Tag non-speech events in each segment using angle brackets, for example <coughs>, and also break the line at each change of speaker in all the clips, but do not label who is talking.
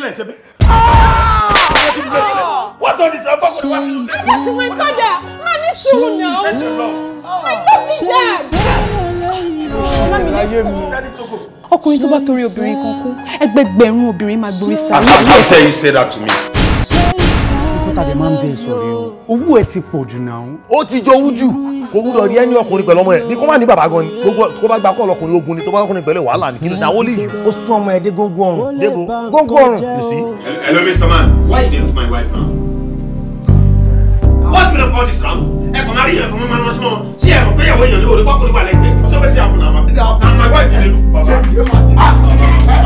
What's on this? I'm back with what That's my father. Man is soon now. My dog is dead.
ọkùnrin tó bá torí obìnrin kan kú ẹgbẹgbẹ̀rún obìnrin máa gborí sáré. How
dare you say that to me?
tàdé máa ń bẹ sọ̀rọ̀ o owó ẹ ti
pọ̀ jù náà. ó ti jọ owú jù kò wúlò rí ẹni ọkùnrin pẹ̀lú ọmọ ẹ̀ ní kó má ní bàbá gan ni kó bá gba kọ́ ọlọkùnrin ogun ni tó bá ọkùnrin pẹ̀lú wàhálà ni kí ló dáwọ́ lè yìí. ó sún ọmọ ẹ dé gógó ọrùn. débò gógó ọrùn.
hello mr man why you dey look my wife now. what's been about this now. ẹ kò máa rí yẹn kò máa rántí mọ́ sí ẹ̀rọ pé ìyàwó èèyàn ní òde pọ́kùnrin wà lẹ́gbẹ̀ẹ́ sọ́fẹ́ sí àfúnà wa. na my wife dey look baba. ah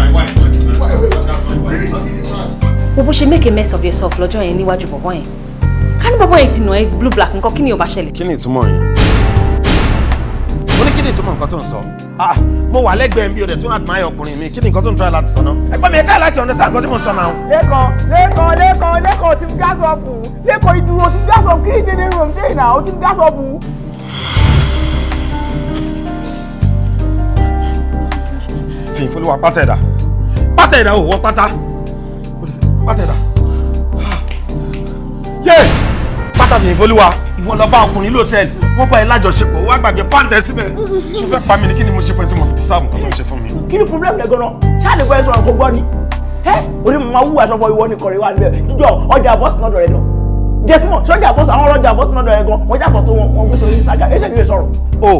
my wife
wo bó ṣe make a mess of yourself lọ́jọ́ yẹn níwájú bọ̀bọ́ yẹn ká ní bọ̀bọ́ yẹn ti nà ẹ́ blue black nǹkan kí ni ó bá ṣẹlẹ̀. kí ni ìtumọ̀ yẹn
mo ní kí ni ìtumọ̀ nǹkan tó ń sọ ah, ah mo wà lẹ́gbẹ̀ẹ́ mi ò dẹ̀ tún admire ọkùnrin mi kí ni nǹkan tó ń try láti sọ náà ẹgbẹ́ mi ẹ̀ka láti ọ̀nà sáà nǹkan tí mo sọ náà.
lẹ́kọ̀ọ́ lẹ́kọ̀ọ́ lẹ́kọ̀ọ́ lẹ́kọ̀ọ́ ti ń gáàsì ọ̀pù lẹ́kọ̀ọ́ ìdúró ti ń gáàsì ọ̀pù kí ni dédé
rò ní ìnà ó ti ń gáàsì ọ̀pù. fìfúnni wa pátá ẹ̀dá pátá ẹ̀dá ò wọ pátá pátá ẹ̀dá yé pátá mi ìfolúwa ìwọ lọ bá ọkùnrin ní hòtẹ́ẹ̀lì wọ́n bá ẹ lájọṣepọ̀ wọ́n àgbàgbé pàǹtẹ̀ síbẹ̀ ṣe fẹ́ pa mí ni kí ni mo ṣe fún ẹ tí mo fi dísáàmù kan tó ń ṣe fún mi.
kí ni problem lẹ gan-an ṣáà lè gbọ́ ẹ sọ̀rọ̀ kó gbọ́ ni ẹ orí mi máa wúwo aṣọ fọ ìwọ ni kọrẹ wa níbẹ̀ jíjọ ọjà bọ́ọ̀sì náà dọ̀rẹ́ lọ jẹ́símọ̀ sọ́jà bọ́ọ̀sì àwọn ọlọ́jà
bọ́ọ̀sì
náà dọ̀rẹ́ gan wọ́n jà fọ́tò wọn wọn gbé sórí ìsájà ẹ̀ṣẹ̀ ni yóò sọ̀rọ̀.
o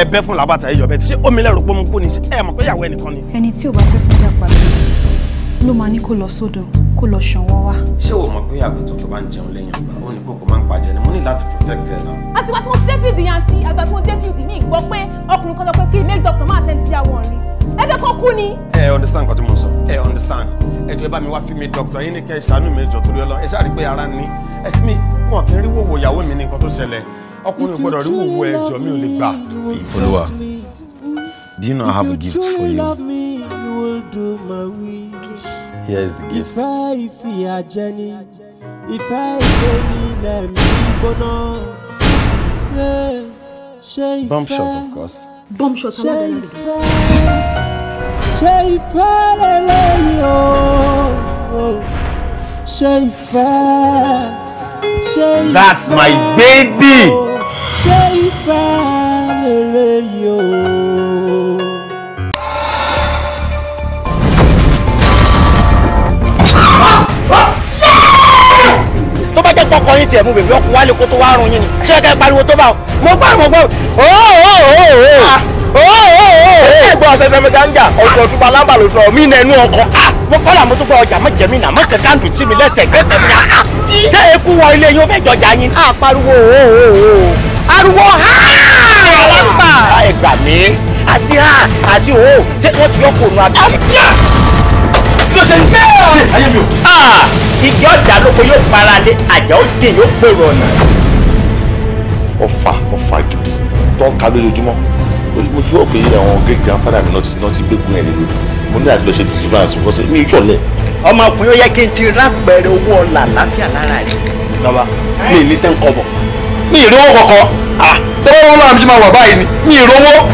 ẹ̀bẹ̀ fún làbàtà ẹyọ bẹ́ẹ̀ ti ṣe omi lẹrù pé mo kú ni ẹ
mọ̀ pé ìyàwó ẹnìkan ni.
ẹni tí ò bá fẹ́ fún jà pàdé ló máa ní kó lọ sódò kó lọ ṣànwọ́ wá. ṣé
o mọ̀ pé àgùntàn tó bá ń jẹun lẹ́yìn ọgbà ó ní kókó máa ń pàjẹ́ ni mo ní láti protect ẹ̀ náà.
àti wá tí mo ti débìlì àǹtí àgbà tí mo débìlì mi gbọ́ pé ọkùnrin kan lọ pé kí make doctor máa tẹ́tí àwọn ọ̀rìn ẹbẹ kọ kú ni.
ẹ understand nǹkan tí mo sọ ẹ understand ẹ jọ̀ọ́ bá mi wá fi mi doctor yín ní kẹ́ ẹ ṣàánú mi jọ torí ọlọ ẹ ṣáà rí pé ara ni ẹ sì mi wọn kì í rí wòwò ìyàwó
mi ní nǹkan tó ṣẹlẹ̀ ọkùnrin gbọ́dọ̀ rí wòwò ẹjọ́ mi ò lè gbà. Olúwa,
do you know I have a gift for
you? will do my wish. Here is the gift. Ìfẹ́ ìfì àjẹni, ìfẹ́ ìfẹ́ ní ilẹ̀ mi gbóná. Ṣé ìfẹ́? Bomb shot of course. Bomb shot alábẹ́rẹ́. Ṣé ìfẹ́? Ṣé ìfẹ́ lélẹ́yìn That's my baby! Ṣé ìfẹ́ lélẹ́yìn tó bá jẹ́ pọkọ yín tiẹ̀ mú bèbí ọkọ̀ wálé kó tó wá rún yín ni ṣé kẹ́ pariwo tó bá o mo gbọ́ mo gbọ́ ah. ẹgbẹ́ ọ̀sẹ̀ fẹ́mi gánjà ọ̀sẹ̀ ọ̀túnba lámbà ló sọ mí ẹnu ọkọ̀ ah, mo kọ́ làmú tó gba ọjà mọ́ jẹ̀mí nà mọ́ kẹ̀kẹ́ àǹtù sí mi lẹ́sẹ̀ gbẹ́sẹ̀ mi ah, ṣé eku wọ ilé yín ó fẹ́ jọjà yín á pariwo ooo ariwo ha ẹgbà mi àti ha àti oh. o yóò dá lóko yóò para lé àjà ó dè yóò gbèrò ọ̀nà.
ọfà ọfà gidi tó ń ka lójoojúmọ́ mo fi wọ́n pé àwọn great grandfather mi náà ti gbégun ẹ̀ nílùú mo ní àti lọ ṣe deliverance because mi ì ṣọ̀lẹ. ọmọkùnrin ó yẹ kí n ti rápẹ̀rẹ̀ owó ọ̀la láfíà lára rẹ̀. bàbá mi ì ní tẹ́ ń kọ́ bọ̀
mi ì rówó kankan ah tọ́wọ́ wọn náà ti máa wà báyìí ni mi ì rówó. <laughs>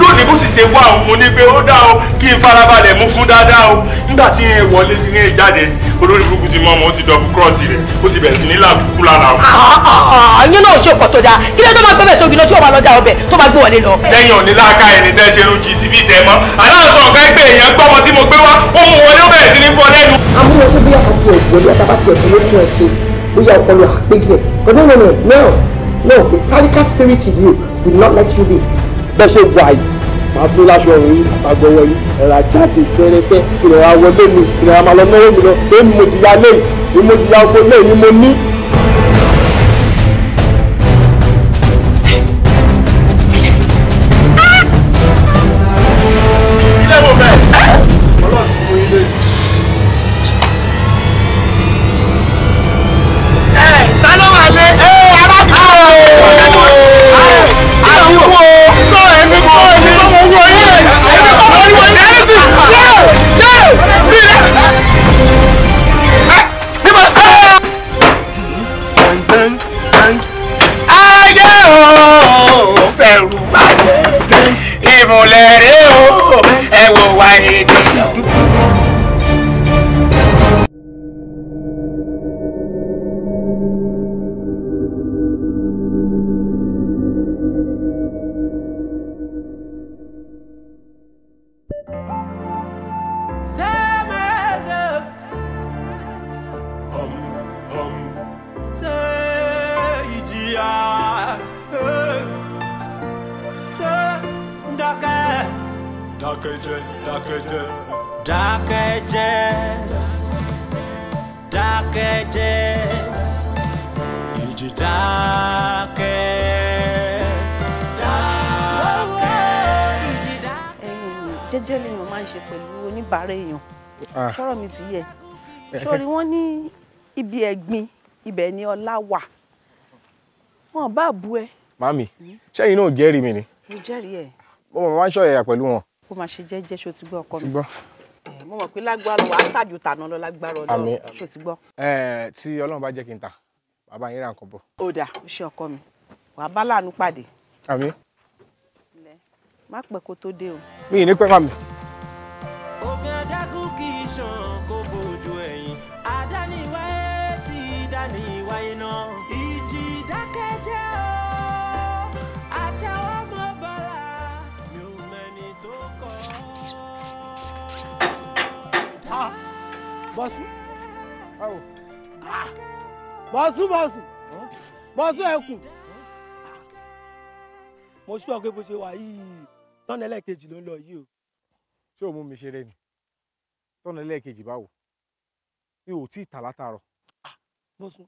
lónìí bó sì ṣe wá òun mo ní pé ó dá o kí n farabalẹ̀ mú fún dáadáa o nígbà tí n wọlé tí n jáde olórí burúkú ti mọ ọmọ ó ti dọ̀bù kírọ́ọ̀sì rẹ̀ ó ti bẹ̀rẹ̀ sí ní làbùkù lára o. àyàn ah, ah,
ah, náà ṣe ọkọ̀ tó dáa kí ló tó máa gbẹ́bẹ̀ sógi lọ tí ó máa lọ dá ọbẹ̀ tó máa gbé wọlé lọ. lẹ́yìn òní láàká ẹni
tẹ́ ṣe lójú ti bí tẹ̀ mọ́ aláàtọ̀ ọ̀gá ẹgbẹ́ èèyàn gbọ́ ọmọ tí mo gbé wá ó mú wọlé ó bẹ̀rẹ̀ sí ní fọ́ lẹ́nu.
àwọn ọmọ tó bí ọkọ̀ tiẹ̀ bóyá tá a bá tiẹ̀ fi lókun ẹ̀ ṣe bóyá ọpọlọ àpéjì ẹ̀ but no no no no no the clerical spirit in you will not let you be bẹ́ẹ̀ ṣe wà yìí
màá fún láṣọ òun yìí àtàgbọ̀wọ̀ yìí ẹ̀rà jáde fẹ́rẹ́fẹ́ ìrẹ̀wà wọlé mi ìrẹ̀wà màlọ́ mẹ́rẹ́
mi lọ pé mo ti ya lẹ́yìn ni mo ti ya oko lẹ́yìn ni mo ní
wà wọn bá bu ẹ.
màmí hmm? ṣẹ́yìn náà jẹ́rìí mi ni.
mo jẹ́rìí ẹ̀.
mo mọ̀ máa ń ṣọ̀yàyà pẹ̀lú wọn.
kó máa ṣe jẹ́jẹ́ ṣó ti gbọ́ ọkọ mi. mo mọ̀ pé lágbára wàá tàjù tàná lọ
lágbára ọlọ́run ṣó ti gbọ́. tí ọlọ́run bá jẹ́ kí n ta bàbá yín ra nǹkan bọ̀. ó dà ó
ṣe ọkọ mi wàá bá láàánú pàdé. àmín. má pẹ́ kó tó dé o.
mi ì ní pẹ́ màmí.
omi adágún kì í ṣàn kó bojú ẹ̀yìn àdáníwáyé dá ní ìwà iná. ìjì dákẹ́jẹ́ o àtàwọn ọmọ bọ́lá mi ò mẹ́ni tó kọ́.
bọ́sù bọ́sù bọ́sù bọ́sù ẹkùn mo sọ pé bó ṣe wà yìí tọ́nà ẹlẹ́ẹ̀kejì ló ń lọ yìí o. ṣé o mú mi ṣeré ni tọ́nà ẹlẹ́ẹ̀kejì báwo mi ò tí ì tà látàárọ̀ lọ́sùn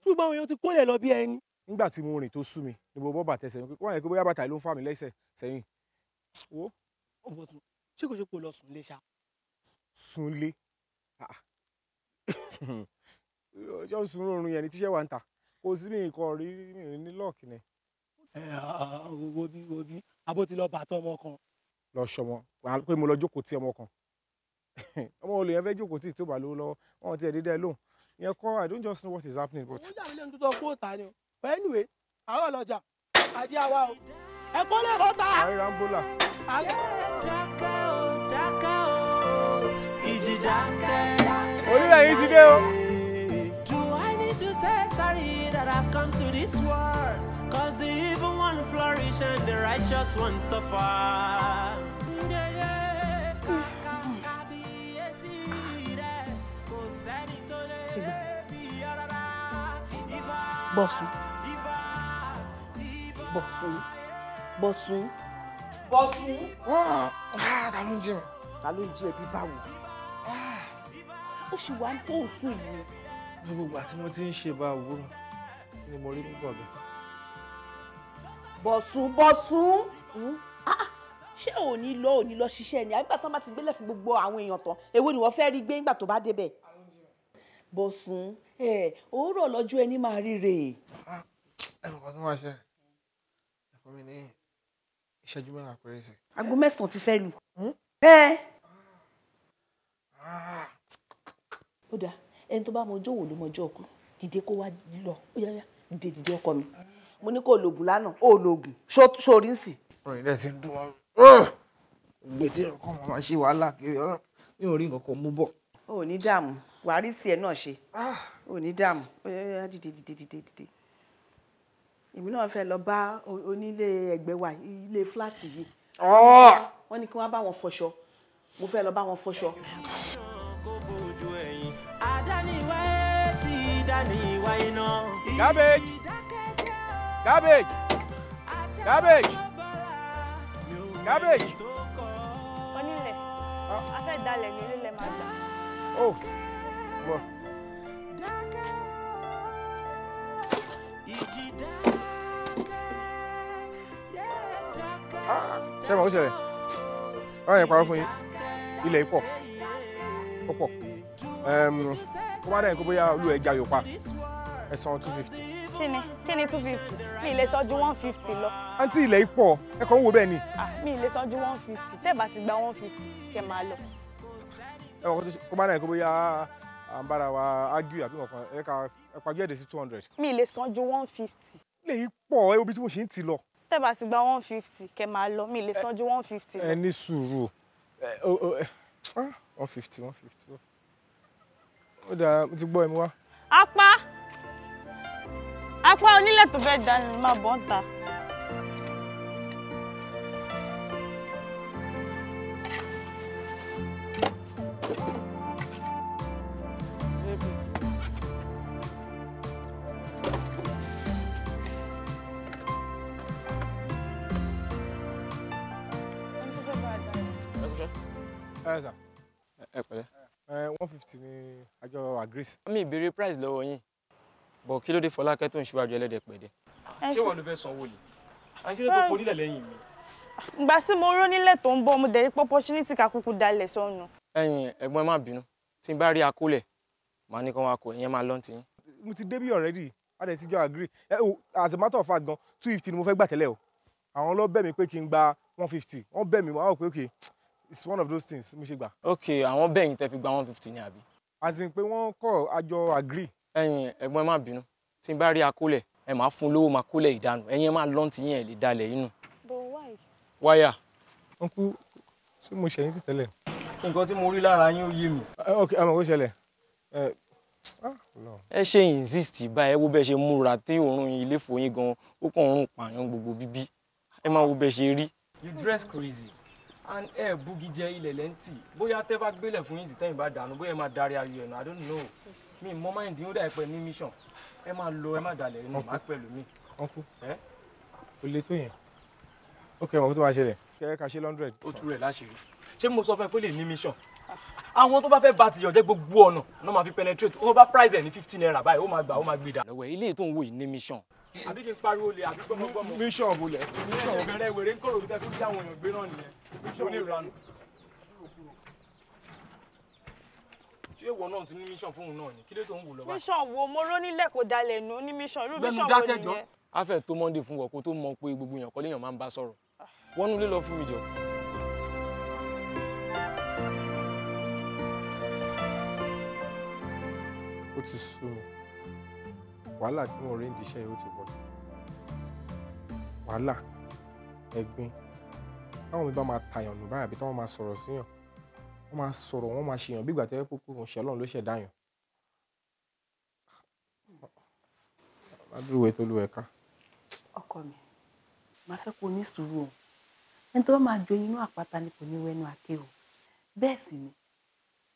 tí gbogbo àwọn èèyàn ti kólẹ̀ lọ bí ẹni. nígbà tí mo rìn tó sú mi ni mo bọ́ bàtẹ sẹ́yìn pé wọ́n yẹ kó bóyá bàtà ló ń fà mí lẹ́sẹ̀ sẹ́yìn. wo ọ̀bọ̀tún ṣé kò ṣe kó lọ sùn lé ṣá.
sùn lé
<laughs>
ṣé ń sun oorun yẹn ni tíṣẹ́ wa ń ta kò sí mi nǹkan rí mi ní lọ́ọ̀kì ni. Ah, wo bí wo bí abó ti lọ bàtọ ọmọ kan. lọ sọmọ pé mo lọ jókòó tí ọmọ kan <laughs> ọmọ olè yẹn fẹ́ jókòó tí ì tó bà lówó lọ́wọ́ wọn ti ẹ̀ dídá ẹ lóhùn yẹn kọ́ i don't just know what is happening but. but anyway àárọ̀ lọ́jà àjẹ́ àwa
o i need to say sorry that i've come to this world cause the evil one flourish and the righteous one suffer.
Bọ̀sún. Bọ̀sún. Bọ̀sún. Bọ̀sún. Ta ah. ló ah, ń jẹun? Ta ló ń jẹ ẹbí báwo? Ah. Ó
sì wá ń tó òsùn yìí. Gbogbo àti mo ti ń ṣe bá òwúrọ̀ ni mo rí púpọ̀ bẹ́ẹ̀.
Bọ̀sún Bọ̀sún. Hmm? Ṣé ò ní lọ ò ní lọ ṣiṣẹ́ ni? Àgbà tán bá ti gbélé fún gbogbo àwọn èèyàn tán, èwo ni wọ́n fẹ́ rí gbé nígbà tó bá débẹ̀? bọ̀sùn ẹ̀ òwúrọ̀ lọ́jọ́ ẹni máa ríre. Ah, ẹ mọ̀ pàtó máa ṣe ẹ fún mi ní ìṣẹ́jú mẹ́wàá péré sí. aago mẹ́sàn-án ti fẹ́ lu. bẹ́ẹ̀. Hmm? Ah. ó dáa ẹni tó bá mọ ọjọ́ wò ló mọ ọjọ́ ọkọ dìde kó wá lọ ó yá dìde dìde ọkọ mi mo ní kó o lògùn lánàá ó lògùn sórí ń sì. ọ̀rọ̀ ìdẹ́ ti ń dún wọn gbèdé ọkọ wọn máa ṣe wàhálà kiri ọ̀rọ̀ mi ò rí nǹkan kan mú bọ̀. o ò ní dààmú wàá rí tiẹ̀ náà ṣe ò ah. ní dààmú ó dìde dìde dìde dìde èmi náà fẹ́ lọ bá onílé ẹgbẹ́ wa ilé fúláàtì yìí oh. wọ́n ní kí wọ́n bá wọn fọṣọ mo fẹ́ lọ bá wọn fọṣọ. garbage
garbage garbage garbage.
onílẹ̀ afẹ́ ah. dalẹ̀ ní ilé gbà.
Oh. Bọ̀.
Ah, ṣé màá ó ṣẹlẹ̀? Báwo yẹn parọ́ fún yín? Ilẹ̀ yìí pọ̀. Ó pọ̀. Kó bá dẹ̀yìn kó bóyá olú ẹ̀ jayò pa. Ẹ two fifty.
Kí ni? Kí ni two fifty? Mi ì lè san ju one fifty lọ.
Àǹtí ilẹ̀ pọ̀. Ẹ kàn ń wo bẹ́ẹ̀ ni.
Ah, mi ì lè san ju one fifty. Tẹ́ẹ̀ ti gba one fifty, kẹ́ máa lọ.
Ẹ wọ́n kó bá dẹ̀yìn kó bóyá à ń bára wa argue àbí kankan ẹ ká ẹ pajú ẹ̀dẹ̀ sí two hundred.
mi lè san ju one fifty.
lèyí pọ̀ ẹ obi tí mo ṣe ń ti lọ.
tẹ́ bá ti gba one fifty kẹ́ máa lọ mi lè san ju one fifty. ẹ
ní sùúrù ah, one fifty one fifty oh. ó dáa mo ti gbọ́ ẹ mi wá.
apá apá onílẹ̀ tó fẹ́ dání máa bọ́ ń ta.
fifty ni àjọ agree. mi ìbéèrè price lọ́wọ́ yín bọ̀ kí ló dé Fọlákẹ́ tó ń ṣíwájú ẹlẹ́dẹ̀ pẹ̀dẹ̀.
ṣé wọn ló fẹ́ sanwó ni akíndé tó kọ nílẹ̀ lẹ́yìn mi. ìgbà tí mo ró nílẹ̀ tó ń bọ̀ mo dẹ̀rí opportunity kakuku dalẹ̀ sọnù.
ẹ̀yin ẹ̀gbọ́n ẹ má bínú tí n bá rí akólẹ̀ màá ní kán wá kó ìyẹn máa lọ́ǹtì yín. mo ti débí already a dẹ̀ ti jọ agree as a matter of fact gan two fifty ni mo fẹ́ gbà tẹ́lẹ̀ o àwọn lọ bẹ̀ mí pé kí n gba one fifty wọ́n bẹ̀ mí wọ́n á wò pé okay it's one of those things mo ṣe gbà. ok àwọn bẹ́ẹ̀ yìí tẹ́ fi gba one fifty ní àbí. as in pé wọ́n kọ́ àjọ agree. ẹ̀yin ẹ̀gbọ́n ẹ má bínú tí n bá rí akólẹ̀ ẹ máa fún lówó máa kólẹ̀ ìdánù ẹ̀yin ẹ máa lọ́n ti yẹn lè dalẹ̀ inú. bò wáyé. wáyà. wọn kú sí mo ṣẹyìn sí tẹ́lẹ̀. nǹkan tí mo rí lára yín ó yé mi. ok àmọ̀ kó ṣẹlẹ̀ ah, ẹ ṣe insist báyìí ẹ wo bẹ́ẹ̀ ṣe múra tí òórùn ilé fòyín gan ó kàn ń rùn pààyàn gbogbo bíbí ẹ máa wo bẹ́ẹ̀ ṣe rí. you dress crazy and ẹ bugi jẹ ilẹ̀ lẹ́ǹtì bóyá tẹ́ bá gbélẹ̀ fún yín sí tẹ́yìn bá dànù bóyá ẹ máa darí ayò ẹ̀nà i don't know mi mọ máa ń dín ó dà ẹ pẹ́ ní mission ẹ máa lọ ẹ máa dalẹ̀ ẹnu máa pẹ̀lú mi. ọkú o lè to yẹn ó kẹ́ ẹ̀ mọ̀ tó máa ṣẹlẹ̀ kẹ́ ká ṣe hundred. ó tú rẹ̀ láṣìírí ṣé mo sọ fún ẹ pé lè ní mission àwọn tó bá fẹ́ bá tìyàn jẹ́ gbogbo ọ̀nà náà máa fi penetrate ó bá price ẹ̀ ní fifteen naira báyìí ó máa gbà ó máa gbé dà. lọ́wọ́ ilé tó ń wò yìí ní mission àbí kí n pariwo lè àbí gbọmọgbọmọ. mission bolẹ. mission bẹ̀rẹ̀ wèrè ń kọ̀rọ̀ bí tẹ́kùn jáwọn èèyàn gbé náà nìyẹn
mission fóun náà
ni kí ló tó
mission wo mo ró nílẹ̀ kó dalẹ̀ nù ní mission irú mission wo nìyẹn.
a fẹ́ tó monday fún wọ kó tó mọ pé gbogbo èèyàn kọ́ léèyàn máa ń bá sọ̀rọ̀ wọnú lé lọ fún mi jọ. ó ti sú mi wàhálà tí mo rí ń yìí ó ti pọ̀ jù wàhálà ẹ̀gbin táwọn mi bá máa tàyàn nù báyìí àbí táwọn máa sọ̀rọ̀ síyàn wọ́n máa sọ̀rọ̀ wọ́n máa ṣèyàn bí ìgbà tẹ́lẹ̀ pé kò ṣe ọlọ́run ló ṣẹ̀ dáyàn.
ládùúwẹ̀ tó lu ẹ̀ka.
ọkọ mi màá fẹ́ kó ní sùúrù o ẹni tó bá máa jó inú àpáta ni kò ní wẹnu àké o bẹ́ẹ̀ sì ni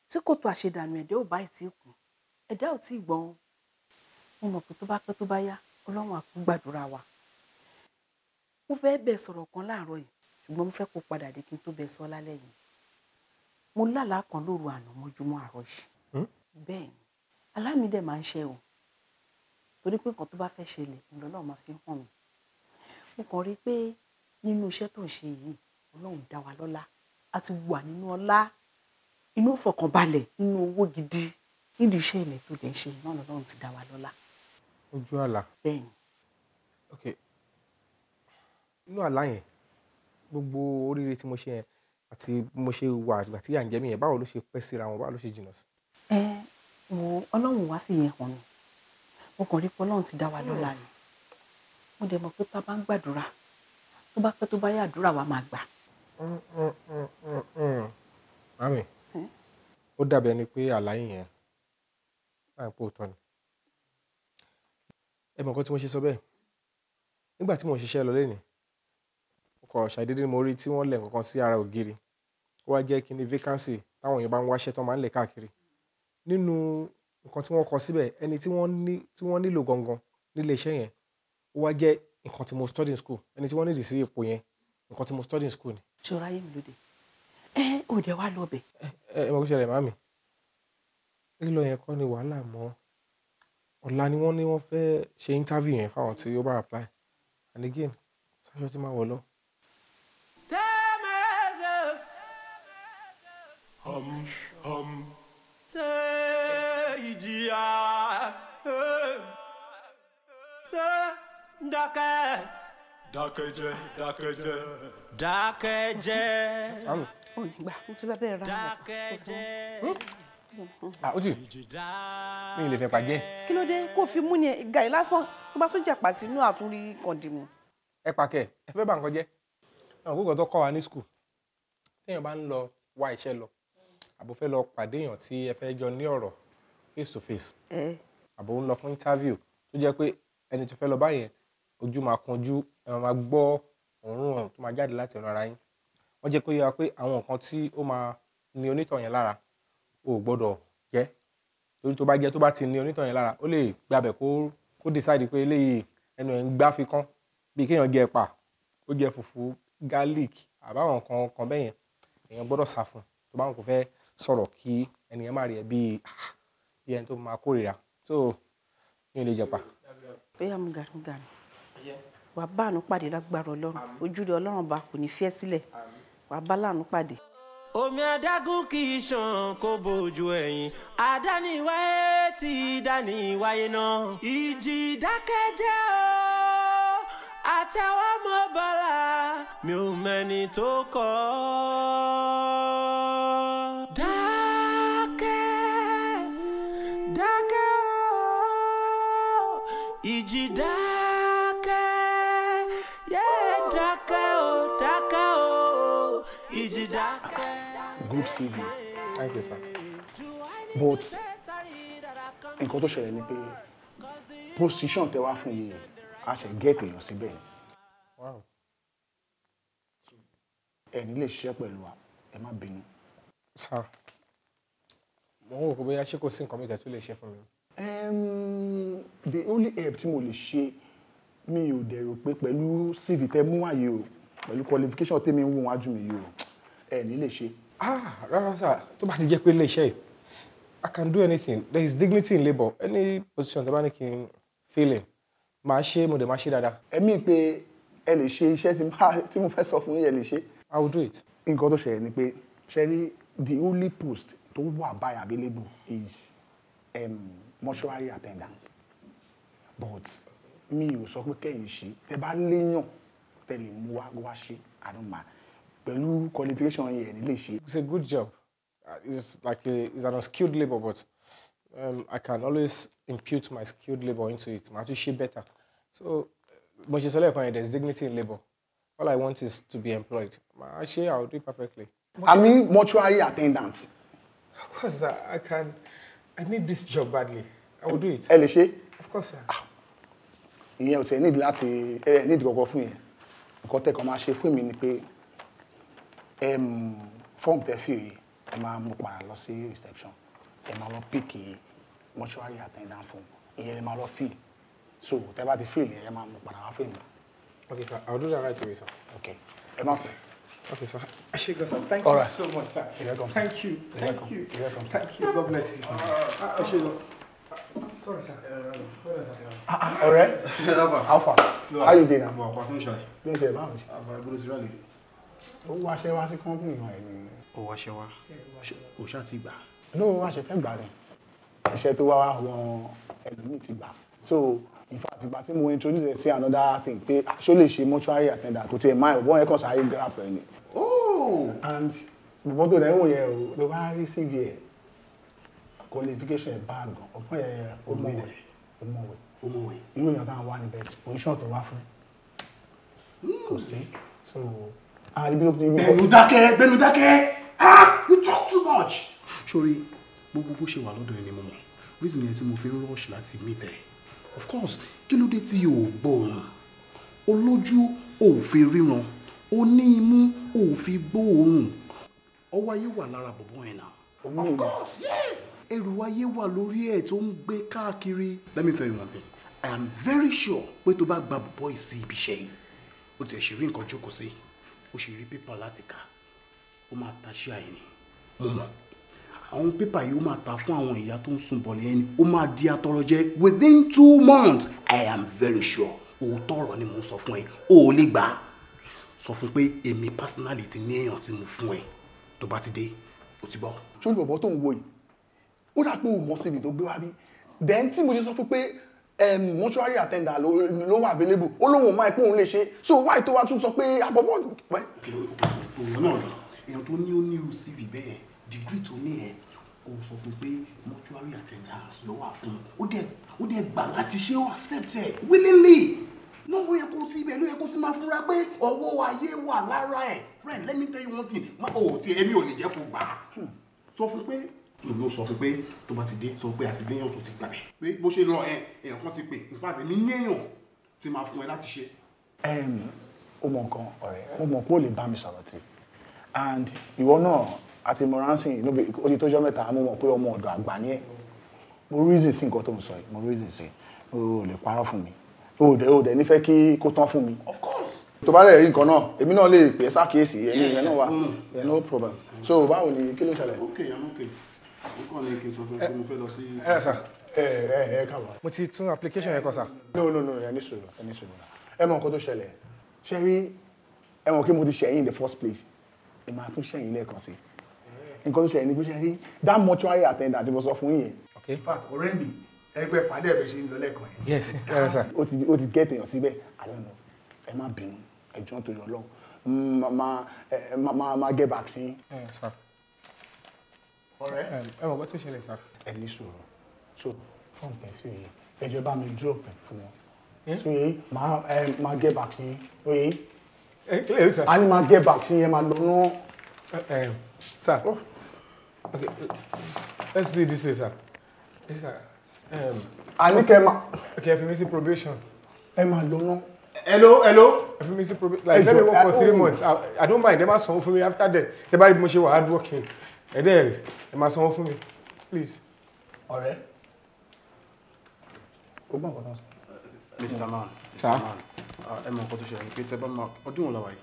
tí kò tó àṣedànù ẹ̀dá ò bá ìtì kù ẹ̀dá ò tí ì gbọ́n mo mọ̀ pé tó bá pẹ́ tó bá yá ọlọ́run á kú gbàdúrà wa mo fẹ́ bẹ̀ sọ̀rọ̀ kan láàárọ̀ yìí ṣùgbọ́n mo fẹ́ kó padà dé kí n tó bẹ sọ lálẹ́ yìí mo lálàá kan lóru àná mọ́júmọ́ àárọ̀ yìí hmm? bẹ́ẹ̀ ni alámídẹ̀ máa ń ṣe o torí pé nǹkan tó bá fẹ́ ṣẹlẹ̀ Ọlọ́run máa fi hàn mí mo kàn rí i pé nínú iṣẹ́ tó ń ṣe yìí Ọlọ́run dá wa lọ́lá a ti wà nínú ọlá inú ìfọ̀kànbalẹ̀ nínú owó gidi nídìí iṣẹ́ ilẹ̀ tó dẹ̀ ń ṣe náà Ọlọ́run ti dá wa lọ́lá. ojú àlá. bẹ́ẹ̀ ni.
ok inú àlá yẹn gbogbo oríire tí mo ṣe yẹn àti bí mo ṣe wà àgbà tí ìyà ń jẹ mí yẹn báwo ló ṣe pẹ́ síra wọn báwo ló ṣe jìnnà sí.
ẹ
wo ọlọ́run wá fi yẹn hàn mí mo kàn rí pé ọlọ́run ti dá wa lọ́lá ni mo dẹ̀ mọ̀ pé tá a bá ń gbàdúrà tó bá pẹ́ tó bá yá àdúrà wa máa gbà.
mami ó dàbí ẹni pé àlàyé yẹn láì pò tọ́ ni ẹ mọ̀ nǹkan tí mo ṣe sọ bẹ́ẹ̀ nígbà tí mo ṣiṣẹ́ lọ lẹ́nìí kọ̀ ṣàdédé ni mo rí tí wọ́n lẹ̀ nǹkan sí ara ògiri ó wá jẹ́ kí ni vacancy táwọn èèyàn bá ń wáṣẹ́ tán máa ń lẹ̀ káàkiri nínú nǹkan tí wọ́n kọ síbẹ̀ ẹni tí wọ́n nílò gangan nílé iṣẹ́ yẹn ó wá jẹ́ nǹkan tí mo study school ẹni tí wọ́n nídìí sí ipò yẹn nǹkan tí mo study school ni.
ṣòro ayé mi lóde
ẹ ò dé wá lọ bẹ. ẹ ẹ mọ̀ kó ṣẹlẹ̀ màmí lílọ yẹn kọ́ ni wàhálà mọ́ ọ̀la ni wọ́n ní wọ́n fẹ́ ṣe interview yẹn fáwọn tí ó bá apply and again ṣáṣọ tí máa wọ̀ lọ
سامزف هم هم سيجيا سندك dákẹ́jẹ́ dákẹ́jẹ́. dákẹ́jẹ́.
àwọn ò ní gbà mo fi bá bẹ́ẹ̀ ra wọn. dákẹ́jẹ́.
ah o ti mi
ì lè fẹ́ pàjẹ́.
kí ló dé kó fi mú ni gàrí lásán tó bá tún jàpá sínú
àtúrí kọ̀ǹdìmù. ẹ pàkẹ́ ẹ fẹ́ bá nǹkan jẹ́ àwọn gbogbo kọ́ wa ní school téèyàn bá ń lọ wá iṣẹ́ lọ àbò fẹ́ lọ pàdé èèyàn tí ẹ fẹ́ jọ ní ọ̀rọ̀ face to face eh. àbò ń lọ fún interview tó jẹ́ pé ẹni tó fẹ́ lọ báyẹn ojú máa kanjú ẹ máa gbọ́ òórùn ọ̀rùn tó máa jáde láti ọ̀nà ara yín wọ́n jẹ́ kó yẹ wa pé àwọn nǹkan tí ó máa ní onítàn yẹn lára ò gbọ́dọ̀ jẹ́ torí tó bá jẹ́ tó bá ti ní onítàn yẹn lára ó lè gbàbẹ̀ kó decide pé eléyìí ẹnu ẹ̀ ń gbá fi kán bí kéèyàn jẹ ẹ̀pà ó jẹ fùfú garlic àbáwọn nǹkan kan bẹ́yẹn èèyàn gbọ́dọ̀ sá fún tó bá wọn kò fẹ́ sọ̀rọ̀ kí ẹnìyẹn má rí ẹ bí ah, bí ẹni tó máa kórìíra tó mi lè jẹpa.
bóyá mo gà mo gà wà á bá àánú pàdé lágbára ọlọ́run ojú rẹ ọlọ́run bá kò ní fẹ́ sílẹ̀ wà á bá láàánú pàdé.
omi adágún kì í ṣàn kó bójú ẹ̀yìn àdániwáyé ti dániwáyé náà ìjì dákẹ́jẹ́ o àtẹwọ́ mọ́ bọ́lá mi ò mẹ́ni tó kọ́ dákẹ́ dákẹ́ o ìjì dákẹ́ yẹ dákẹ́ o dákẹ́ o ìjì dákẹ́.
good cv thank you sir but nǹkan tó ṣẹlẹ̀ ni pé position tẹ wá fún yìí a ṣe gẹ́ẹ̀tì èèyàn síbẹ̀
ni
ẹ̀yin lè ṣiṣẹ́ pẹ̀lú wa ẹ sir mo ń wò pé bóyá ṣé kò sí nǹkan mi tẹ̀ tó lè ṣe fún mi. the only help tí mo lè ṣe mi ò dẹ̀ rò pé pẹ̀lú cv tẹ mú wáyé o pẹ̀lú qualification tẹ́mi ń wò wájú mi yìí o ẹ̀yin lè ṣe. ah rárá sir tó bá ti jẹ́ pé iléeṣẹ́ yìí I can do anything there is dignity in labour any position tẹ bá ní kí n fill in màá ṣe mo dẹ̀ máa ṣe dáadáa. ẹ̀mí pé ẹ lè ṣe iṣẹ́ tí mo fẹ́ sọ fún yín lè ṣe. I will do it. nǹkan tó ṣẹlẹ̀ ni pé ṣẹ́rí the only post tó wà báyìí available is um, mortuary attendant but mi ò sọ pé kẹ́yìn ṣe tẹ bá léyàn tẹ lè mú wa wá ṣe àdúmà pẹ̀lú qualification yẹn ní lè ṣe. it's a good job uh, it's like a, it's an unskilled labour but um, I can always impute my skilled labour into it màá tún ṣe better so bó ṣe sọ lẹ́ẹ̀kan yẹn there is dignity in labour all i want is to be employed màá ṣe I'll do it perfectly. i mean mortuary attendant. of course sir i can i need this job badly i will do it. ẹ lè of course sir. You know, tẹ need láti ẹ need kọkọ fún yẹn nǹkan tẹ kàn máa ṣe fún mi ni pé fọ́ọ̀mù tẹ fi yìí ẹ máa mú padà lọ sí reception ẹ máa lọ píkì mortuary attendant fún ìyẹn ẹ máa lọ so tẹ́ bá ti fíìlì ẹ máa mú padà wá fún mi. okay sir i will do that right away sir. okay ẹ má pẹ́. Okay, sir. Ashika, sir, thank you so much, sir. Thank you. Thank you. Thank you. God bless you. Uh, uh, uh Sorry, sir. Uh, ah, ah, <laughs> How far? How you doing now? Well, I'm sure. No, sir. I'm sure. I'm going to rally. Ó wá ṣe wá sí company wa ni. Ó wá ṣe wá. Ó ṣá ti gbà. No, wá ṣe fẹ́ gbà ni. Iṣẹ́ tó wá wá wọn ẹlòmíì ti gbà. So in fact ìgbà tí mo introduce ẹ sí another thing pé aṣọ ah, lè ṣe mortuary attendant kò tiẹ̀ máa ìbọn yẹn kàn sáré graph ẹ Oh! and bùbọ́ tó lẹ́wọ̀n yẹn o ló bá rí cv qualification ẹ̀ báàgì gan ọ̀pọ̀ yẹn ọmọwé ọmọwé ọmọwé irú èèyàn táwọn wà níbẹ̀ tí position tó wá fún kò hmm. sí so àríbí ló ti rí. gbẹnu dákẹ́ gbẹnu dákẹ́ ah you talk too much. sori gbogbo bó ṣe wà lọ́dọ̀ ẹni mo mọ̀ reason yẹn tí mo fi ń rush láti meet ẹ̀ of course kí ló dé tí yóò gbọ́ràn olójú ò fi ríran ó ní imú ò fi gbóòórùn ọwọ́ ayé wà lára bọ̀bọ̀ yẹn náà. of course yes. ẹrù ayé wà lórí ẹ̀ tó ń gbé káàkiri. let me tell you one thing i am very sure pé tó bá gba bọ̀bọ̀ yìí sí ibi iṣẹ́ yìí ó ti ẹ̀ ṣe rí nǹkan jókòó sí ó ṣe rí pépà láti kà ó máa taṣí àìní. mo mọ̀. Mm -hmm àwọn pépà yìí ó máa ta fún àwọn ìyá tó ń sùn bọ̀ lẹ́yìn ó máa di atọrọ jẹ within two months i am very sure òótọ́ ọ̀rọ̀ ni mo sọ fún ẹ o ò lè gbà á sọ fún pé èmi personally ti ní èèyàn tí mo fún ẹ tó bá ti dé o ti bọ̀. sórí bọ̀bọ̀ tó ń wo yìí ó dà pé o mọ̀ síbi tó gbé wá bí then tí mo ṣe sọ fún pé mortuary attendant ló wà available ó lóun ò máa pé òun lè ṣe so why tó wá tún sọ pé àbọ̀bọ̀. òun náà rè èèyàn tó ní ó ní irú cv bẹ́ẹ̀ degree tó ní ẹ̀ kò sọ fún pé mortuary attendance
ló wà fún un ó dẹ̀ gbà láti ṣe ó accept ẹ̀ willingly náà ó yẹ kó ti ibẹ̀ ló yẹ kó ti máa fúnra pé ọwọ́ ayé wà lára ẹ̀ friend let me tell you one thing má ò tí èmi ò lè jẹ́ kó gbà á hmm. sọ fún pé
ló sọ fún pé tó bá ti dé sọ pé àti déyàn tó ti gbà
bẹ̀ pé bó ṣe lọ ẹ èèyàn kan ti pè in fact èmi ní èèyàn ti máa fún ẹ láti ṣe. ó mọ nǹkan ọ̀rẹ́ mo mọ̀ pé ó lè bá mi sọ̀rọ̀ tì and ìwọ náà àti moransin níbi odi tó jọ mẹ́ta mo mọ̀ pé ọmọ ọ̀dọ̀ àgbà ni ẹ mo reason sí nǹkan tó ń sọ yìí mo reason sí o ò lè parọ́ fún mi o ò dẹ̀ o ò dẹ̀ nífẹ̀ẹ́ kí kó tán fún mi. of course. tó bá rẹ̀ rí nǹkan náà èmi náà lè pè é sákèésì ẹ̀yìn ìyẹn náà wà ẹ̀ mm. no problem so báwo ni kí ló ṣẹlẹ̀. ok i'm ok ó kàn ní kí n sọ fún ẹ pé mo fẹ́ lọ sí. ẹ ẹ sà ẹ ẹ ẹ káwọn. mo ti tún application yẹn kọ sà. no no no ẹ ní sùúrù ẹ ní sùúrù ẹ mọ nǹkan tó ṣẹlẹ̀ ṣe ẹ mọ kí mo ti ṣẹ̀yìn in the first place ẹ máa tún ṣẹ̀yìn lẹ́ẹ̀kan sí i nǹkan tó ṣe ẹni gbéṣẹ́ rí that mortuary attendant ti mo sọ fún yẹn. in fact ọ̀rẹ́ mi ẹgbẹ́ pàdé ẹ̀bẹ̀ ṣe ń lọ lẹ́ẹ̀kan yẹn. yes yes sir. ó ti ó ti gé èèyàn síbẹ̀ àlọ́nà ẹ má bínú ẹjọ́ tó yọ lọ máa máa get back sí. ọ̀rẹ́ um, ẹ mọ̀ bó ti ṣẹlẹ̀ sá. ẹ ní sọ̀rọ̀ so fún pẹ̀sì yìí ẹjọ́ bá mi drop ẹ̀ fún wọn eh? so yìí máa máa get back sí oye. Eh, a ní máa get back sí yẹn máa lọ náà. Eh, um, sir. Oh. Okay, let's do it this way, sir. Yes, sir.
Um, I need Emma.
Okay, if you miss sí probation. Emma, don't know. Hello, hello. If you miss sí probation. Like, let me work for three oh. months. I, I don't mind. Ẹ máa sanwó fún mi after that. Tẹ́ bá rí bí mo hard working. And then ẹ máa sanwó fún mi. Please.
Ọ̀rẹ́.
O gbọ́n kọ́ta.
Mr. Man. Sir. Mr. Man. Ẹ mọ̀ nǹkan tó ṣe ẹni pé tẹ́ bá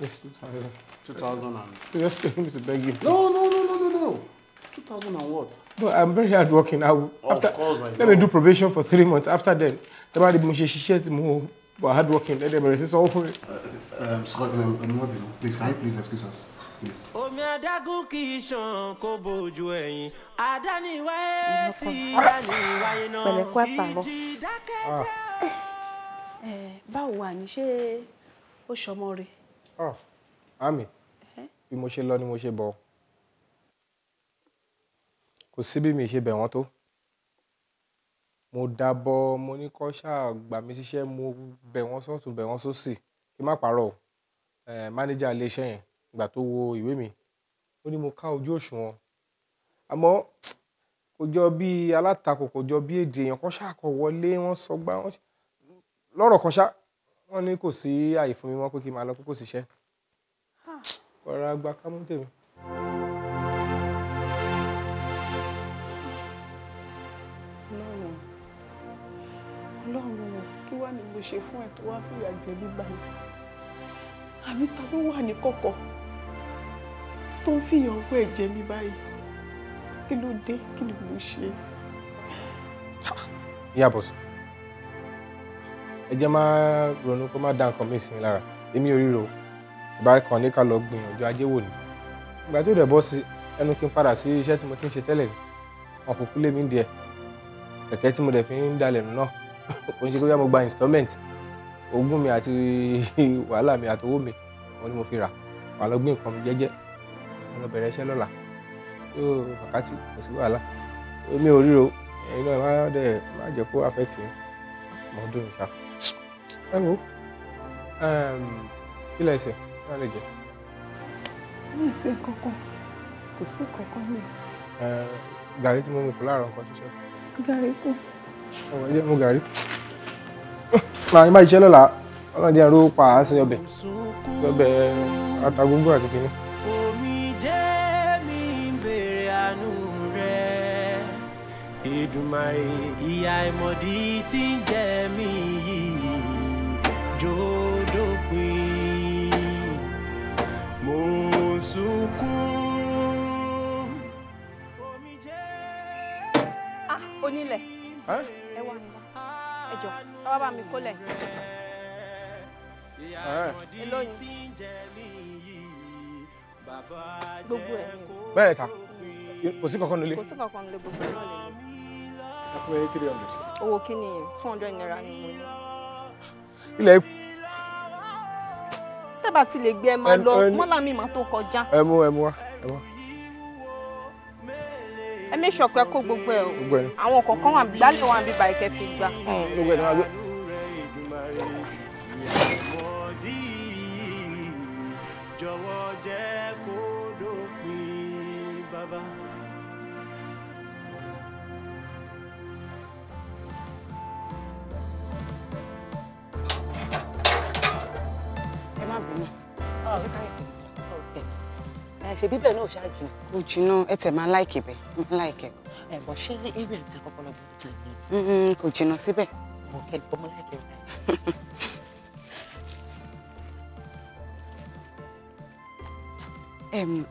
Yes, 2000.
2000 and... You just pay me to beg you. No, no, no, no, no, no. 2000 and what? No, I'm very hardworking. I will, of after, course, I Let know. me do probation for three months. After then, the man mo ṣe ṣiṣẹ́ tí mo wà hardworking. Then they bẹ̀rẹ̀ sí sọ fún Please, can I please excuse
us? Please. Omi adágún kì í ṣàn
kó bojú ẹ̀yìn. Adániwáyé
ti dániwáyé
náà. Ìjì dákẹ́jẹ́.
Ah. Eh, báwo wà ní ṣé
ọ àmì
bí mo ṣe lọ ni mo ṣe bọ̀ kò sí bí mi ṣe bẹ̀ wọ́n tó mo dábọ̀ mo ní kọ́ ṣáà gbà mí síṣẹ́ mo bẹ̀ wọ́n sọ́tún bẹ̀ wọ́n sósì kí má parọ́ mánéjà iléeṣẹ́ yẹn ìgbà tó wo ìwé mi ó ní mo ká ojú òṣùwọ̀n àmọ́ kò jọ bí alátakò kò jọ bí èdè èèyàn kan ṣáà kọ wọlé wọ́n sọ gbá wọ́n lọ́rọ̀ kan ṣáà wọ́n ní kò sí àyè fún mi mọ́ pé kí n máa lọ pé kò síṣẹ́ ọ̀rọ̀ àgbà kámú tèmi.
ọlọ́run ọlọ́run kí wàá ní mo ṣe fún ẹ tó wàá fìyà jẹ mí báyìí àbí ta ló wà ní kọ̀kọ̀ tó ń fìyà ọwọ́ ẹ̀ jẹ mí báyìí kí ló dé kí ni
mo ṣe. ìyá ẹ jẹ́ má ronú kó má dá nǹkan mí sí i lára èmi ò ríro ìbára kan ní ká lọ gbìyànjú ajé wò ni ìgbà tó dẹ̀ bọ́ sí ẹnu kí n padà sí iṣẹ́ tí mo ti ń ṣe tẹ́lẹ̀ ni wọn kò kú lé mi díẹ̀ kẹ̀kẹ́ tí mo dẹ̀ fi ń dalẹ̀ nù náà kò ń ṣe pé mo gba installment ogún mi àti <laughs> wàhálà mi àti owó mi wọn ni mo fi rà wà lọ gbé nǹkan mi jẹ́jẹ́ wọn lọ bẹ̀rẹ̀ iṣẹ́ lọ́la yóò wákàtí kò sí wàhálà mi ò ríro ẹ̀yin náà má dẹ̀ kó affect yín ọdún ìṣàkóso ẹ wo kí lẹ ṣe kí wọn lè jẹ. mi ì ṣe kankan kò sí kankan mi.
gàrí tí mo mú kó láàárọ̀ nǹkan ṣiṣẹ́. gàrí kù. ọmọ ẹ jẹ́ mú gàrí.
màá ní bá iṣẹ́ lọ́la ọlọ́dẹ àrò pa á sí ọbẹ̀ ọbẹ̀ atagúngún àti
kínní. Èdùmàrè ìyá ìmọ̀dí tí ń jẹ mí. sunkún.
ah onílẹ̀ ẹ wá ẹ jọ sábà bá mi kólẹ̀ gbogbo ẹ.
bẹ́ẹ̀ ta kò sí kankan nílé. kò sí
kankan nílé gbogbo ẹ náà lè. ẹ owó kí ni yẹn two hundred naira ni mo ní. ilẹ̀ tẹ́bà ti lè gbé ẹ máa lọ mọ́là mi máa tó kọjá.
ẹ mú ẹ mú wá ẹ mú.
ẹ mé sọpẹ kó gbogbo ẹ o àwọn kọ̀ọ̀kan wà gbálẹ̀ wà bíbá ẹ kẹ́ fi gbà. Hmm, gbogbo ẹ ní wàá gbé.
jọ̀wọ́ jẹ́
ẹ ṣe bíbẹ̀ náà ṣáájú. kò jìnnà ẹ tẹ̀ máa láìkì bẹ́ẹ̀ máa láìkì ẹ̀. ẹ bọ ṣé ewé ẹ̀ ta kọ́kọ́ lọ́dún tán yẹn. kò jìnnà síbẹ̀. mo kẹ́ ọmọ láìkì rẹ̀.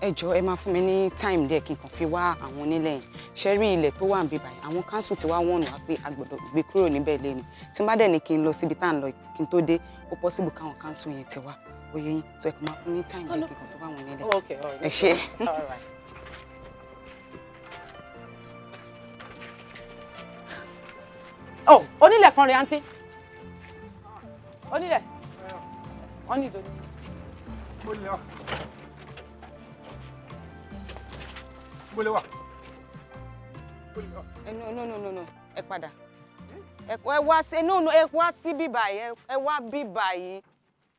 ẹ ẹ máa fún mi ní time díẹ̀ kí n kàn fi wá àwọn onílẹ̀ yẹn ṣe rí ilẹ̀ tó wà níbí báyìí àwọn council ti wá wọ̀nù wá pé a gbọ́dọ̀ gbé kúrò níbẹ̀ lẹ́nu tí n bá dẹ̀ ní kí n lọ síbi tá à ń lọ kí n tó dé ó possible káwọn council yẹn ti wá oyè yín so ẹ kò máa fún ní time bẹ́ẹ̀ kíkan fún báwọn nílẹ̀ ẹ ṣe. ọ onílẹ̀ kan rẹ̀ àǹtí onílẹ̀ wọ́n ní ìdòdó. mo lè wà mo lè eh, no no no no ẹ padà ẹ wá sí no no ẹ wá sí bíbà yìí ẹ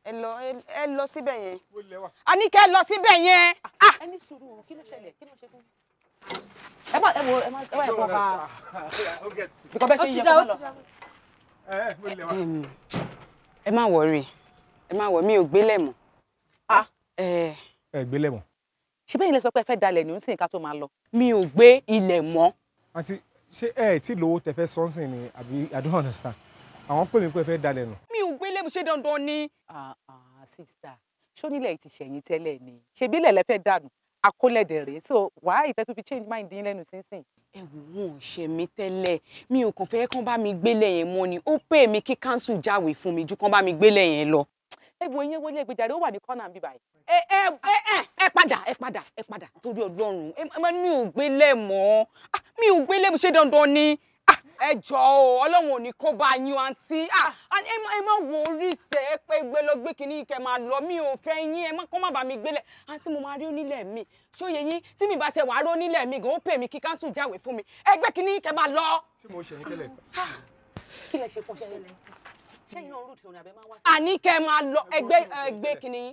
ẹ lọ ẹ lọ síbẹ̀ yẹn a ní kẹ́ ẹ lọ síbẹ̀ yẹn. Ah, ah! ẹ ní sùúrù kí ló ṣẹlẹ̀ kí ló ṣe fún mi. ẹ má ẹ wo ẹ má ẹ má ẹ kọ́ ka bíkọ́ bẹ́ẹ̀ ṣe yẹ kọ́ lọ. ẹ má wọrí ẹ má wọ mi ò gbélẹ̀ mọ́. Ah. ẹ gbélẹ̀ mọ́. ṣé bẹ́ẹ̀ ilé sọ pé ẹ fẹ́ dalẹ̀ ní oníṣìí ká tó máa lọ. mi ò gbé ilẹ̀ mọ́.
àǹtí ṣé ẹ ẹ tí lówó tẹ fẹ́ sọ́nsìn ni àbí I don't understand àwọn pè mí pé fẹ́ dalẹ̀ nù.
mi ò gbélé mi ṣe dandan ni. Ah, ah, sista ṣónílẹ̀ ti ṣẹ̀yìn tẹ́lẹ̀ ni ṣebí lẹ̀lẹ́ fẹ́ dànù akólẹ̀dẹ̀ rèé so why ìtẹ́ tó fi change mind yín lẹ́nu sínsìn. ẹ wò wọn ò ṣe mí tẹ́lẹ̀ mi ò kàn fẹ́ kán bá mi gbélé yẹn mọ́ ni ó pè mí kí káńsù jáwèé fún mi ju kán bá mi gbélé yẹn lọ ẹgbọn yẹn wọlé ẹgbẹjáde ó wà ní kọ́nà bíbá yìí. ẹ ẹ ẹ ẹ ẹ padà ẹ padà ẹ padà torí Ọlọ́run mi ò gbélé mọ́ ah, mi ò gbélé mo ṣe dandan ni ẹ jọ̀ọ́ o ọlọ́run ò ní kó bá yín àǹtí ẹ má wo oríṣẹ́ ẹ pé gbé ló gbé kínní kẹ máa lọ mi ò fẹ́ yín ẹ má kó má bá mi gbélẹ̀ àǹtí mo máa rí onílẹ̀ mi ṣó yẹ yín tí mi bá ṣe wàá rí onílẹ̀ mi gan ó pè mí kí káńsù jáwé fún mi ẹ gbé kínní kẹ máa lọ. ṣé mo ṣe ń kẹlẹ̀. kí lẹ ṣe fún ṣe yẹn ṣẹ́yìn náà rúùtù ọ̀nà àbẹ́ máa wá sí. àní kẹ máa lọ ẹgbẹ́ ẹgbẹ́ kínní.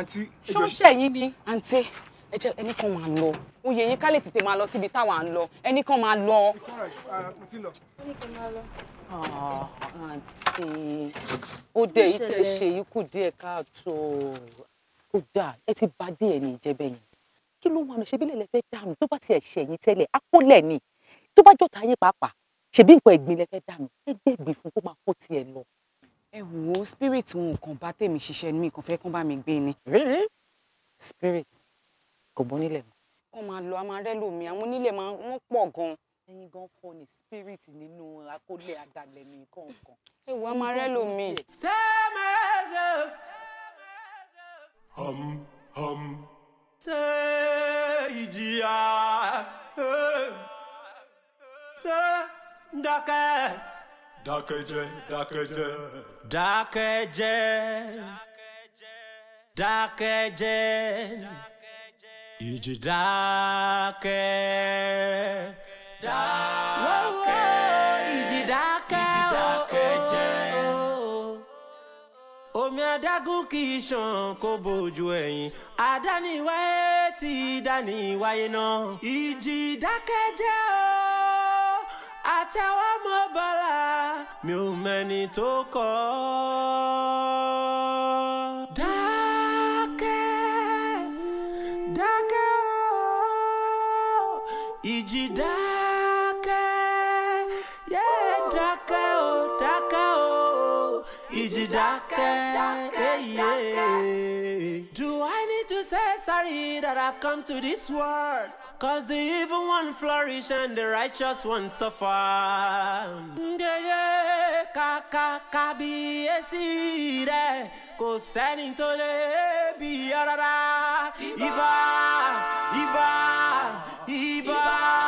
àǹtí ṣó ṣẹ̀yìn ni. àǹtí ẹ jẹ́ ẹnì kan máa lọ oyè yín ká lè tètè máa lọ síbi táwa ń lọ ẹnì kan máa lọ. àǹtí ó dẹ̀ yìí tẹ̀ ṣe yìí kù díẹ̀ káàtó ó dáa ẹ ti bá dé ẹni ìjẹ́bẹ̀ yẹn kí ló máa lọ ṣebí lẹ́lẹ́ fẹ́ dànù tó bá ti ẹ̀ṣẹ̀ yín tẹ́lẹ̀ àpọ́lẹ̀ ni tó bá jọ̀ta yín pàápàá ṣebí nǹkan ẹ̀gbin lẹ fẹ́ dànù ẹ gbẹ̀gbìn fún kó máa kó tiẹ̀ lọ. ẹ wò spirit wọn kàn bá tèmi ṣiṣẹ́ mi kàn fẹ́ kán bá mi gbé ni. spirit kò bọ́ nílẹ̀ mọ́. kàn máa lọ a máa rẹ́ lómi àwọn onílẹ̀ máa wọ́n pọ̀ gan-an. ẹyin gan fọ ni spirit nínú akólé àdàlẹ̀ mi kọ̀ọ̀kan. ewu a máa rẹ́ lómi.
sẹ́mẹ́sẹ̀.
hum hum.
ṣé ìjìyà ṣé dákẹ́. dákẹ́jẹ́ dákẹ́jẹ́. dákẹ́jẹ́. dákẹ́jẹ́. dákẹ́jẹ́. Ìjì dákẹ́. Dákẹ́. Ìjì dákẹ́. Ìjì dákẹ́ jẹ́. Omi adágún kì í ṣàn kó bójú ẹ̀yìn. Àdániwáyé ti dániwáyé náà. Ìjì dákẹ́ jẹ́ o. Oh. Àtẹ̀wọ́ mọ́ bọ́lá. Mi ò mẹ́ni tó kọ́. yeah. Do I need to say sorry that I've come to this world? Cause the evil one flourish and the righteous one suffer. tó Ibà, ibà, ibà. ibà.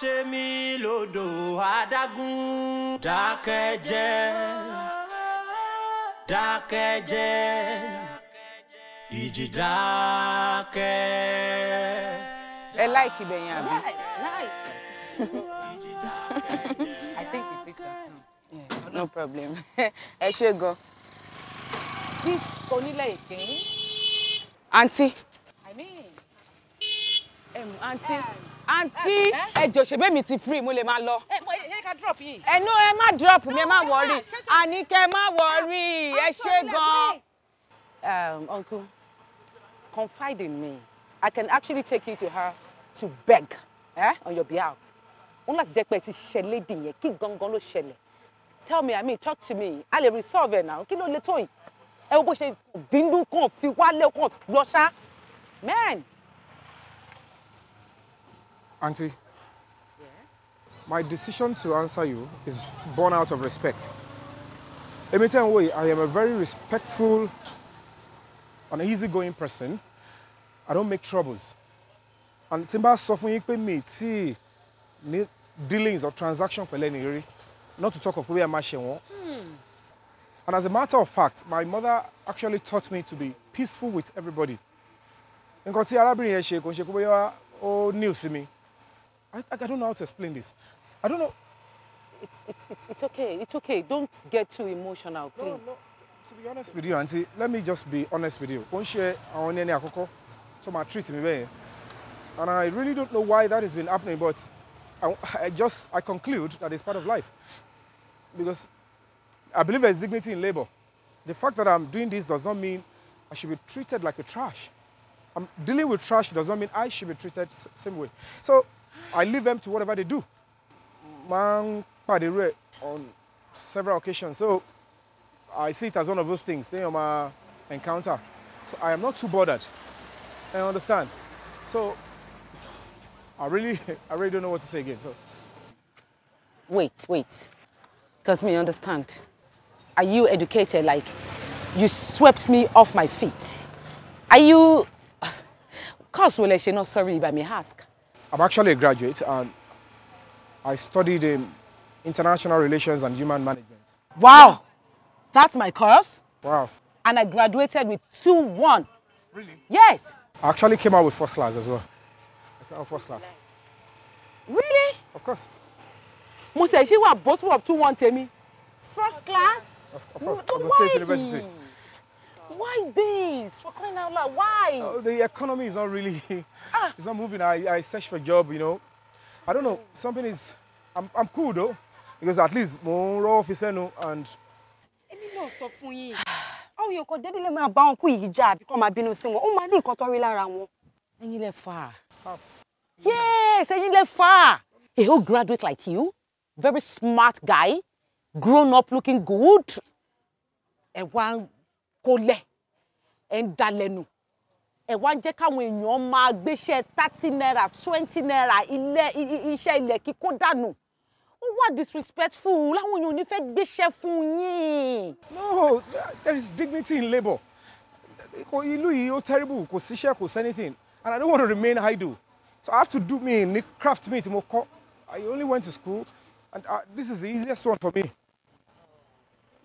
ṣe mí lódò adágún. dákẹ́jẹ́ dákẹ́jẹ́ ìjì dákẹ́. ẹ láìkí bẹ̀yìn àbí.
no problem. <laughs> ẹ ṣe gan. bí kò nílẹ̀ èké. àǹtí. I mean, um, àǹtí. Um, àǹtí ẹjọ ṣèbẹ mi ti free mo lè máa lọ. ẹ eh, ká drop yìí. ẹnu ẹ má drop mi ẹ má wọrí àní kẹ má wọrí ẹ ah, ṣe gan. Um, uncle confide in me i can actually take you to her to beg eh, on your behalf òun láti jẹ́ pé ẹ ti ṣẹlẹ̀ dì yẹn kí gangan ló ṣẹlẹ̀ tell me i mean talk to me I le resolve ẹ̀ náà kí ló lè tó yìí ẹ wo bó ṣe bíndú kan fi wálé kan lọ ṣá man.
Auntie, yeah? my decision to answer you is born out of respect. Emitenwe, I am a very respectful an easygoing person. I don't make troubles. And tí n bá sọ fún yín pé dealings or transaction for ẹni rí not to talk of pé a máa ṣe And as a matter of fact, my mother actually taught me to be peaceful with everybody. Nǹkan tí arábìnrin yẹn ṣe kò ń ṣe pé bóyá ó ní òsínmi. I, I don't know how to explain this. I don't know.
It's, it's, it's, it's okay. It's okay. Don't get too emotional, please. No, no. To be honest
with you, Auntie, let me just be honest with you. Wọ́n ṣe àwọn ẹni àkọ́kọ́ tó máa treat me bẹ́ẹ̀. And I really don't know why that has been happening, but I, I just, I conclude that it's part of life. Because I believe there's dignity in labor. The fact that I'm doing this does not mean I should be treated like a trash. I'm dealing with trash does not mean I should be treated same way. So I leave them to whatever they do. Man, pàdérò on several occasions. So I see it as one of those things, They are my encounter. So I am not too bothered. I understand. So I really, <laughs> I really
don't know what to say again. So wait, wait, because me understand. Are you educated? Like you swept me off my feet. Are you? <sighs> Cause will I say not sorry by me ask.
I'm actually a graduate and I studied in international relations and human management. Wow!
That's my course. Wow. And I graduated with 2-1. Really? Yes.
I actually came out with first class as well.
I came out first class. Really? Of course. Mo ṣe ṣe both of 2-1 tèmi. First class? Of course, no, State University. Why this? For crying out loud, why? Uh,
the economy is not really, <laughs> ah. it's not moving. I, I search for a job, you know. I don't know, something is, I'm, I'm cool though, because at least mo ń rọ ọ́fíìsì and.
Èmi náà sọ fún yín, àwọn èèyàn kan dédé lè máa bá wọn kú yìí jà àbí kọ́ máa bínú sí wọn, ó máa ní nǹkan tó rí lára ah. Yes, ẹ̀yin lè fà á. A whole graduate like you, very smart guy, grown up looking good. and one kólẹ̀ ẹ̀ ń dalẹ̀nu ẹ̀ wá jẹ́ káwọn èèyàn máa gbéṣẹ́ thirty naira twenty naira ilé iṣẹ́ ilẹ̀ kíkó dànù ó wà disrespectful láwọn èèyàn ò ní fẹ́ gbéṣẹ́ fún yín. no
there is dignity in labour ìlú yìí ó terrible kò síṣẹ́ kò sẹ́nitìn and i don't want to remain idle so i have to do me ní craft me tí mo kọ́ i only went to school and uh, this is the easiest one for me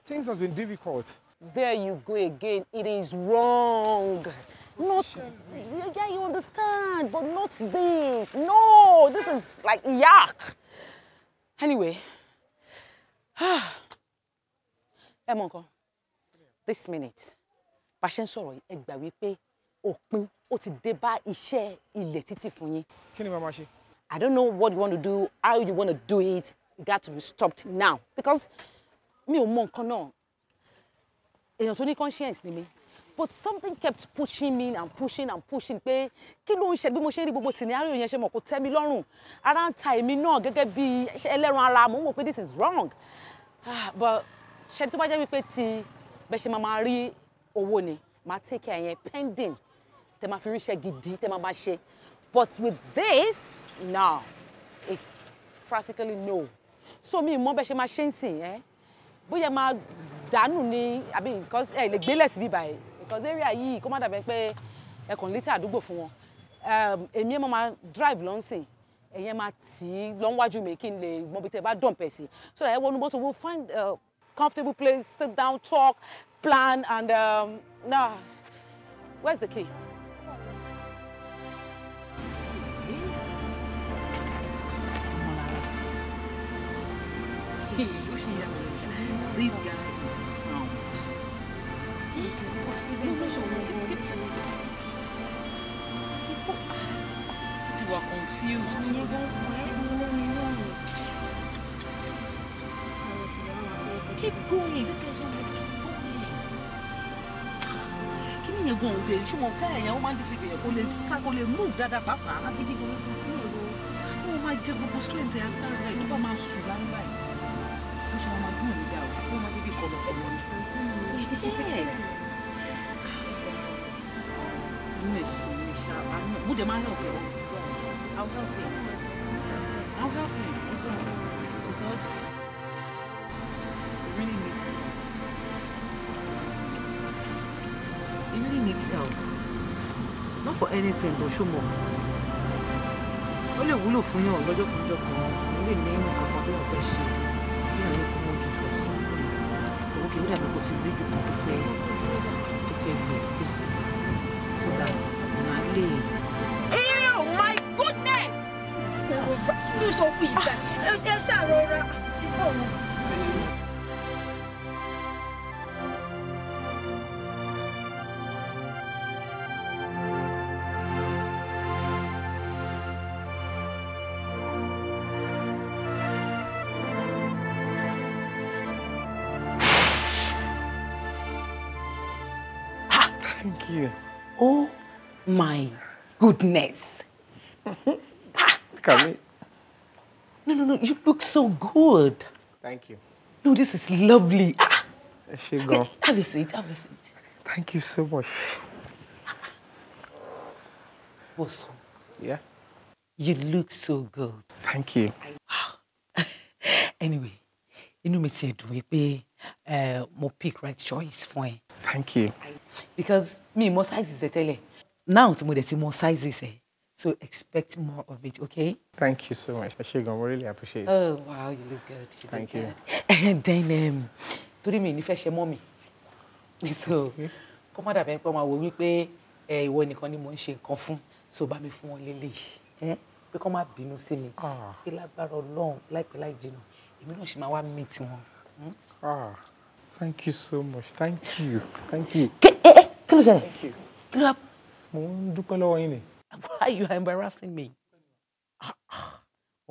things has been difficult
there you go again it is wrong not yeah you understand but not this no this is like yuck. anyway <sighs> ẹ mọ this minute bá a ṣe ń sọ̀rọ̀ yìí ẹ gbà wípé òpin ó ti dé I don't know what you want to do how you want to do it it got to be stopped now because me ò mọ nǹkan èèyàn tó ní conscience ni mi but something kept pushing me and pushing and pushing pé kí ló ń ṣe bí mo ṣe ń rí gbogbo scenario yẹn ṣe mọ̀ kó tẹ́ mi lọ́rùn ara ń ta èmi náà gẹ́gẹ́ bí ẹlẹ́ran ara mo ń wò pé this is wrong ah, but ṣe tó bá jẹ́ wípé ti bẹ́ẹ̀ ṣe máa máa rí owó ni máa take care yẹn pending tẹ máa fi ríṣẹ́ gidi tẹ máa máa ṣe but with this now it's practically no so mi mọ bẹ́ẹ̀ ṣe máa ṣe ń sìn ẹ́ bóyá máa àdánù ni àbí nǹkan ẹ lè gbélẹ̀ síbí báyìí because area yìí kó má dàbẹ́ pé ẹ kàn létí àdúgbò fún wọn ehm, èmi ẹ mọ máa drive lọ́nsìn ẹ̀yẹn máa tì í lọ́nwájú mi kí n lè mọ bí tẹ bá dùn pẹ̀ sí so ẹ wọnú mọ́tò we'll find a comfortable place sit down talk plan and um, now nah. where's the key. Please God. Ẹ ṣe confused. Ìyẹn gan pẹ́ mi lẹ́nu Keep going. Kí ni ìyẹn gan òde? Ṣé mo tẹ́ ẹ̀yàn ó máa ń dé síbi ẹ̀kọ́ lè sá kó lè move dáadáa pàápàá agídí gan fún kí ni ìlú. Ó máa jẹ gbogbo strength ẹ̀ agbára ẹ̀ ló bá máa sùn lálẹ́ báyìí. Ó ṣe máa dùn mí dá o. Ó máa ṣe bí kọlọkọlọ ni. Yes no ɛhyɛ me hyɛ aba no mo help you I'll help you I'll because it really needs help it really needs help not for anything but show more ó lè wúlò fún yàn lọ́jọ́ kan lọ́jọ́ kan ó lè ní nǹkan kan tó yàn fẹ́ ṣe kí yàn to kó mójú tó sọ́ńtẹ̀ òkè ó dàbí kò ti rí ibi kan tó fẹ́ tó fẹ́ gbèsè. So that's Nali. Ew, my goodness! You're so weak. You're so goodness. Look at me. No, no, no. You look so good. Thank you. No, this is lovely. Ah. she go. Have a seat. Have a seat. Thank you so much.
Boss. Yeah.
You look so good. Thank you. <laughs> anyway, you know, me say, do we pay more pick right choice for ẹ. Thank you. Because me most mọ is ẹ tẹ́lẹ̀ now tí mo dẹ̀ ti sizes ẹ̀ so expect more of it okay. thank you so much ṣẹ́gun mo really appreciate it. oh wow you look good you thank look you. good. <laughs> then um, torí mi ò ní fẹ́ ṣe mọ́ mi <laughs> so kó má dàbẹ́ pé máa wò wípé ìwọ nìkan ni mo ń ṣe nǹkan fún so bá mi fún wọn lélẹ̀ pé kó má bínú sí mi ah. pé like ọlọ́run láìpẹ́ láì jìnnà èmi náà ṣe máa wá meet wọn. Hmm? Ah,
thank you so much thank you thank you. kí eh, eh, ló ṣẹlẹ̀
kí ló wá mo ń dúpẹ́ lọ́wọ́ yín ni. why you are embarrassing me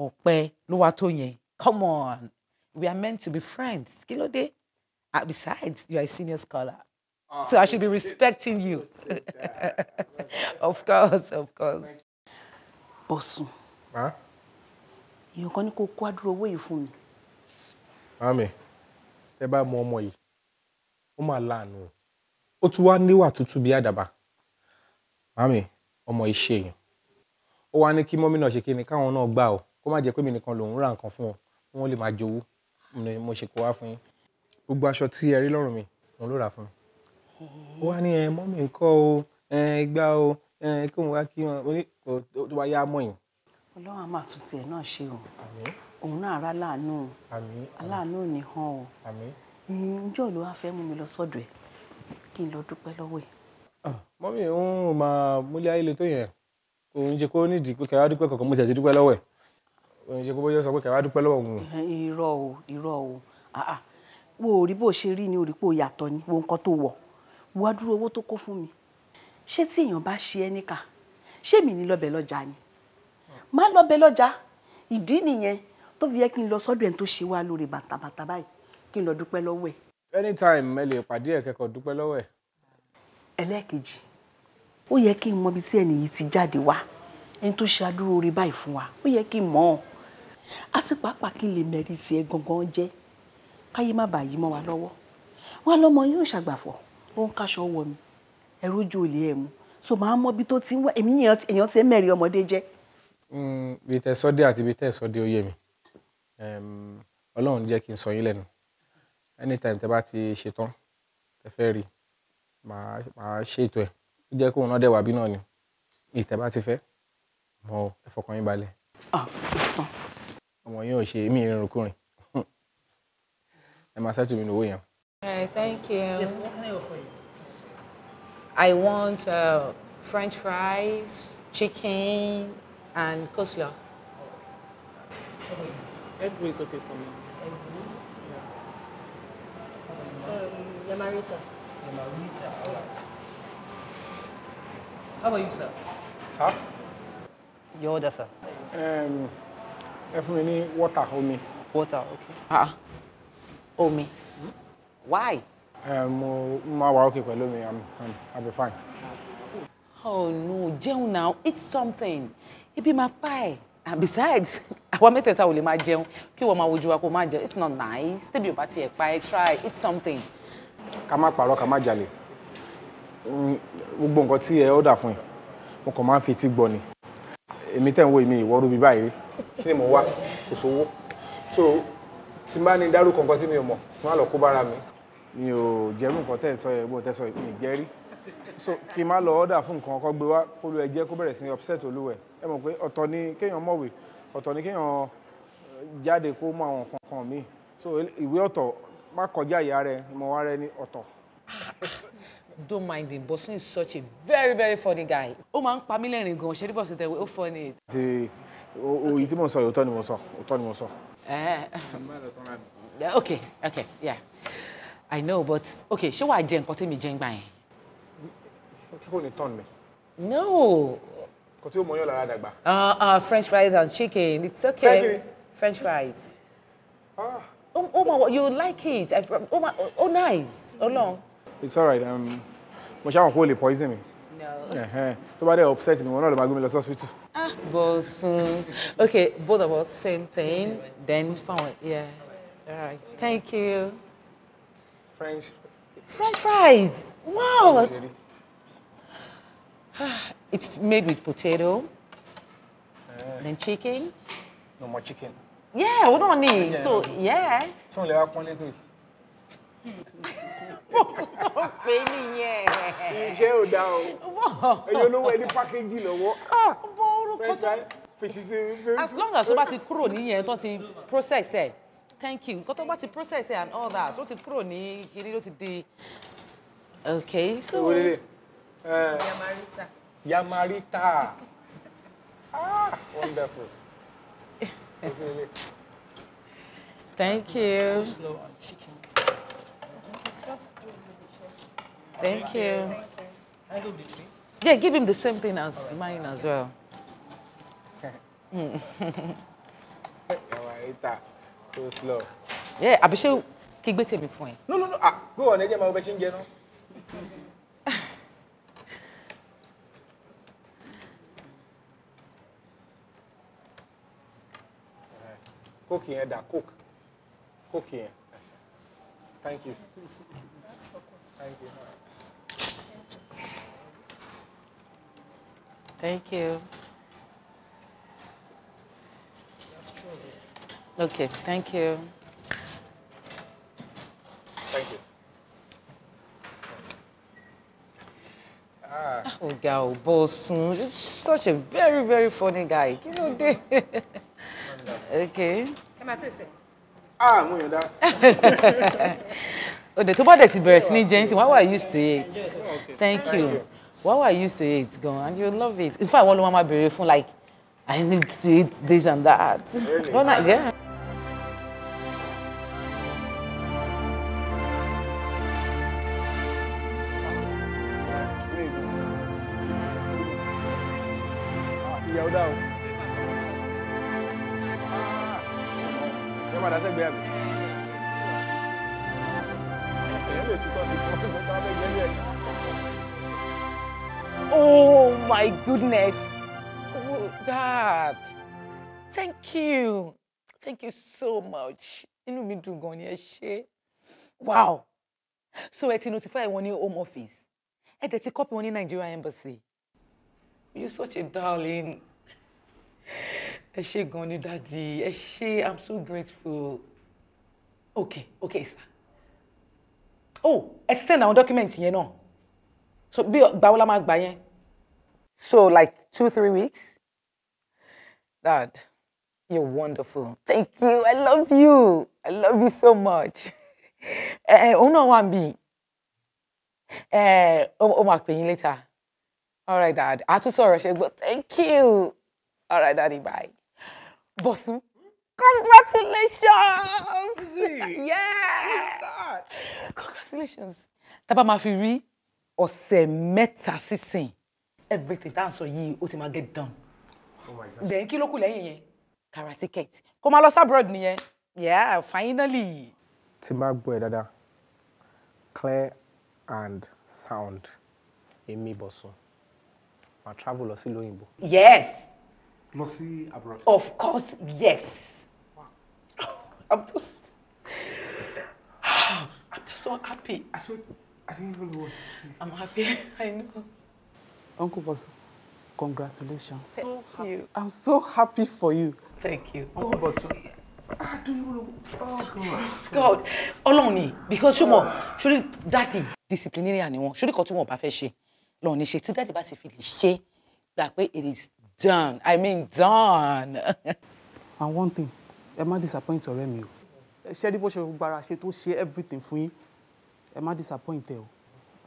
ọpẹ́ ló wá tó yẹn come on we are meant to be friends kí ló dé and ah, besides you are a senior scholar oh, so I should be respecting you <laughs> of course of course. bọ̀sùn èèyàn kan ní kó kó àdúrà owó yìí fún mi.
mami ẹ bá mọ ọmọ yìí ó máa láàánú ó tún wá níwà tútù bí àdàbà màámi ọmọ iṣẹ́ èèyàn ó wá ní kí mọ́mí náà ṣe kí ni káwọn náà gbà ó kó má jẹ́ pé mi nìkan lòún ra nǹkan fún wọn wọn lè máa jowú mo ṣe kó wá fún yín gbogbo aṣọ tí ẹ rí lọ́rùn mi òun ló rà fún mi ó wá ní ẹ mọ́mí nǹkan o ẹ gbá o ẹ kí òun wá kí wọn tó wá yá mọ́ yìí.
ọlọ́run a máa tún tiẹ̀ náà ṣe o òun náà rà láàánú aláàánú ò hàn o ǹjọ́ ló wá fẹ́ mú mi lọ sọ́dọ̀ ẹ̀ kí n lọ dúpẹ́ lọ́wọ́ ẹ̀. Ah mi ò
máa múlẹ̀ ayé le tó yẹn kò ń ṣe kó nídìí pé kẹwàá dúpẹ́ kankan mo tẹ̀ dúpẹ́ lọ́wọ́ ẹ̀ kò ń ṣe kó bóyá sọ pé kẹwàá dúpẹ́ lọ́wọ́ òun.
irọ́ o irọ́ o wo ò rí bó ṣe rí ni ò rí pé o yàtọ̀ ni wo nǹkan tó wọ̀ wá dúró owó tó kó fún mi ṣé tí èèyàn bá ṣe ẹ́ níkà ṣé mi ní lọ́bẹ̀ lọ́jà ni má lọ́bẹ̀ lọ́jà ìdí nìyẹn tó fi yẹ kí n lọ sọ́dọ̀ ẹ̀ tó ṣe wá lórí bàtàbàtà báyìí kí n lọ dúpẹ́ lọ́wọ́ ẹ̀.
anytime ẹ lè pàdé ẹ kẹ́kọ̀ọ́ dúpẹ́ lọ́wọ́ ẹ̀.
ẹlẹ́ẹ̀kejì ó yẹ kí n mọ ibi tí ẹnì yìí ti jáde wá ẹni tó ṣe adúró orí báyìí fún wa ó yẹ kí n mọ̀ ọ́ àti pàápàá kí n lè mẹ̀rí tiẹ̀ gangan jẹ́ káyé má bàa yí mọ́ wa lọ́wọ́ wọn lọ́mọ yóò ṣàgbàfọ̀ ó ń káṣọ wọ mi ẹ̀rú ojú ò lè ẹ̀ mu so màá mọ ibi tó ti ń wá èmi èèyàn ti ń mẹ̀rí ọmọdé jẹ́.
Mm, bí tẹ sọdẹ àti bí tẹ ó yé mi Ọlọ́run jẹ́ kí n sọ yín lẹ́nu anytime tẹ bá ti ṣetán tẹ fẹ́ rí màá ṣètò ẹ̀ jẹ́ kó náà dẹ̀ bí náà ni ìtẹ́ bá ti fẹ́ mọ ẹ yín balẹ̀. Ah, ọmọ yín ò ṣe mí ìrìnrìnkùnrin ẹ máa ṣètò mi lówó yẹn.
thank you. Yes, what can I offer you? I want uh, french fries, chicken, and coleslaw. Oh.
Egg is okay for me.
Egg roll? Yeah. Um, Yamarita.
Yamarita, all right. How
about you, sir? Sir?
Your order, sir. Um,
ẹ fún mi ní water, omi. Water, okay. Ah, uh, omi. Hmm? Why? Eh, mo máa wà okay I'm, I'm, I'll be fine.
Oh no, jẹun now, eat something. Ebi máa pa ẹ́. And besides, <laughs> àwa mẹ́tẹ̀ẹ̀ta ò lè máa jẹun kí wọ́n máa wojú wa kó máa jẹun. It's not nice. Tẹ́bi ò bá tiẹ̀ pa ẹ́, try, eat something.
Ká má parọ́, ká má jalè gbogbo nǹkan tí ẹ ọ̀dà fún ẹ mo kàn máa ń fi etí gbọ́ ni èmi tẹ̀ ń wo èmi ìwọ́rú bíi báyìí kí ni mò wá kò sówó so tí n bá ní dárúkọ nǹkan tí mi ò mọ̀ mo má lọ kó bára mi. mi ò jẹ́rú nǹkan tẹ́ ẹ sọ yẹn gbọ́dọ̀ tẹ́ sọ yìí jẹ́rí so kí n má lọ ọ̀dà fún nǹkan ọkọ gbé wá kólú ẹ jẹ́ kó bẹ̀rẹ̀ sí upset olúwẹ̀ ẹ mọ̀ pé ọ̀tọ̀ ni kéèyàn mọ̀wé ọ̀tọ̀ ni kéèyàn eh, jáde kó mọ àwọn nǹkan kan míì so ìwé ọ̀tọ̀ má kọjá ìyá rẹ
mọ wá rẹ ní ọ̀tọ̀ don't mind him Bosun is such a very very funny guy ó máa ń pa mí lẹ́rìn gan ṣe ní Bosun tẹ̀wé ó funny.
ti oyin tí mo sọ òótọ́ ni
mo sọ òótọ́ ni mo sọ. Eh, okay, ok yeah i know but okay. ṣé wàá jẹ nǹkan tí mi jẹ ń gbà yẹn. kíkó ni tán mi. no. kò tí ó mọ yán lára dàgbà. Uh, uh, french fries and chicken it's okay french fries. Ah. Oh, oh my, you like it. I, oh my, oh nice. Ọlọ́run. Oh, no
it's alright um, mo ṣáà wọn kó lè poison mi tó bá dé upset mi wọn náà lè máa gbé mi lọ sí hospital.
ah bosun okay both of us same thing then fine yeah right. thank you. french. french fries wow <sighs> it's made with potato eh. then chicken. no more chicken. yeah we don't need yeah, so yeah.
ṣé wọn lè wá pọ́n létò
yìí. <laughs> òkú tó pé nìyẹn. iṣẹ́ ò dáa o
ẹ̀yin olówó ẹni pákéjì lọ́wọ́. Ah! bọ́ orúkọ as long as o bá ti
kúrò níyẹn tó ti process ẹ̀ thank you Got about the process and all that ó the crony? ní kiri to ti okay so. Eh, yamarita.
yamarita
ah
wonderful.
Thank you.
Slow on chicken.
Thank you. Yeah, give him the same thing as mine as well. so <laughs> slow. Yeah, Abishe, kí gbé tèmi fún ẹ. No, no,
no. Ah, go on, ẹ jẹ́ máa wo bẹ́ ṣe ń jẹ <laughs> cook. Kóòkì yẹn Thank you.
Thank you.
Thank you. Okay, thank you. Thank you. Ah. Oh ò bó sun. You're such a very, very funny guy. Kí ló dé? Okay. Ẹ máa tẹ̀sẹ̀. Ah, mo yàn dá. Òde <laughs> tó bá dẹ̀ ti bẹ̀rẹ̀ sí ní why were you used to it? Oh, thank you. Thank you why were you to it gan and you love it in fact one of my ma like i need to eat this and that. Really? Well, not, yeah. goodness. Oh, Dad, thank you. Thank you so much. Inú mi dùn gan ni ẹ ṣé. Wow. So ẹ ti notify wọn ní home office. Ẹ dẹ̀ ti copy wọn ní Nigeria embassy. You such a darling. Ẹ ṣé gan ni daddy. Ẹ ṣé, I'm so grateful. Okay, okay, sir. Oh, ẹ ti send àwọn document yẹn náà. So bí gbàwó la máa gbà yẹn. So like two, three weeks. Dad, you're wonderful. Thank you. I love you. I love you so much. <laughs> Eh, eh, oh no, one be. Eh, oh, máa later. All right, Dad. A too sọ̀rọ̀ ṣe gbọ́. Thank you. All right, Daddy. Bye. Bossu. Congratulations! Yes. Congratulations. Taba bá máa fi rí ọ̀sẹ̀ mẹ́ta everything tá à ń sọ yìí ó ti máa get done oh then kí ló kù lẹ́yìn yẹn kàrà ticket kó máa lọ sábúrọ̀d nìyẹn yeah finally.
tí máa gbọ́ ẹ dáadáa clear and sound èmi Bọ̀sùn máa travel lọ sí lóyìnbó.
yes. lọ sí abroad. of course yes. Wow. <laughs> i'm just <sighs> i'm just so happy. i'm happy <laughs> i know. Uncle Boss, congratulations. Thank you. I'm so happy for you. Thank you. Uncle Boss. Oh. Oh, God, Ọlọ́run ni because ṣé mo ṣorí dáàdì disciplinarian ni wọn ṣorí kan tí wọn bá fẹ́ ṣe lọ́run ní ṣe tí dáàdì bá sì fi lè ṣe it is done I mean done. <laughs> and one thing ẹ má disappoint ọ̀rẹ́ mi o ṣé rí bó ṣe everything for you.
ẹ má disappoint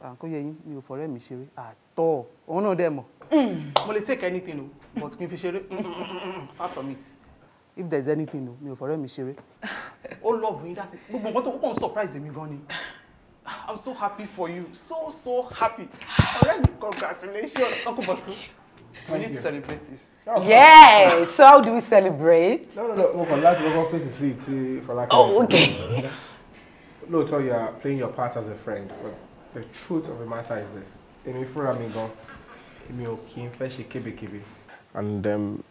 àǹkó ah, yẹ yín mi ò fọ̀rẹ́ mi ṣeré àtọ̀ òun náà dẹ̀ mọ̀. mo lè take anything o but kí n fi ṣeré far from it
if there is anything o mi ò fọ̀rẹ́ mi ṣeré.
ó love yín dati gbogbo nǹkan tó kọ́kọ́ ń surprise mi gan ni i'm so happy for you so so happy ọ̀rẹ́ mi congratulations uncle
bosco we need to celebrate this. Yes. so how do we celebrate. no no
no mo kàn láti kọ́kọ́ fèsì sí ti Fọlákẹ́. oh okay. lóòótọ́ you are playing your part as a friend but the truth of the matter is this èmi fúnra mi gan èmi ò kí n fẹ́ ṣe kébékébé and um,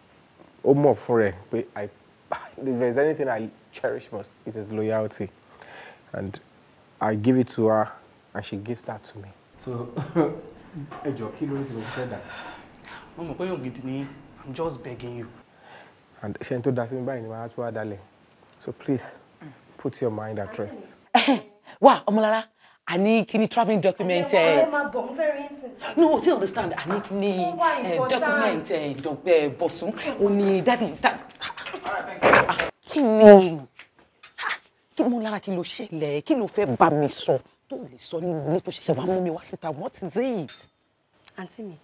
ó mọ̀ fún rẹ̀ pé i <laughs> if there is anything i cherish most it is loyalty and i give it to her and she gives that to me. so <laughs> ẹ jọ kí ló ń sọ fẹ́ dà.
mo mọ̀ pé ògidì ni i'm just begging you.
and ṣe n tó da sí mi báyìí ni màá tún wá dalẹ̀ so please put your mind at rest.
<laughs> wá ọmọlára àní kíní travelling document ẹ no tí understand àní kíní document ẹ dọgbẹ bọsùn ó ní dádì ta kí ni kí mo lára kí ló ṣẹlẹ̀ kí ló fẹ́ bá mi sọ tó lè sọ ní tó ṣẹ̀ṣẹ̀ wàá mú mi wá síta what is it. àǹtí mi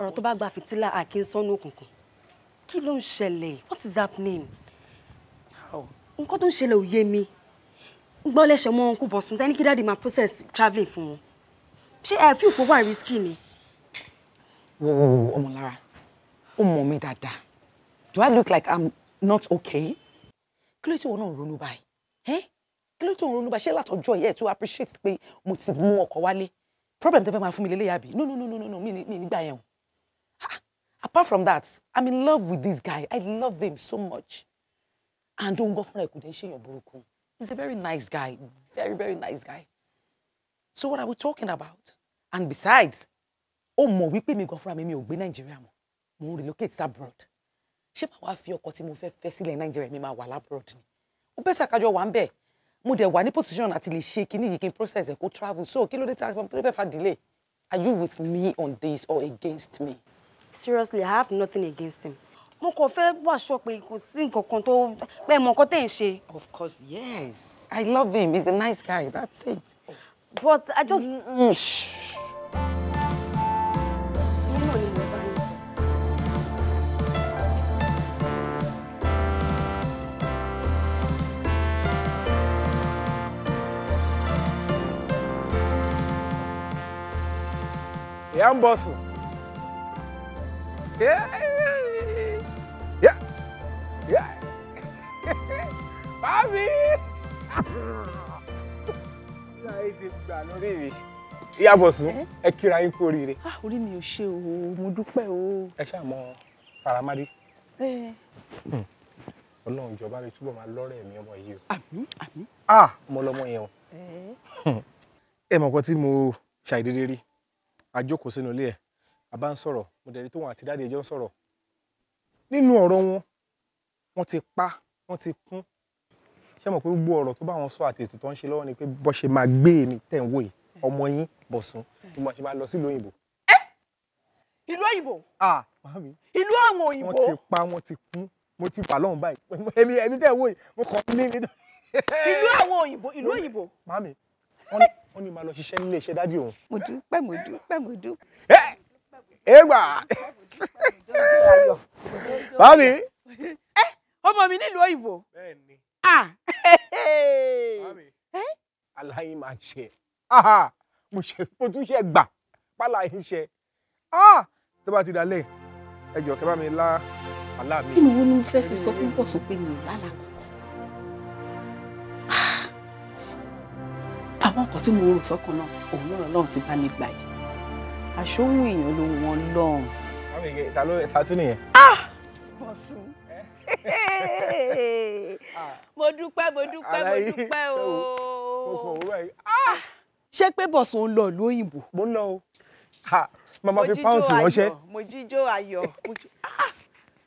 ọ̀rọ̀ tó bá gba fìtílà àkí ń sọ́nù òkùnkùn kí ló ń what is happening nǹkan tó ń ṣẹlẹ̀ ò yé mi gbọ́ lẹ́sẹ̀ mọ́ ọkùn bọ̀sùn tẹ́ni kí dáàdì máa process travelling fún wọn ṣé ẹ fi òpó wà risky ni. wo wo wo ọmọlára ó mọ̀ mí dáadáa do i look like i'm not okay kí ló tí wọn náà ronú báyìí ẹ kí ló tí wọn ronú báyìí ṣé látọjọ́ yẹ tó appreciate pé mo ti mú ọkọ wálé problem tó fẹ́ máa fún mi lélẹ́yà bí no no no no no mi nígbà yẹn o apart from that i'm in love with this guy i love him so much and ó ń gbọ́ fúnra ẹ̀kú dé ṣèyàn burúkú. He's a very nice guy, very, very nice guy. So what are we talking about? And besides, oh mo, we pay me go from me ò gbé Nàìjíríà mọ́, mo relocate abroad. Ṣé màá wá fi ọkọ tí mo fe fẹ́ sílẹ̀ Nigeria mi máa wà abroad ni? Ó bẹ́sẹ̀ àkájọ wà ń bẹ̀. Mo de wa ni position àti lè shake ni yìí process e ko travel. So kí ló dé tí wọ́n fe fa delay? Are you with me on this or against me? Seriously, I have nothing against him mo kàn fẹ́ wàṣọ pé kò sí nǹkan kan tó pẹ́ mọ nǹkan tẹ̀ ń ṣe. of course yes i love him he's a nice guy that's it. but i just. Mm -hmm.
Yambosu.
Yeah.
mi. sáyé ti gbà lórí mi.
ìyá Bọ̀sún eh? ẹ kíra yín kú oríire. Ah, orí mi ò ṣe o mo dúpẹ́ o. ẹ ṣáà mọ faramari. Eh. Hmm. ọlọ́run ìjọba mi túbọ̀ máa lọ́rẹ̀ mi ọmọ yìí o. àmín àmín. a ah, mo lọmọ yẹn o.
Eh. Hmm.
ẹ mọ̀ nǹkan tí mo ṣàìdédé rí a jókòó sínú ilé ẹ̀ a bá ń sọ̀rọ̀ mo dẹ̀ rí tóun àti dáàdi ẹjọ́ ń sọ̀rọ̀ nínú ọ̀rọ̀ wọn wọ́n ti pa wọ́n ti kún ṣé mo pé gbogbo ọ̀rọ̀ tó bá wọn sọ àti ètò tó ń ṣe lọ́wọ́ ni pé bó ṣe máa gbé èmi tẹ̀ ń wò yìí ọmọ yín Bọ̀sùn tó máa ṣe máa lọ sílùú òyìnbó. ẹ ìlú òyìnbó. ah màámi.
ìlú àwọn òyìnbó. wọ́n ti
pa wọ́n ti kú mo ti wà lọ́hùn báyìí èmi èmi tẹ̀ wò yìí mo kàn ní mi. ìlú àwọn òyìnbó ìlú òyìnbó. màámi wọ́n ní máa lọ ṣiṣẹ́ nílé iṣẹ́ dádì òun. mo dúpẹ́ mo dúpẹ́ mo dúpẹ́. ẹ
ẹ ọmọ mi nílùú òyìnbó. bẹ́ẹ̀ ah
aláyín máa ṣe mo ṣe mo tún ṣe gbà páláyín ṣe ah! tó bá ti dalẹ̀ ẹ jọ̀ọ́ bá mi lá àlá mi. kí ni wọ́n ní mo
fẹ́ fi sọ fún bọ̀sùn pé mi ò lálàá táwọn ọkọ̀ tí mo rò sọ́kàn náà òun náà lọ́run ti bá mi gbà yìí. àṣòwò èèyàn ló wọn lọ́run. ta ló ta tún nìyẹn. Ah! bọ̀sùn. <laughs> mo dúpẹ́ mo dúpẹ́ mo dúpẹ́ o. mo kàn wúrọ̀ yìí. Ah! ṣé pé bọ̀sùn ń lọ ìlú òyìnbó. mo ń lọ o ah! màmá fi pounds ránṣẹ́. mo jíjó ayọ̀ mo jíjó ayọ̀. Ah!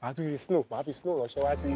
màá tún fi snow màá fi snow ránṣẹ́ wá sí i.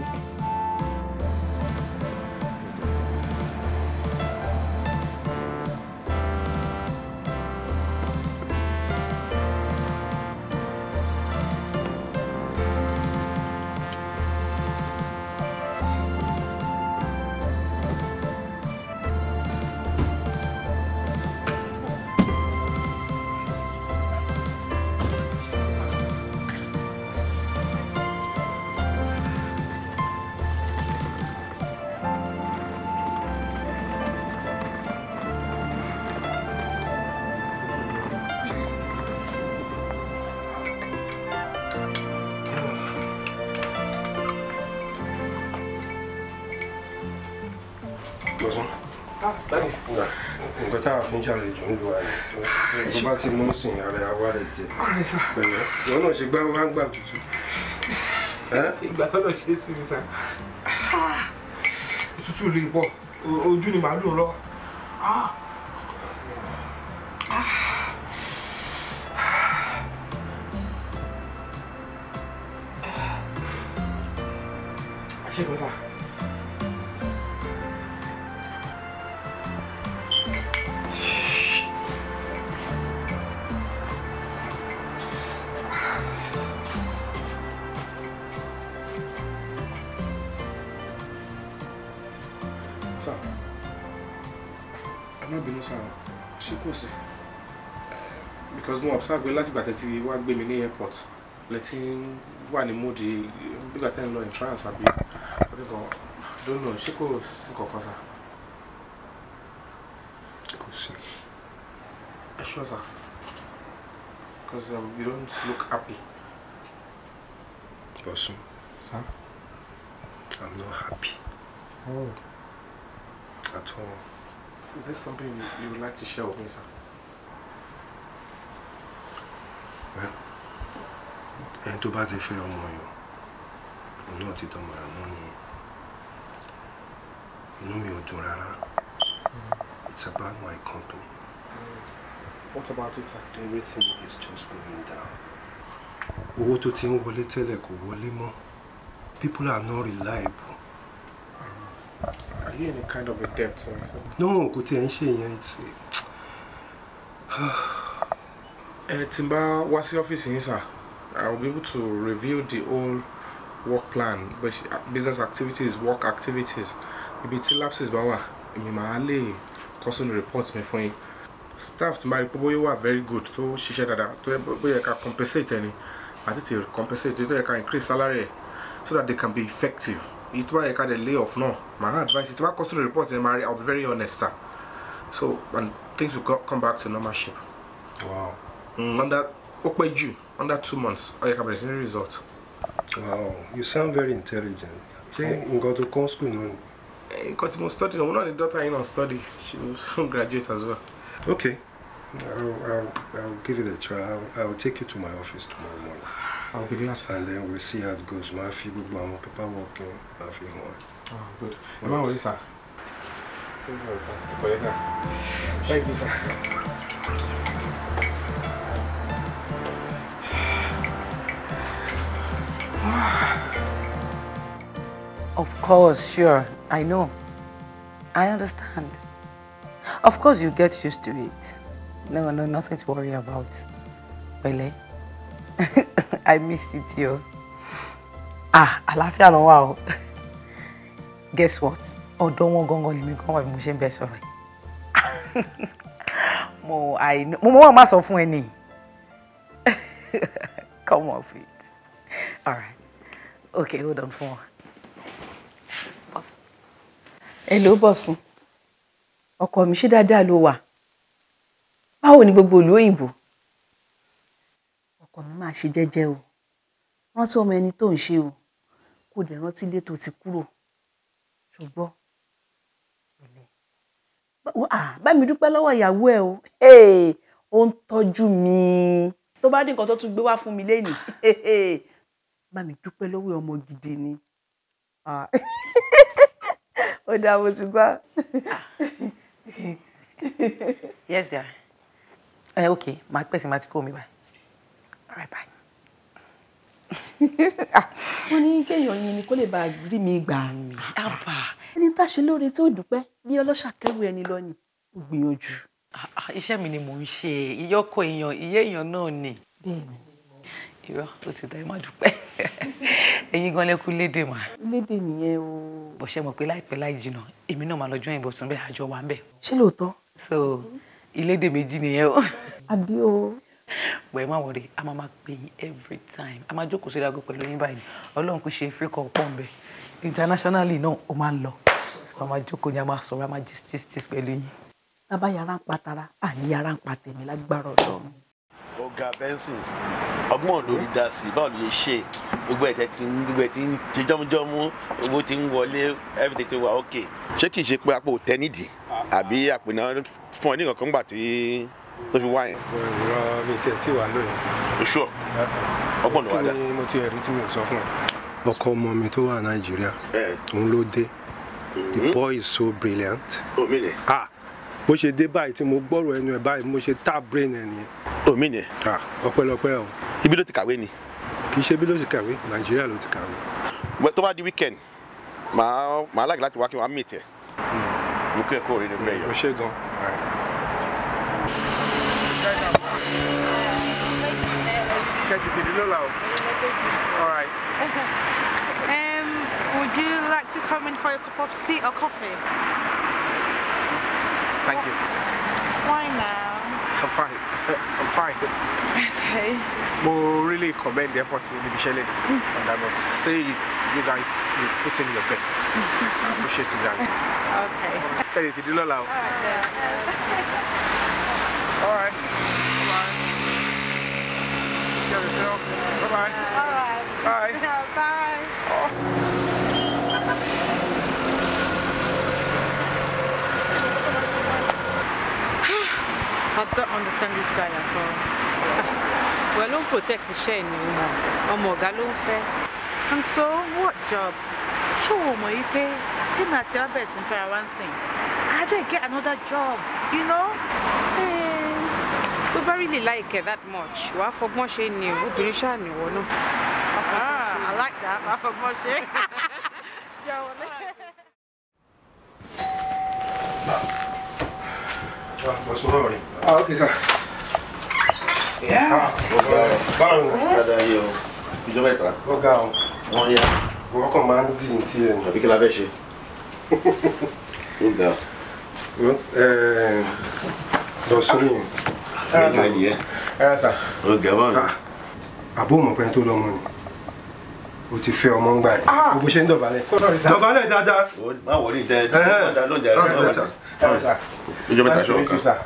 ń ṣàlejò ń lo àyè tó bá ti mú sìn ara àwa rẹ̀ jẹ pẹ̀lẹ́ ìwọ náà ṣe gbá wá ń gbà tutù. ìgbà tọ́lọ̀ ṣe é sí mi sàn
òtútù ah, lè pọ̀ ojú ni màálù lọ. ṣé kò sáà. mo observe láti gbà tẹ́tí wá gbé mi ní airport lẹ́tí wà ní mood bígbà tẹ́ ń lọ entrance àbí oníkan dónà ṣé kò sí kankan sá. kò
sí. ẹ ṣọ́ sá because um, you don't look happy. Bosun. Sir? I'm not happy. Oh. At all. Is this something you, you would like to share with me, sir? ẹni tó bá ti fẹ́ ọmọ yọ òun náà ti dọ̀mọ̀ àmọ́ ni inú mi ò dùn rárá it's about my company. What about it sir? Everything is just going down. owó tó ti ń wọlé tẹ́lẹ̀ kò wọlé mọ́ people are not reliable.
Are you in a kind of a debt or something?
No, kò tiẹ̀ ń ṣe yẹn. It's. <sighs> <sighs> Uh,
Timba was the office in, sir. I'll be able to review the whole work plan, but uh, business activities, work activities. Ibi two lapses bawa. wà, èmi máa lè cousin report mi Staff tí máa rí pé bóyá very good tó ṣiṣẹ́ dáadáa tó yẹ bóyá ká compensate I àti to compensate tó yẹ ká increase salary so that they can be effective. It tó bá yẹ ká dẹ̀ lay off náà, màá advice tí bá cousin report ẹ̀ máa I'll be very honest sir. So when things will come back to normal shape. Wow. Mm, under ó pẹ́ under two
months I yẹ ká bẹ̀rẹ̀ result. wow you sound very intelligent ṣé nǹkan tó kọ́ school náà ni. Eh, nǹkan tí mo study òun daughter yìí náà study she will <laughs> soon graduate as well. okay I'll, I'll, I'll give it a try I'll, I'll take you to my office tomorrow morning. I'll be glad. And then we'll see how it goes. My Máa fi gbogbo àwọn paperwork yẹn máa fi hàn. Ah, good. Ẹ máa wọlé sá. Thank
you sir. <sighs> Of course, sure. I know. I understand. Of course, you get used to it. No, no, nothing to worry about. Pẹ̀lẹ́. <laughs> I missed it, yo. Ah, àlàáfíà ló wà o. <laughs> Guess what? Oh, don't want lèmi kan wà bí mo ṣe ń bẹ sọ̀rọ̀ yìí. <laughs> Mo I know. Mo mọ̀ máa sọ Come off it. All right. Okay, hold on for Boss. Hello, boss. Ọkọ mi ṣé dáadáa ló wà? Báwo ni gbogbo ìlú òyìnbó? Ọkọ mi máa ṣe jẹ́jẹ́ o. Rántí ọmọ ẹni tó ń ṣe o. Kò dẹ̀ rántí ilé tó ti kúrò. Ṣùgbọ́n bá mi dúpẹ́ lọ́wọ́ ìyàwó ẹ o ó ń tọ́jú mi. tó bá dín nǹkan tó tún gbé wá fún mi lẹ́yìn bá mi dúpẹ́ lọ́wọ́ ọmọ gidi ni. <laughs> ó dá mo ti gbá. Ah. yes dear uh, okay màá pèsè màá ti kó mi bá all right bye. <laughs> Ah, wọ́n ní kéèyàn yin ni kó lè bá rí mi gbà. Ah, ẹni tá a ṣe lóore tó dúpẹ́ bí ọlọ́ṣà kẹ́rù ẹni lọ ni ó gbìyànjú. iṣẹ́ mi ni mò ń ṣe ìyọ́kọ̀ èèyàn ìyé èèyàn náà ni. bẹ́ẹ̀ni. irọ́ ó ti dá ẹ má dúpẹ́ ẹ̀yin gan lẹ́kú lédè mà. lédè nìyẹn o. bọ̀ ṣe mọ̀ pé láìpẹ́ láì jìnnà èmi náà máa lọ join Bọ̀sún bẹ́ẹ̀ àjọ wa ń bẹ̀. ṣé lóòótọ́. so ilédè méjì nìyẹn o. àbí o. bọ̀ ẹ má wọlé a máa máa pè yín every time a máa jókòó sí ìdágò pẹ̀lú yín báyìí ọlọ́run kò ṣe free call pọ̀ nbẹ internationally náà ó máa ń lọ a máa jókòó ni a máa sọ̀rọ̀ a máa gist gist pẹ̀lú yín. tábà yàrá ń pa tara àní yàrá ń pa tèmi lágbára ọ̀dọ́ mi
ọ̀gá benson ọgbọ́n lórí dá sí báwo ló yẹ ṣe gbogbo ẹ̀tẹ̀ ti ń gbogbo ẹ̀ ti ń ṣe jọ́mújọ́mú owó ti ń wọlé everything ti wà ok. ṣé kìí ṣe pé àpò tẹ nídìí àbí àpò náà fún ẹ ní kankan gbà tí tó fi wá yẹn. ìrọ̀ mi tiẹ̀ tí wà lónìí. oṣù ọgbọ́n ló wà dá. kí ni mo ti ẹ̀rí tí mi ò sọ fún ẹ.
ọkọ ọmọ mi tó wà nàìjíríà eh. òun ló dé the mm-hmm. boy is so brilliant. omílẹ̀. Oh, ah bó ṣe dé báyìí tí mo gbọ́rọ̀ ẹnu ẹ̀ báyìí mo ṣe tá brain ẹ̀ nìyẹn. omi ni. ọpẹ́lọpẹ́ o. ibi ló ti kàwé ni. kì í ṣe ibi ló ti kàwé
nàìjíríà ló ti kàwé. tó bá di weekend màá màá láàgì láti wá kí wọ́n á mìtẹ̀. Hmm. mo kí ẹ kó orin nígbà yẹn. o ṣe gan. kẹ́tì
ló la o. <laughs> Um, would you like to come in for a cup of tea or coffee? Thank you. Why now?
I'm fine. <laughs> I'm fine. Okay. We really commend the effort in the Michelle. And I must say it, you guys, you put in your best. I appreciate you guys. Okay. Okay, did you know All right.
All right. Bye. yourself.
Bye-bye. All right. Bye. <laughs> Bye.
I don't understand this guy at all. <laughs> well, don't protect the share you know. I'm more ló ń And so, what job? Show wo mọ̀ yí pé Tèmi àti Abẹ́ẹ̀ sì ń fẹ́ra wá I didn't get another job, you know? Eh, tó don't really like it that much, wàá fọgbọ́n ṣe ni obìnrin ṣáà nìwọ náà. Ah, I like
that, I for more ṣe. <laughs>
what's
wrong with it? Oh, okay, sir. Yeah. Báwo. Dada yìí o. Ìjọba ìta. Ọ̀gá o. Wọ́n yá. Wọ́n kàn máa ń dì ní tí ẹ̀yìn. Àbí kí la fẹ́ ṣe? Ó ga. Lọ sórí yẹn. Ẹ̀rọ sà. Ẹ̀rọ sà. Ó ga báwo ni? Àbó mọ̀ pé tó lọ́mọ ni o ti fẹ́ ọmọ ń gbà yẹn gbogbo ṣe ń dọ̀bálẹ̀ dọ̀bálẹ̀
dáadáa. má wọlé dẹ dọ̀bálẹ̀ dáadáa ìjọ mẹ́ta ṣe ọ̀kan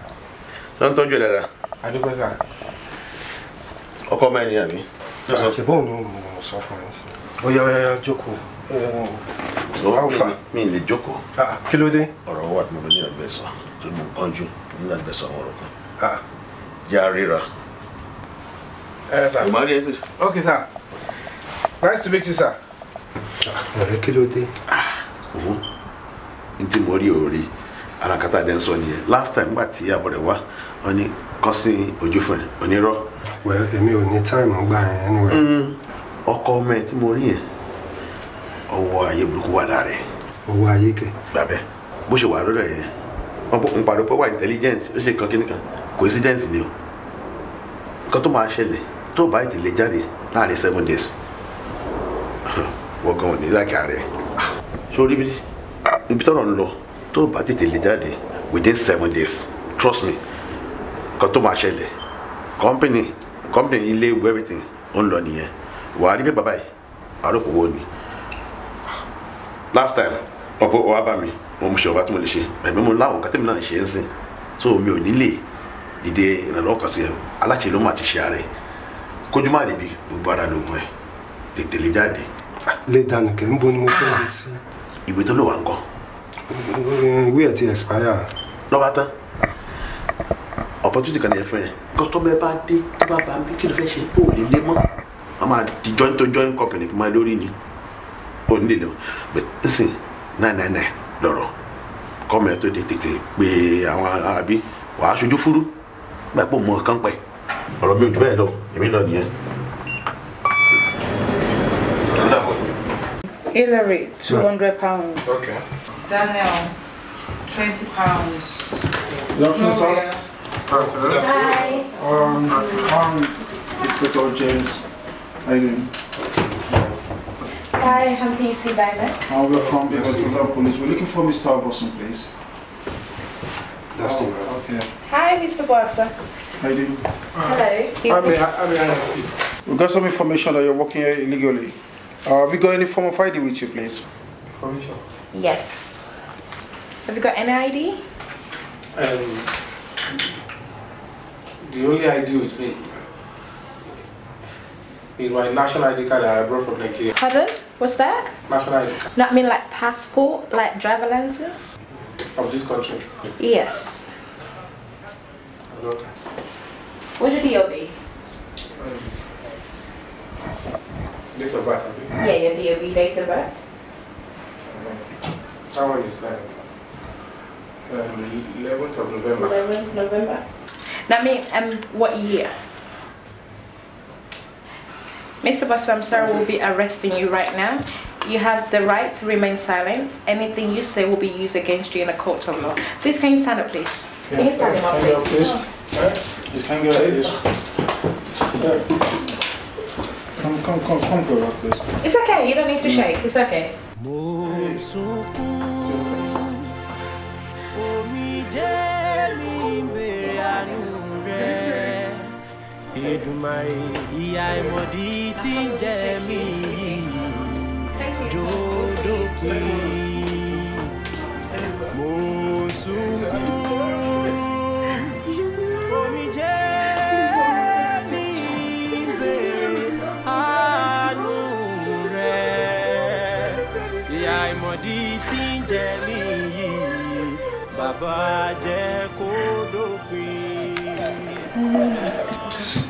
ló ń tọ́jú ẹ̀ dáadáa. adúgbò sá. ọkọ ọmọ ẹni àmì. ṣùgbọ́n òun ni mo sọ fún ẹ sí.
bóyá ọyá ọyá jókòó.
ọwọ́ fà mí lè jókòó. kí ló dé. ọ̀rọ̀ wà tí mo ní àgbẹ̀ sọ tó mú nǹkan jù ní àgbẹ̀ sọ àwọn ọ̀rọ̀ kan. jẹ́ àríra. ẹ ẹ sà. ìmọ̀lẹ́ ok sir nice to meet you sà. ọ̀rẹ́ kí ló dé. n tí mori rí òòrì. arakata dị nsọ nìyẹn last time nígbà ti àbọ̀rẹ̀ wá wọ́n ní kọ́sí onirọ.
well èmi ò ní time gbà yẹn
mm. ọkọ ọmọ ẹ tí mo rí yẹn ọwọ́ ayé burúkú wà lára ayé kẹ. gbàbẹ bó ṣe wà lọ́dọ̀ yẹn n pàdé intelligent kan kí ni o nǹkan tó máa ṣẹlẹ̀ tó bá days wọ́n gan ò ní láàkì ààrẹ ibi tọ́rọ̀ ń tó bá tètè lè within seven days trust me nǹkan tó máa ṣẹlẹ̀ company company ilé ìwé everything ó ń lọ nìyẹn wàá rí bàbá yìí àròkò ni last time ọ̀pọ̀ ọ̀wá bá mi mo mú ṣe tí mo lè ṣe ẹ̀mí mo láwọn nǹkan tẹ́mi náà ṣe é sìn so mi ò ní dìde ìrànlọ́wọ́ kan sí aláṣẹ ti ṣe ààrẹ kójú má gbogbo ara lóògùn ẹ tètè lè jáde.
Ah, lè dànù bo ni mo ah, sí.
ìwé tó ìwé ti expire. lọ́ba tán opportunity kan yẹ fún yẹn kọ́tọ́ bá dé tó bá bá bí kí ló fẹ́ ṣe ó lè lé mọ́ a máa di joint to joint company kí n máa lórí ni ó ní lè but nsìn náà náà náà lọ̀rọ̀ kọ́mọ tó de tètè pé àwọn àbí wàá ṣojú fúrú báyìí pò mọ kán pẹ́ ọ̀rọ̀ mi ò jù bẹ́ẹ̀ lọ èmi lọ nìyẹn.
Hillary, two hundred pounds. Okay. Daniel, 20 pounds.
Looking Gloria.
Hi.
Um, I'm um, Inspector James Aiden.
Hi, I'm PC Diamond.
we're from the
Metropolitan Police. We're looking for Mr. Boston, please. That's the oh, Okay.
Hi, Mr. Boston. Hi. you Hello. I mean,
I mean, we got some information that you're working here illegally. Uh, have you got any form of ID with you, please? Information?
Yes. Have you got any ID?
Um, the only ID with me is my national ID card I brought from Nigeria. Pardon? What's that? National ID card.
Not mean like passport, like driver license?
Of this country?
Yes. What's your DOB? Um,
date of birth, Yeah,
your DOB date of birth.
How one is like uh, 11th of November. 11th
November. Now, me, um, what year? Mr. Basamsar will be arresting you right now. You have the right to remain silent. Anything you say will be used against you in a court of law. Please, can you stand up, please? Yeah. Can you stand up, please? please?
Oh. You can go, please.
Come, Come, come, come, come, go,
please. It's okay. You don't need to shake. It's okay.
jẹ́mi béèrè àánú rẹ Èdùmàrè ìyà ìmọ̀dí tí ń jẹ mo sunkún. bàjẹ́ kó dópin.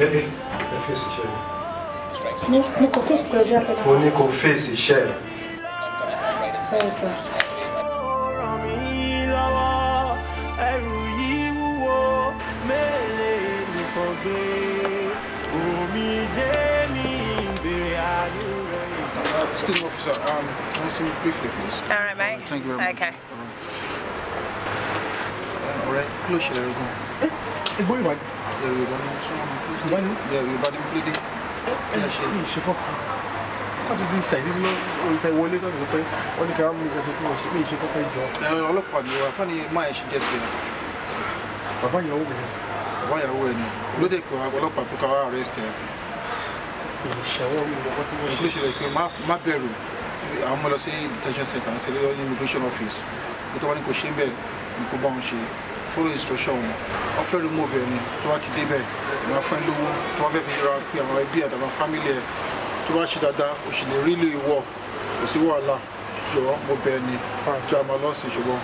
ẹ
mo kò fẹ́ pẹ̀lú bí akẹ́kọ̀ọ́.
mo
ní kò fèsì iṣẹ́ yìí.
sọ́yìn sọ.
Excuse me, officer. Um, can I see you briefly, please?
All right, mate. Thank you very much. Okay
ọ̀rẹ́ kí ló ṣẹlẹ̀ rẹ̀ gan-an. ẹ gbọ́ Yorùbá. Yorùbá ni sọ́nà mi tó Yorùbá ni ó. Yorùbá ni mo lédè. ẹ ẹ ṣe é ṣe kọ́ láti di ṣàìdí lọ ìta ìwọlé náà sọ pé wọ́n ní káwọn mílíọ̀nù tó wọ̀ sí pé ìṣe kọ́kọ́ ìjọ. ọlọ́pàá ni wàá fani máa ẹ̀ ṣe jẹ́ sí ẹ. bàbá ìyàwó mi. bàbá ìyàwó ẹ ni lóde pé ọlọ́pàá tó káwá arrest ẹ.
ìṣẹ̀wọ́ mi lọ́kọ́
tí wọ́n ṣe. ìṣẹ̀lẹ̀ pé má bẹ̀rù àwọn ọmọ lọ sí detention center ṣe lọ́wọ́ ní immigration office kó tó wá ní kò ṣe ń bẹ̀ ní kó bá wọn ṣe follow instruction wọn wọ́n remove ẹni tó bá ti débẹ̀ ìmọ̀ afẹ́ lówó tó bá fẹ́ fi ra pé àwọn ẹbí àtàwọn family ẹ̀ tó bá ṣe dáadáa o sì lè rí ilé ìwọ kò sí wàhálà jọ mo bẹ ẹni jọ àmọ́ lọ́sìn ṣùgbọ́n.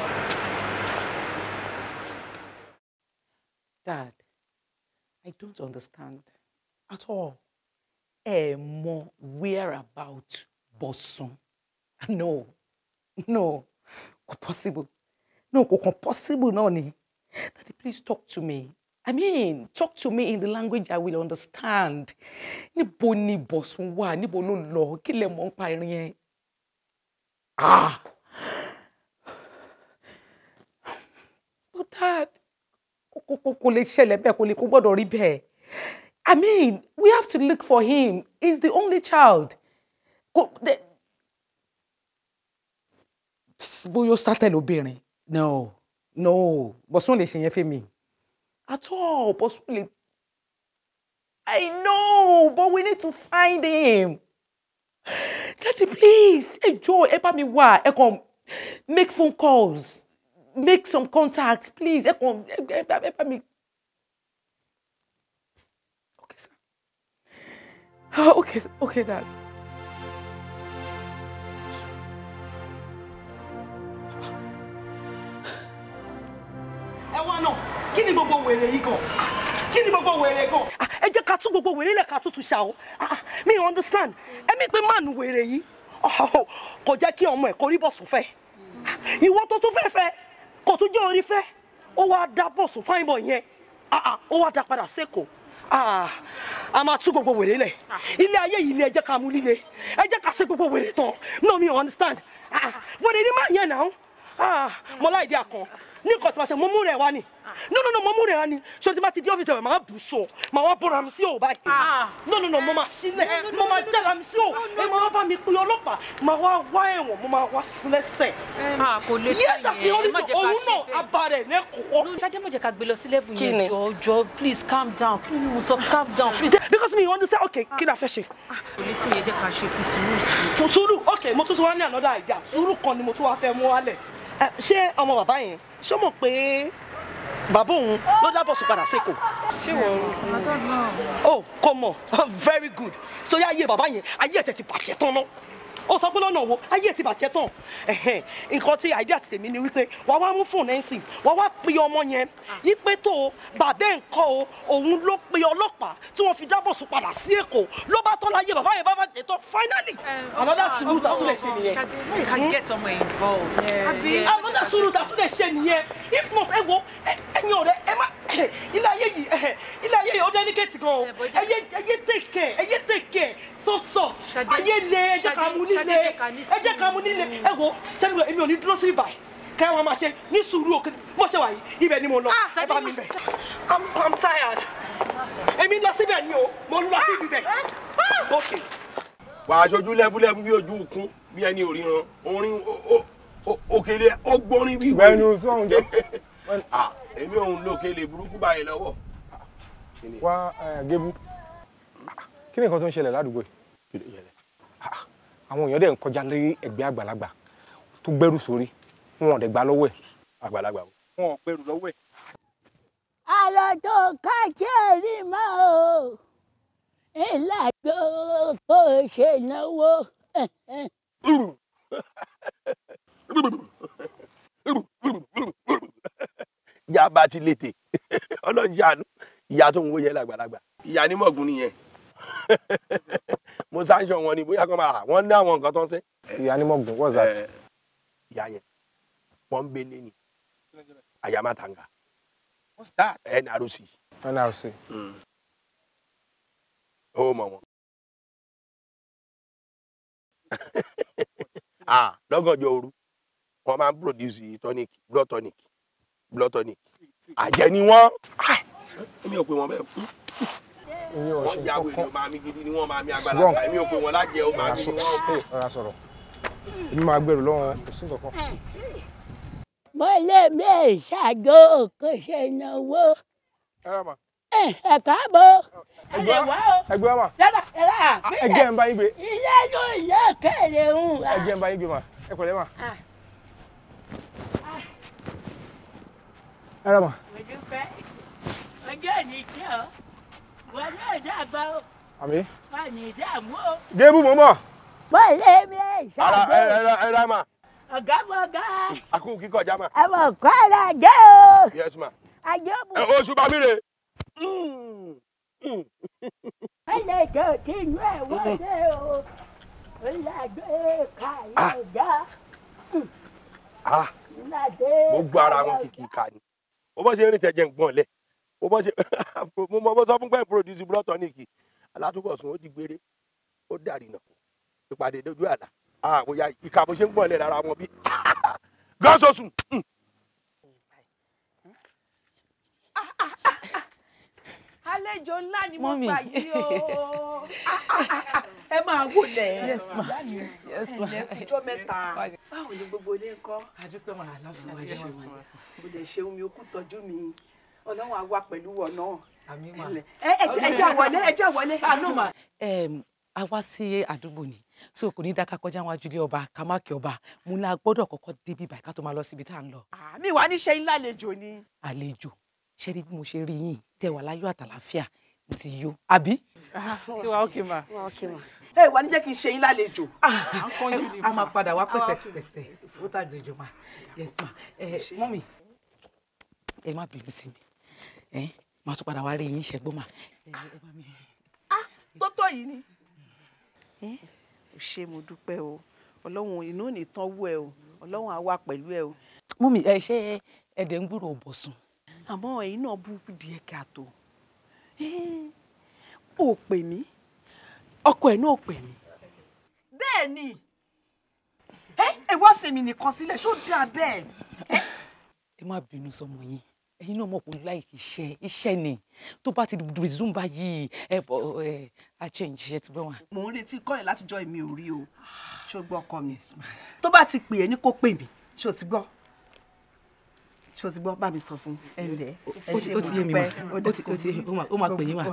Dad, I don't understand at all. Ẹ mọ whereabout Bọ̀sùn. No, no, kò possible. No, kò kàn possible náà ni. Daddy, please talk to me. I mean, talk to me in the language I will understand. Níbo ni bọ̀sùn wà? Níbo ló lọ? Kí lẹ mọ̀ irin yẹn? Ah! But dad, kò lè ṣẹlẹ̀ bẹ́ẹ̀, kò lè kó gbọ́dọ̀ rí bẹ́ẹ̀. I mean, we have to look for him. He's the only child. Go, the... Boyo started obìnrin. No no bọ̀sùn lè ṣe yẹn fẹ́mi at all bọ̀sùn lè I know but we need to find him daddy please ẹ jọ̀ọ́ ẹ bá mi wá ẹ kàn make phone calls make some contacts please ẹ kàn mi. okay sir ah, okay okay dad. wa náà kí ni gbogbo wèrè yìí gan kí ni gbogbo wèrè gan. Ah, ẹ jẹ́ ká tún gbogbo wèrè lẹ̀ ká tún ṣá o ah, ah, mi understand ẹ̀mí pé mánu wèrè yìí oh, kò jẹ́ kí ọmọ ẹ̀ kó rí bọ̀sùn fẹ́ ìwọ tó tún fẹ́ fẹ́ kò tún jẹ́ orí fẹ́ ó wá dá bọ̀sùn fáyín bọ̀ yẹn ó wá dá padà sẹ́kọ̀ọ́ a máa tú gbogbo wèrè lẹ̀ ilé ayé yìí ni ẹ jẹ́ ká mú líle ẹ jẹ́ ká ṣe gbogbo wèrè tán no mi understand wèrè ni máa yẹn náà mọ́lá àkàn ní nǹkan tí ma ṣe mo mú rẹ̀ wá ni ah. no no no mo mú rẹ̀ wá ni ṣé o ti ti di ọ́fíìsì rẹ̀ màá bù so màá wá bọ́ra mi sí o báyìí ah. no no no mo máa sílẹ̀ mo máa jára mi sí o ẹ máa wá bá mi pe ọlọ́pàá màá wá wá ẹ̀wọ̀n mo máa wá sílẹ̀sẹ̀. Ah, kò lè tó yẹn má òun náà abarẹ̀ lẹ́kọ̀ọ́. ṣadé má jẹ́ ká gbé lọ sí level yẹn jọ jọ please calm down mo sọ calm down please. because mi understand okay kí ni a fẹ́ ṣe. kò lè tó yẹn jẹ́ ká ṣe fún sùúrù sí. fún sùúrù okay mo tún ti wá ní ṣé ọmọ bàbá yẹn ṣé mọ̀ pé bàbá òun ló dábọ̀ sùn padà sẹ́kọ̀ọ́. tí wọ́n rò ó. oh kò mọ̀ <laughs> very good so yá ayé bàbá yẹn ayé ẹ̀ tẹ̀ ti bàjẹ́ tán náà ó sọ pé lọ́nà wo ayé ti bàjẹ́ tán nǹkan tí àìdí àti tèmi ni wípé wà wá mú fóònù ẹ̀ wà wá pe ọmọ yẹn ah. yípe tó bàbá ẹ̀ o òun ló pe ọlọ́pàá tí wọ́n fi jábọ̀ sùn padà sí èkó ló bá tán láyé bàbá yẹn bá bàjẹ́ tán finally eh, another sùúrù tá a tún lè ṣe nìyẹn. Hmm? Eh, eh, another sùúrù tá tún lè ṣe nìyẹn if not ẹ wo ẹyin ọ̀rẹ́ ẹ má <coughs> ilé ayé yìí ilé ayé yìí ó delicate gan o ẹ yé take care ẹ yé take care soft soft ayé le ẹ jẹ́ ní nílé ẹ jẹ́ ká nílé ẹ wo sẹ́nu ò ní dúró sí ibà kẹ́ wọn máa ṣe ní sùúrù òkè mo ṣe wà yìí ibẹ̀ ni mo lọ ẹ ah, bá mi bẹ̀. i'm tired èmi lọ síbẹ̀ ni o mo lọ sí ibibẹ̀ ah, ah. ok.
wàá aṣojú lẹ́búlẹ́bú bí ojú kún bí ẹni ò ríran orin òkèlè ó gbórin bí ìwé. wẹ́nu sọ̀hún jẹ́. <laughs> èmi òun lókèlè burúkú báyìí lọ́wọ́. wá eh, gébú kí ni nǹkan tó ń ṣẹlẹ̀ ládùúgbò yìí àwọn èèyàn dẹ̀ ń kọjá lé ẹgbẹ́ àgbàlagbà tó gbẹ́rù sórí wọn ò dẹ̀ gbà lọ́wọ́ ẹ̀ àgbàlagbà wọn ò gbẹ́rù lọ́wọ́ ẹ̀.
àlọ́ tó kájẹ́ rí mọ́ o ìlàjò kò ṣe náwó.
ìyá bá ti lè tè
ọlọ́run ìyá tó ń wó yẹn làgbàlagbà ìyá ni mọ̀gùn nìyẹn. <laughs> mo ṣáṣọ wọn ni bóyá kan máa wọn ní àwọn nǹkan tó ń ṣe. ìyá ni mo gùn what's that. Eh, ìyá yẹn wọn ń bẹlẹ ni ayamatanga. what's that. nrc. nrc. Hmm. ó
mọ wọn. <laughs> Ah, lọ́gànjọ́ òru wọ́n máa ń produce tonic blood tonic blood tonic
àjẹ́ ni wọ́n. Ah, mi ò pè wọ́n bẹ́ẹ̀ wọ́n ya wèrè màmí gidi ni wọ́n màmí àgbàlagbà èmi ò pè wọ́n lájẹ́ o màmí ni wọ́n pè. ọ̀rọ̀ èmi máa gbèrò lọ́wọ́ kò sí nǹkan kan.
mo lè mi ì ṣàgó kò ṣe náwó. ẹ káàbọ̀ ẹgbẹ́ wa o ẹgbẹ́ wa
ẹgbẹ́ ń bá yín
gbé. ilé ló yẹ kéré ń wá. ẹgbẹ́ ń bá yín gbé ma ẹ pẹ̀lẹ́ ma. Ah. ẹ rà ma. ojú fẹ́
ojú ò wọ́n ní èdè àgbà o. àmì. wọ́n ní èdè àmú o.
gébù mo mọ̀. pọ́lẹ́ mi
ẹ̀ ṣàgbé. ẹ̀rọ ẹ̀rọ
àmà.
ọ̀gá mọ̀
ọ̀gá.
àkókò kíkọ̀ ọjà mà. ẹ̀wọ̀n kọ́ ara jẹ́ o. yes ma. àjẹbù. ẹ oṣù bàmí
rè. ẹ̀yẹ ìjọ kí
inú ẹ̀ wọlé
mm-hmm. o.
ó yàgbé ká ìyá ah. ọ̀gá. Ah. mo gbọ́ ara wọn
kìkì ká ni. ó bọ́ ṣe ń rìn tẹ́jẹ̀ gbọ́n lẹ̀ mo mọ̀ ṣe <laughs> mo mọ̀ sọ fún pé produce blood tonic alátúkọ̀sùn ó ti gbére ó dàrí nà ìpàdé dojú àlà àbòyá ìka bó ṣe ń gbọ̀n rárá wọn bí gánsoṣù. <laughs>
Hmm. àlejò ńlá ni mo gbà yí o <laughs> ẹ máa wọlé ẹ kújọ mẹ́ta báwo ni gbogbo ilé ń kọ́. a dúpẹ́ màá láfíà ní lè ṣe omi okú tọ́jú mi ọlọ́run á wà pẹ̀lú wọn náà. àmì ma ẹ ẹ jẹ́ àwọlé ah, ma a wá sí àdúgbò ni so kò ní dáká kọjá wọn ajúlé ọba kàmáàkì ọba mo la gbọ́dọ̀ kọ́kọ́ débi báyìí ká tó máa lọ síbi tá à ń lọ. àmì wa ní ṣe ń lálejò ni. àlejò ṣe rí bí mo ṣe rí yín tẹ wà láyọ̀ àtàlàfíà mo ti yó àbí. kí wàá ókè mà. wàá ókè mà ẹ wà ní jẹ́ kí n ṣe yín lálejò. Ah, a máa padà wá pẹ̀sẹ̀pẹ̀sẹ̀ fún tàlejò ma yes ma mọ́mì ẹ má bínú sí mi màá tún padà wá rí yín ṣẹ́gbọ́n mà. a ah, tó tó yìí ni. ò ṣe mo dúpẹ́ o ọlọ́run inú ò ní tán wú ẹ o ọlọ́run á wà pẹ̀lú ẹ o. mọ́mí ẹ ṣe ẹ̀dẹ̀ ń gbúrò bọ̀sùn. àmọ́ ẹ̀yin náà bú díẹ̀ káàtó ò pè mí ọkọ ẹ̀ náà pè mí. bẹ́ẹ̀ ni ẹ wá fèmí nìkan sílẹ̀ ṣó dáa bẹ́ẹ̀. ẹ má bínú sọmọ yín ẹ̀yin náà mọ̀ pé láìkí iṣẹ́ iṣẹ́ ni tó bá ti resume báyìí ẹ bọ ẹ a change iṣẹ́ ti bọ́ wọn. mò ń retí kọ́lẹ̀ látijọ́ èmi ò rí o ṣó gbọ́ ọkọ mi tó bá ti pè é ní kó pè mí ṣó ti gbọ́ ṣó ti gbọ́ bá mi sọ fún ẹ ǹlẹ́ ẹ ṣe mọ̀ pé ó ti ó ti ó máa pè yín mà.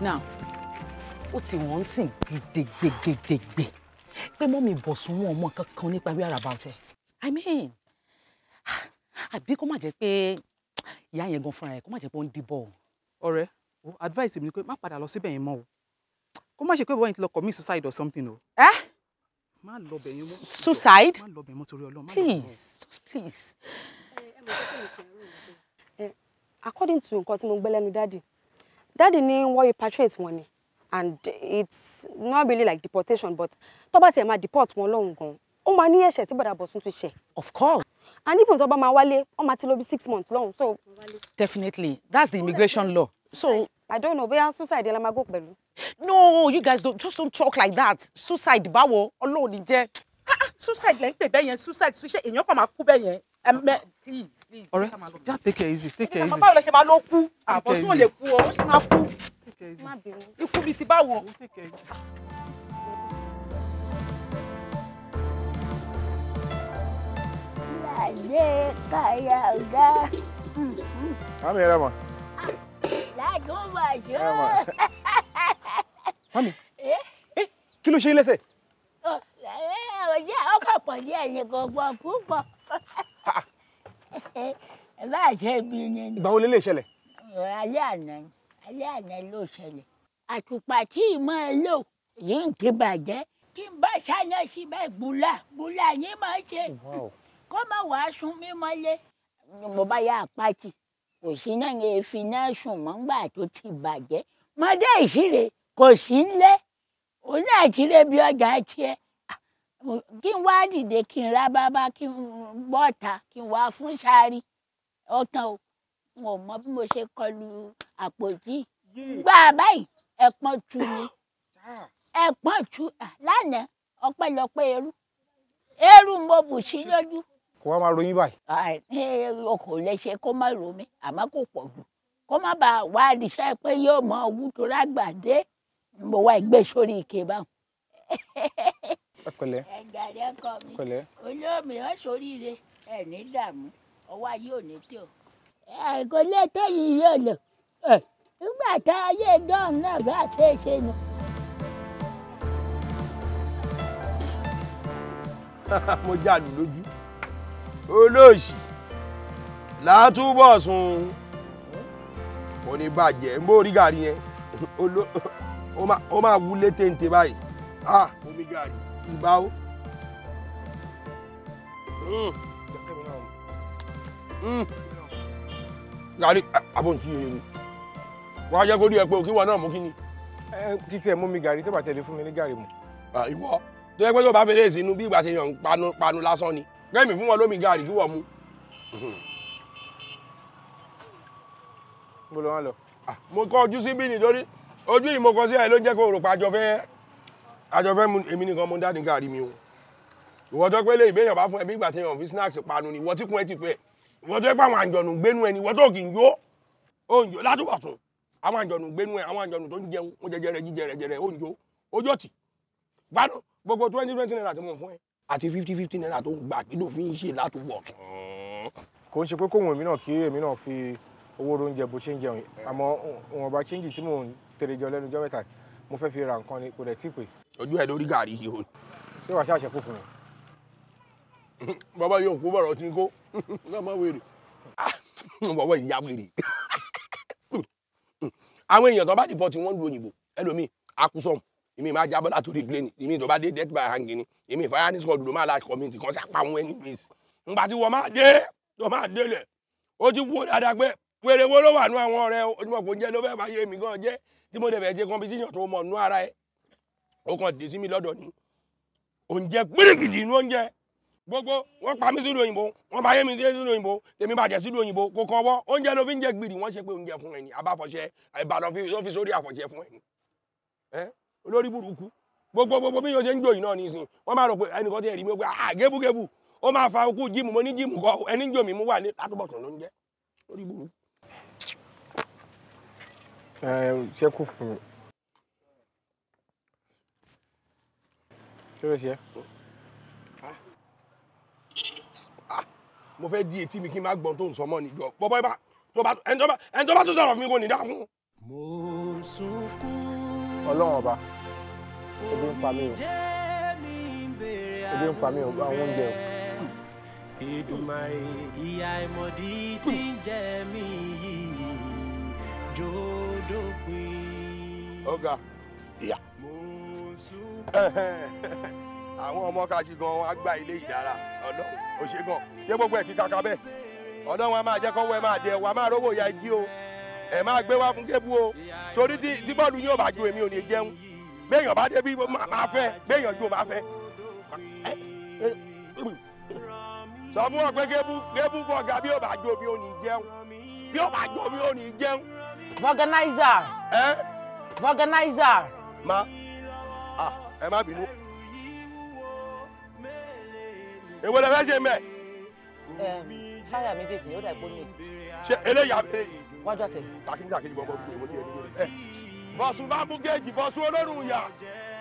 now ó ti wọ́n ń sìn gidigbegidigbe pé mọ́mì bọ̀sùn wọn ọmọ kankan nípa wíwára bá tẹ i mean àbí kó má jẹ́ pé ìyá yẹn gan fúnra ẹ̀ kó má jẹ́ pé ó ń dìbò. ọ̀rẹ́ o advice mi ni pé má padà lọ síbẹ̀ yẹn mọ́ o kó má ṣe pé bọ́yìn ti
lọ commit suicide or something o.
ẹ má lọ bẹ̀ yẹn mọ́. suicide please please. Eh, eh, according to nǹkan tí mo gbẹ́ lẹ́nu dáàdì dáàdì ní wọ́n repatriate wọn ni and it's not really like deportation but tó bá tiẹ̀ máa deport wọn lọ́hùn gan ó máa ní ẹ̀ṣẹ̀ tí bàdà Bọ̀sún tún ṣe. of course. and if tó bá máa wálé ó máa ti lò bí six months lọ́hùn so. definitely that's the immigration law so. I don't know bóyá suicide la máa gò pẹ̀lú. no you guys don't just don't talk like that suicide báwo ọlọ́run ní jẹ́. Ah, ah, suicide lẹ́yìn pè bẹ́ẹ̀ yẹn suicide ṣe èèyàn kan máa kú bẹ́ẹ̀ yẹn please please. ọ̀rẹ́ já take it easy take it easy. Take it easy. ṣe máa ló kú
àbọ̀ tún lè kú ọ ó sì máa kú ikú bíi ti báwo.
Lade kaya ọ̀gá. Mami ẹ rẹ mọ. Ládùn bàjọ́. Mami <laughs> eh? kí ló ṣe yín lẹ́sẹ̀? Ọ̀rẹ́ ọ̀jẹ̀ ọkọ̀ pọ̀ go ní gbogbo púpọ̀. <laughs> ẹ bá ṣe bí ni. ìgbà wo lélẹ̀ ṣẹlẹ̀. alẹ́ àná alẹ́ àná ló ṣẹlẹ̀ àtùpà tí ìmọ̀ ẹ lò yìí ń ti bàjẹ́ kí n bá ṣáná síbẹ̀ gbúlà gbúlà yín máa ṣe kó má wàá sun mí mọ́lé mo bá yá àpáàtì kò sí náà yẹn náà sùn mọ́ ńgbà tó ti bàjẹ́ mọ́dé ìṣirè kò sí ń lé òun náà ti bí ọjà tiẹ̀ kí n wá dìde kí n ra bàbá kí n bọ́ ta kí n wá fún sáré ọ̀tàn o n ò mọ bí mo ṣe kọlu àpòjì gbà báyìí ẹ̀pọ̀n tu ni ah. ẹ̀pọ̀n tu lánàá ọpẹ́lọpẹ́ eru eru mo bù sí lójú. kò wá máa ròyìn báyìí. ọkọ̀ ò lè ṣe kó má ro mi àmọ́ kò pọ̀ jù kó má bàa wá àdìsẹ́ pé yóò mọ owó tó lágbàdé mo wá ẹgbẹ́ sórí báwọn. <laughs> ẹ̀pẹ̀lẹ́ ẹ̀gàdẹ́ ọkọ mi ẹ̀pẹ̀lẹ́ olómi ọ̀ sóríire ẹ̀ ní dààmú ọwọ́ ayé ò ní tẹ̀ ọ́. ẹ̀ kò lè tẹ́yìn yóò lò nígbà tá ayé dán náà bá ṣe é ṣe ni.
<laughs> mo jáde lójú olóòṣì látúbọ̀ sun kò ní bàjẹ́ ń bó rí gàrí yẹn <laughs> <laughs> ó máa wúlé téńté báyìí ah omi gàrí ìbáwó. gàrí hmm. hmm. àbọ̀ntì yẹn ni wọ́n á jẹ́ kó rí ẹ pé òkè wa náà mú kí ni. kí tiẹ̀ mú mi gàrí tó bá tẹ̀lé fún mi ní gàrí mu. ìwọ tó yẹ pé tó bá fèrè sínú bí ìgbà tí yàn ń panu lásán ni kẹ́mi fún wọn lómi gàrí kí wọ́n mu. mo lọ wọn lọ. mo kọ ojú sí bí nítorí ojú ìmọ̀kọsí ẹ̀ ló jẹ́ kó rò pàjọ fẹ́ẹ́ àjọ fẹ́ mu èmi nìkan mo dáàdì gàrí mi o ìwọ tó pé lè ìbéèyàn bá fún ẹbí ìgbà tí èèyàn fi snacks panu ni ìwọ tí kún ẹ ti fẹ ìwọ tó pé àwọn àjọ̀nù gbénu ẹni ìwọ tó kì í yó ó ń jó látúbọ̀ tún àwọn àjọ̀nù gbénu ẹ àwọn àjọ̀nù tó ń jẹun ó jẹjẹrẹ jíjẹrẹ jẹrẹ ó ń jó ojú ọ̀tì gbádùn gbogbo twenty twenty naira tí mo fún ẹ àti fifty fifty naira tó gbà kí ló fi ń ṣe
látúbọ̀ tún.
kò ń ṣe pé kóhun èmi náà kí èmi náà fi owó oúnjẹ bó ṣe ń jẹun àmọ́ òun ọba chíńjì tí mò ń tèrè jọ lẹ́nu jọ́ mẹ́ta mo fẹ́ fi ra nǹkan ni kò dẹ̀ tí pé ojú ẹ lórí gàrí yìí o. ṣé wàá ṣàṣẹ kó fún mi. <laughs> bàbá yóò kó bọ̀rọ̀ tí ń kó náà <laughs> má wèrè <laughs> bọ̀bọ̀ ìyá wèrè. àwọn èèyàn tó bá dìbò tí wọ́n ń lu òyìnbó ẹlòmíì akusọ̀m èmi máa jábọ́ látòrí plane èmi tó bá dé death by hanging ni èmi fire ní sọ́ọ̀dù ló máa la community kan sápá àwọn enemies ńgbà tí wọ́n máa dé tó máa délẹ̀ ó ti wó dáadáa pé wèrè wo ló wà nú àwọn ọ̀rẹ́ onímọ̀ kò ń jẹ́ ló fẹ́ bá yé mi gan jẹ́ tí mo dẹ̀ fẹ́ ṣe competition tó mọ̀ nú ara ẹ̀ ó kàn dé sí mi lọ́dọ̀ ni oúnjẹ gbẹ́rẹ́gìdì inú oúnjẹ gbogbo wọ́n pa mí sílùú òyìnbó wọ́n bá yé mi sílùú òyìnbó tèmi bàjẹ́ sílùú òyìnbó kò kàn wọ́ oúnjẹ ló fi ń jẹ gbìrì wọ́n ṣe pé oúnjẹ fún ẹni abáfọ̀ṣẹ ìbàdàn ló fi sórí àfọ̀ṣẹ fún ẹni olórí burúkú gbogbo gbogbo bí yóò ṣe ń jòyìn náà nísìn wọ́n máa rò pé ẹnì kan ti rí mi pé à ah, gébúgébú ó máa fa okú jíìmù mo ní jíìmù kọ ẹni jòmí mú wà ní látúbọ̀tán ló ń jẹ́ lórí burúkú. ẹ ṣẹ́kù fún kí ló ṣe. Ah, mo fẹ́ di etí mi kí n má gbọ́n tó ń sọ mọ́ níjọ bọ́bọ́ ibà tó bá ẹni tó bá tún sọ̀rọ̀ mi kò ní dá fún. mo sunkún. ọlọ́run ọba
ebi ń pa mí o ebi ń pa mí o àwọn oúnjẹ o. Èdùmàrè ìyá ìmọ̀dí tí ń jẹ mí yìí
jòdòpin. ọ̀gá Yeah. <laughs> àwọn ọmọ kàṣí gan wọn á ilé ìdára ọ̀dọ́
òṣègùn ṣé gbogbo ẹ̀ ti kàkà bẹ́ẹ̀ ọ̀dọ́ wọn máa jẹ́ kọ́wọ́ ẹ máa dẹ wà máa rówó ya igi o ẹ máa gbé wá fún kébù o torí tí bọ́ọ̀lù yóò bá ju èmi ò ní jẹun béèyàn bá débi máa fẹ́ béèyàn ju máa fẹ́.
sọ fún ọ pé kébù kébù fọgà bí ó bá ju omi ò ní jẹun bí ó bá ju omi ò ní jẹun. organizer. ẹ. organizer. ma. Ah, ẹ má bínú. èwo lè fẹ́ ṣe mẹ́.
táyà méjèèjì ó dàgbò ní. ṣé eléyà eléyìí. wájú àtẹ. takíní takíní bọ́ bọ́ bí èwo ti ẹni lórí. bọ̀sùn bá mú géèjì bọ̀sùn olórùn yà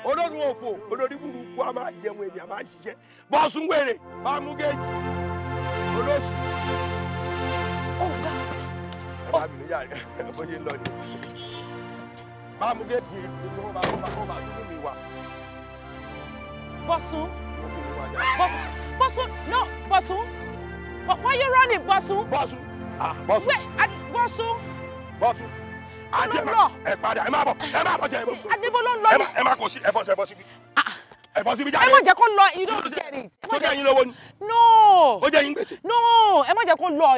olórùn òfò olórí burúkú a máa jẹun ènìyàn máa ṣiṣẹ́ bọ̀sùn wèrè bá mú géèjì olóṣù. ó ga. ẹ má bínú yàrá <laughs> bó ṣe ń lọ ni máa mú géètì ìṣòro máa mi wá.
Bọ́sùn. Bọ́sùn. Bọ́sùn. No, Bọ́sùn. Why you running, Bọ́sùn? Bọ́sùn. Ah, Bọ́sùn. Wait, Bọ́sùn. Bọ́sùn.
Àjẹ́ ẹ padà ẹ máa bọ̀ ẹ máa bọ̀ jẹ́ ẹ bọ̀.
Adébó ló ń lọ ní.
Ẹ máa kò sí ẹ bọ̀ sí ẹ bọ̀
sí bí. Ẹ bọ̀ sí bí jáde. Ẹ má jẹ́ kó lọ you don't get it. Tó jẹ́ yín lówó ni. No. Ó jẹ́ yín gbèsè. No, ẹ má jẹ́ kó lọ.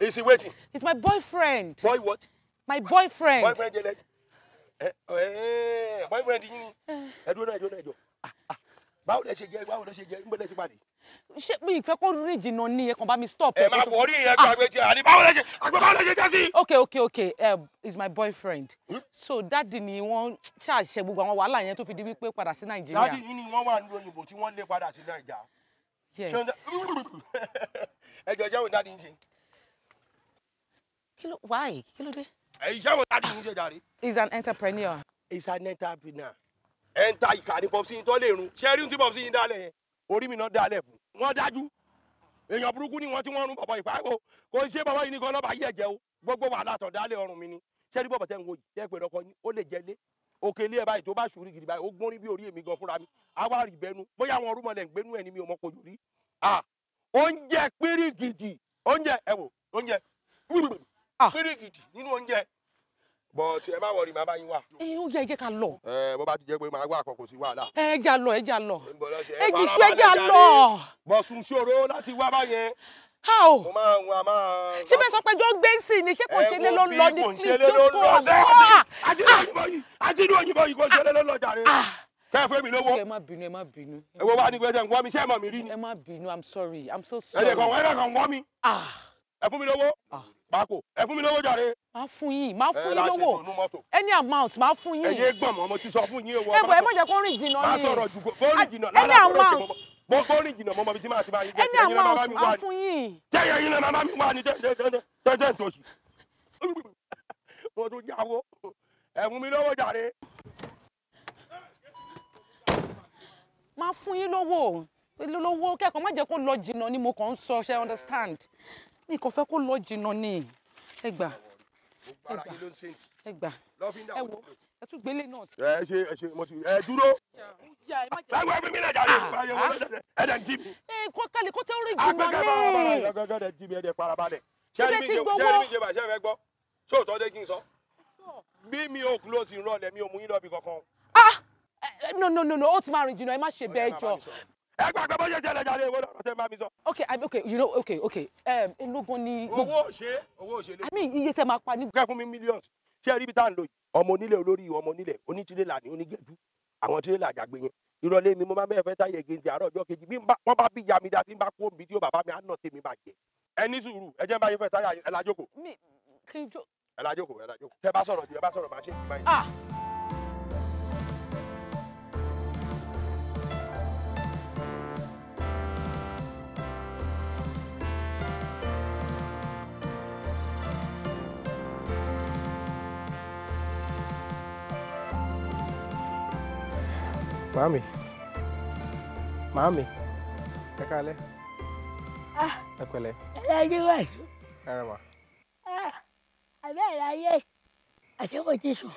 Is he waiting? He's my boyfriend. Boy what? My boyfriend. Boyfriend jẹ́ lẹ́sìn. Eh, eh, eh, boyfriend yín ni <sighs> ẹdúró náà ẹdúró náà ẹjọ ah, ah. báwo lẹ ṣe jẹ báwo lẹ ṣe jẹ nígbà lẹ ṣe pàdé. ṣé mi ìfẹ́ kó rìn jìnnà ni ẹ kàn bá mi stop. ẹ máa wọrí ìyẹn gba agbẹjẹ ah. àní báwo lẹ ṣe àgbẹ báwo lẹ ṣe jẹ sí. ok ok ok um, is my boyfriend. Hmm? so dadi ni wọn ṣàṣẹ gbogbo àwọn wàhálà yẹn tó fi di wípé padà sí nàìjíríà. dadi yìí
ni wọn wà nínú òyìnbó tí wọn lé padà sí nàìjà. yes <laughs> ẹjọ jẹ́wọ́ dadi yìí.
kí ló wáyé kí ló dé he's an entrepreneur. he's an entrepreneur.
Enter ìkà ni pọ̀pùsì yìí tó lè run ṣé rí ti pop yìí dálẹ̀ yẹn orí mi náà dálẹ̀ fún wọn dájú èèyàn burúkú ni wọn tí wọn rún bọ̀bọ̀ ìpàgọ́ kò ṣe bọ̀bọ̀ yìí nìkan lọ́ba yẹ̀ jẹ́ o gbogbo wàhálà tó dálẹ̀ ọrùn mi ni ṣé rí bọ̀bọ̀ tẹ́ ń wo yìí tẹ́ pé lọ́kọ yín ó lè jẹ́ lé òkè ilé ẹ̀ báyìí tó bá ṣùúrù gidi báyìí ó gbórí bí orí èmi gan fúnra mi àwa rí bẹnu bóyá àwọn orúmọlẹ̀ ń gbénú ẹ̀ ni mi ò mọ kojú rí. oúnjẹ pírí gidi oúnjẹ ẹ wò oúnjẹ píríkìtì nínú oúnjẹ bọ ẹ má wọrí màá bá yín wà.
ẹ ó yẹ ẹ ká lọ.
ẹ bó bá ti jẹ pé màá wà àkọkọ sí
wàhálà.
ẹ jà lọ ẹ jà lọ ẹ jì sú ẹ jà lọ. bọ̀sùn ṣòro láti wá báyẹn. a ò ṣé bẹ́ẹ̀ sọ pé jọ ń gbé sí ni ṣé kò ṣe lé ló ń lọ ni please don't go àbọ̀. àdínú òyìnbó yìí kò ṣe lé ló ń lọ jàre ah! kẹ́ fún mi lówó. ẹ má bínú ẹ má bínú. ẹ wo wá ní gbẹdẹ ń wọ́n mi ṣé mọ̀ mi rí ni. ẹ má bínú i'm sorry i'm so sorry. ẹ pákó ẹ fún mi lówó jàre. má fún
yín má fún yín lówó any amount má fún yín. ẹyẹ gbọ̀n mọ́ mo ti sọ fún yín o. ẹ bọ̀ ẹ má jẹ́ kó rìn jìnnà ni. má sọ̀rọ̀ jù kó rìn jìnnà lára kó rìn jìnnà mo kó rìn jìnnà mo mọ bí tí máa ti bá yín jẹ́ ẹ̀yin náà bá mi wá yín náà bá mi wá ni jẹ́jẹ́ ntòsí. mo tún jáwó ẹ fún mi lówó jàre.
má fún yín lówó lówó kẹ́kọ̀ọ́ má jẹ́ kó lọ jìnnà ni mo kàn ń sọ ṣe understand mi kò fẹ́ kó lọ jìnnà ni ẹ gbà ẹ gbà ẹ gbà ẹ wo ẹ tún gbélé náà
sí. ẹ ṣe ẹ ṣe mo ti ẹ dúró.
báwo ẹ fi mí nàjà rẹ ẹ dẹ̀ ń jí mi. ẹ kó kálí kó tẹ́ orí jùmọ̀
ní. àgbẹ̀kẹ́ bá
bá rẹ̀ jí mi ẹ dẹ̀ farabalẹ̀. ṣẹ́ni mi jẹ́ ṣẹ́ni mi jẹ́ bá
ṣẹ́fẹ́ gbọ́ ṣóòtọ́ dé kí n sọ. bí mi ò kúló sí rọlẹ̀ mi ò mú yín lọ́bì kankan. ah
eh, no no no no ó ti máa rìn jìnnà ẹ má ṣe bẹ́ẹ̀ jọ ẹ gbàgbé bó ṣe ṣẹlẹ̀ jáde ìwé lọ́rọ̀ tẹ́ máa mi sọ. ok i ok you know ok ok ológun um, ni. owó òṣè owó òṣè lè. i mean iye tẹ máa pa ní. kẹ́ fún mi millions
ṣé ẹ rí ibi tá à ń lò yìí ọmọ onílé olórí ọmọ onílé onítìrẹ́là ni onígẹ̀dú àwọn tìrẹ́là àjàgbé yẹn ìrọ̀lẹ́ mi mo máa bẹ́ẹ̀ fẹ́ táyé gèdè àárọ̀ ọjọ́ kejì bí wọ́n bá bí ya mi dá sí bá kó omi tí ó bàbá mi á nà tèmi máa jẹ ẹ ní sùúrù ẹ jẹ́ bá yín fẹ́ táyà ẹ̀ lájókòó. mi kí n jó. ẹ̀ lájókòó ẹ̀ lájókòó tẹ bá sọ̀rọ̀ ju ẹ bá sọ̀rọ̀ máa ṣe é. Ah! Mami, mami,
Ẹ káalẹ́.
Ah. Ẹ pẹ̀lẹ́. Ẹ lọ́jọ́ wáyé. Ẹ rẹ̀ wá. Ah, Àbẹ́ ẹ̀ láyé. Àṣẹ́kọ̀ ti sùn.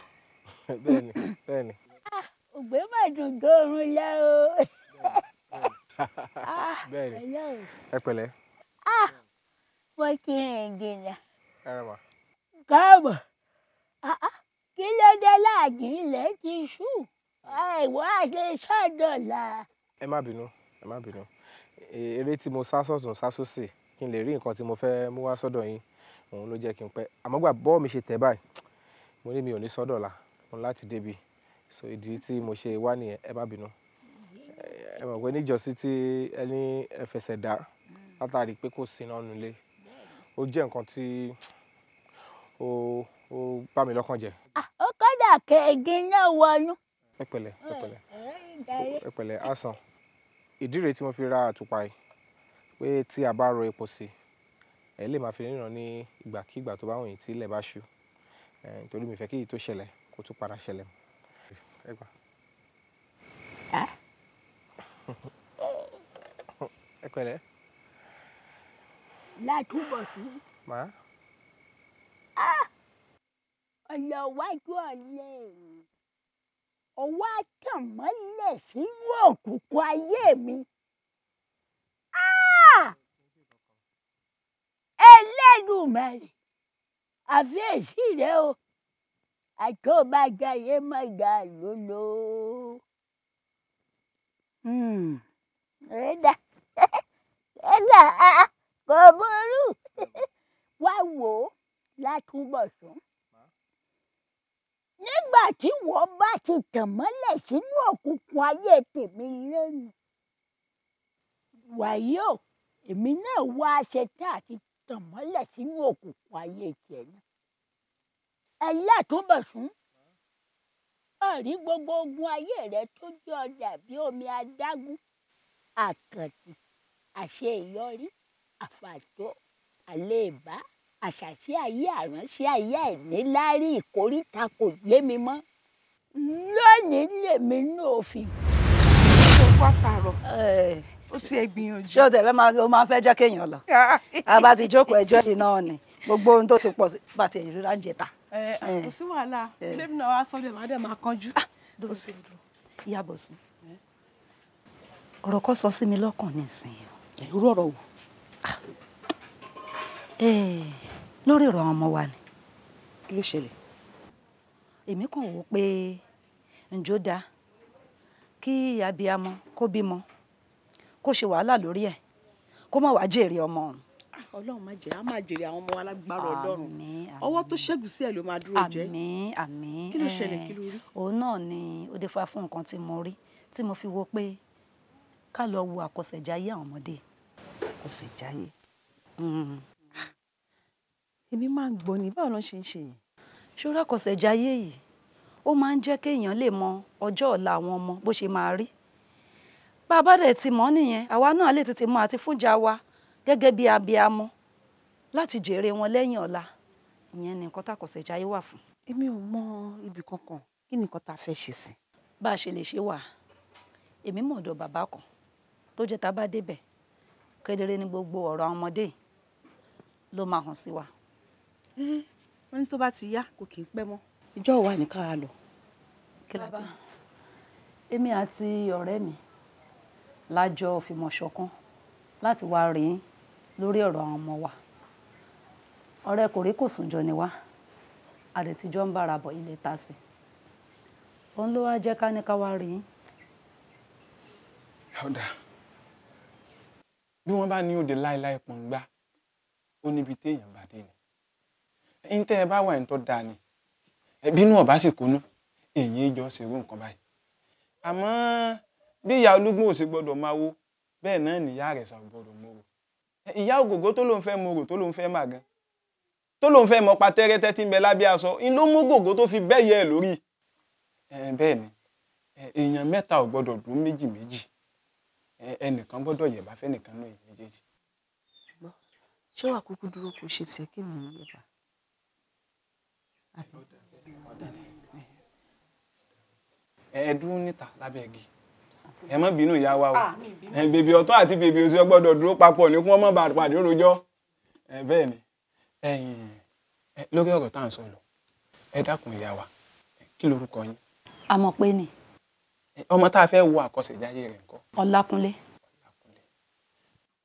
<laughs> Bẹ́ẹ̀ni, bẹ́ẹ̀ni.
Ah, ògbé máa dùn dóorun yá o. <laughs> Bẹ́ẹ̀ni. Ẹ pẹ̀lẹ́. Mo ti rìn jìnnà. Ẹ rẹ̀ wá. Káàbọ̀. Kí ló ìwọ àti sọ́dọ̀là.
ẹ má bínú ẹ má bínú eré tí mo sá sọ̀tún sá sósì kí n lè rí nǹkan tí mo fẹ́ mú wá sọ́dọ̀ yín òun ló jẹ́ kí n pẹ́ àmọ́ gbà bọ́ọ̀ mi ṣe tẹ̀ báyìí mo ní mi ò ní sọ́dọ̀là mo ní láti débi so ìdí tí mo ṣe wá nìyẹn ẹ má bínú ẹ mọ̀ pé níjọ́sí tí ẹni ẹ fẹsẹ̀ dá látàrí pé kò sí náà nulẹ̀ ó jẹ́ nǹkan tí ó bá mi lọ́kàn jẹ́.
Ah, ó kọ́dà kẹ́ẹ̀gì náà wọnú
ẹ pẹ̀lẹ́ ẹ pẹ̀lẹ́ ẹ pẹ̀lẹ́ asan ìdí rèé tí wọ́n fi ra àtùpà yìí pé tí a bá rọ epo sí ẹ lè máa fi ríran ní ìgbàkígbà tó bá wọ̀nyí tí ilẹ̀ bá ṣú nítorí mi fẹ́ kí èyí tó ṣẹlẹ̀ kó tún padà ṣẹlẹ̀
ẹ gbà.
ẹ pẹ̀lẹ́.
látúbọ̀ sí. màá. ọ̀nà wájú ọ̀lẹ́ ọwọ́ àtàmọ́lẹ̀ sínú òkùnkùn ayé mi. Ẹlẹ́dùmarè ah! àfi èsì rẹ o àjọ bá jayé má ga lólo. Hmm. Ẹ̀dá ẹ̀dá kò burú wá wò ó látúbọ̀sán nígbà tí wọ́n bá ti tàn mọ́lẹ̀ sínú òkùnkùn ayé tèmi lẹ́nu wàyí èmi náà wá aṣẹ tí a ti tàn mọ́lẹ̀ sínú òkùnkùn ayé tiẹ̀ náà ẹ̀yà tó bẹ̀ fún ọ̀rí gbogbo ogun ayé rẹ tó jọ dàbí omi adágún àkàntì àṣeyọrí àfàtó àléèbá àṣàṣì ayé àránṣẹ́ ayé ẹ̀ní lárí ìkóríta kò yé mi mọ́ lónìí lèmi náà fi. ṣé o wá pààrọ̀ ó ti ẹ̀ gbìyànjú. ṣé o tẹ̀ fẹ́ máa fẹ́ jẹ́ kéèyàn lọ àbá ah, ah. ti jókòó ẹjọ́ yìí náà ni gbogbo ohun tó ti pọ̀ bá ti ẹ̀yìn rírà ń jẹta. kò sí wàhálà lèmi náà wá sọ́dọ̀ ẹ̀ má dẹ̀ máa kánjú. Ah, ìyá Bọ̀sùn ọ̀rọ̀ kọ́ sọ sí mi lọ́kàn nísìnyí. irú ọ̀rọ̀ wò lórí ọ̀rọ̀ àwọn ọmọ wa ni kí ló ṣẹlẹ̀. èmi kàn wò ó pé ǹjọ́ da kí abiyamọ kó bímọ kó ṣe wàhálà lórí ẹ̀ kó má wàá jèrè ọmọ ọ̀hún. Ah, ọlọ́run má jẹ́ a máa jèrè àwọn ọmọ alágbára ọlọ́run ọwọ́ tó ṣẹ́gun sí ẹ̀ ló máa dúró jẹ́ àmín àmín kí ló eh, ṣẹlẹ̀ kí ló rí. òun náà ni ó dé fa fún nǹkan tí mo rí tí mo fi wo pé ká lọ wo àkọsẹ̀jáyé àwọn ọmọdé. àkọsẹ̀jáyé. Mm èmi máa ń gbọ́ ni báwo ló ṣe ń ṣe yìí. ṣúra kọ̀sẹ̀jáyé yìí ó máa ń jẹ́ kéèyàn lè mọ ọjọ́ ọ̀la àwọn ọmọ bó ṣe máa rí bá a bá dẹ̀ ti mọ̀ nìyẹn àwa náà lè tètè mọ àti fúnjà wa gẹ́gẹ́ bí abiamọ láti jèrè wọn lẹ́yìn ọ̀la ìyẹn ni nǹkan tàkọ̀sẹ̀jáyé wà fún. èmi ò mọ ibì kankan kí ni nǹkan tá a fẹ́ ṣe sí. bá a ṣe lè ṣe wà èmi mọ̀ ọ̀dọ̀ bàbá kan tó jẹ́ tá bá débẹ̀ kedere ni gbogbo ọ̀rọ̀ ọmọdé ló máa hàn sí wa wọ́n ní tó bá ti yá kò kì í pẹ́ mọ́ ìjọ wa ní ká lọ. bàbá èmi àti ọ̀rẹ́ mi lájọ fìmọ̀ṣọ̀kan láti wá rí lórí ọ̀rọ̀ àwọn ọmọ wa ọ̀rẹ́ kò rí kò sùn jọ ni wá àdètìjọ́ ń bára bọ̀ ilé ta sí òun ló wá jẹ́ ká ní ká wá rí.
ọ̀dà bí wọ́n bá ní òde láéláé pọ̀ngbá ó níbi téèyàn bá dé ni ń tẹ́ ẹ bá wà ní tó dáa ni ẹbí inú ọ̀bá sì kúnú èyí jọ ṣerú nǹkan báyìí àmọ́ bí ìyá olúgbọ́n ò sì gbọ́dọ̀ máa wo bẹ́ẹ̀ náà nìyá rẹ̀ sà gbọ́dọ̀ mòrò ìyá ògògó tó ló ń fẹ́ mòrò tó ló ń fẹ́ mà gan tó ló fẹ́ mọ patẹ́rẹ́tẹ́ tí ń bẹ lábẹ́ aṣọ ń ló mú gògó tó fi bẹ́yẹ ẹ̀ lórí bẹ́ẹ̀ ni èèyàn mẹ́ta ò gbọ́dọ̀ dùn méjì méjì ẹnìkan gbọ́dọ̀ yẹ̀bá fẹ́nìkan náà èyí méjèèjì.
ṣé wàá kúkú dúró kó ṣe tiẹ̀ kí nìyí yẹ̀bá
ẹ dúró níta lábẹ́ igi ẹ má bínú ìyá wa o ah, bèbè ọ̀tún àti bèbè òsì ọgbọ́dọ̀ dúró papọ̀ ní kí wọ́n má bàa pàdé òròjọ́ bẹ́ẹ̀ ni lórí ọ̀rọ̀ tá à ń sọ lọ ẹ dákun ìyá wa kí lorúkọ yín. àmọ̀ pé ni. ọmọ tá a fẹ́ wo àkọsẹ̀jáyé rẹ̀ ńkọ́.
ọlákúnlé. ọlákúnlé.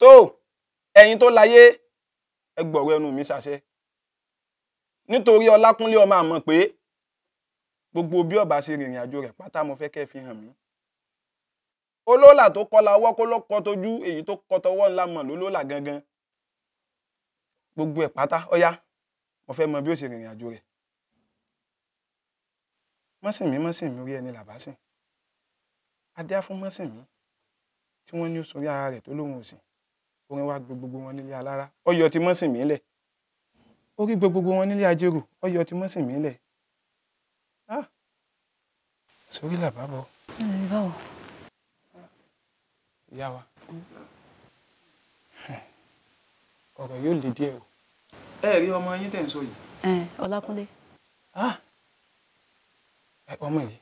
tó ẹ̀yin tó láyé ẹ gbọ̀wọ́ ẹnu mi ṣàṣẹ nítorí Ọlákúnlé ọmọ àmọ̀ pé gbogbo bí ọba ṣe rìnrìn àjò rẹ̀ pátá mo fẹ́ kẹ́ fi hàn mí olólà tó kọlà ọwọ́ kó ló kọ tójú èyí tó kọ tọwọ́ ńlá mọ̀ lólólà gangan gbogbo ẹ̀ pátá ọ̀yá mo fẹ́ mọ bí ó ṣe rìnrìn àjò rẹ̀ mọ́sìnmí mọ́sìnmí orí ẹni làbá sìn adé á fún mọ́sìnmí tí wọ́n ní ó sọrí ara rẹ̀ tó lóhun òsìn orin wá gbogbo wọn nílé alára ọyọ ti mọ́sìnmí lẹ̀ ó rí gbogbo wọn nílé ajérò ó yọ ọtí mọ́sìn mílẹ̀ sórí làbá bọ̀. báwo. ìyá wa ọ̀rọ̀ yóò le díẹ̀ o. ẹ rí ọmọ yín tẹ̀ ń sọ yìí.
ọlákúnlé. Ah!
ọmọ yìí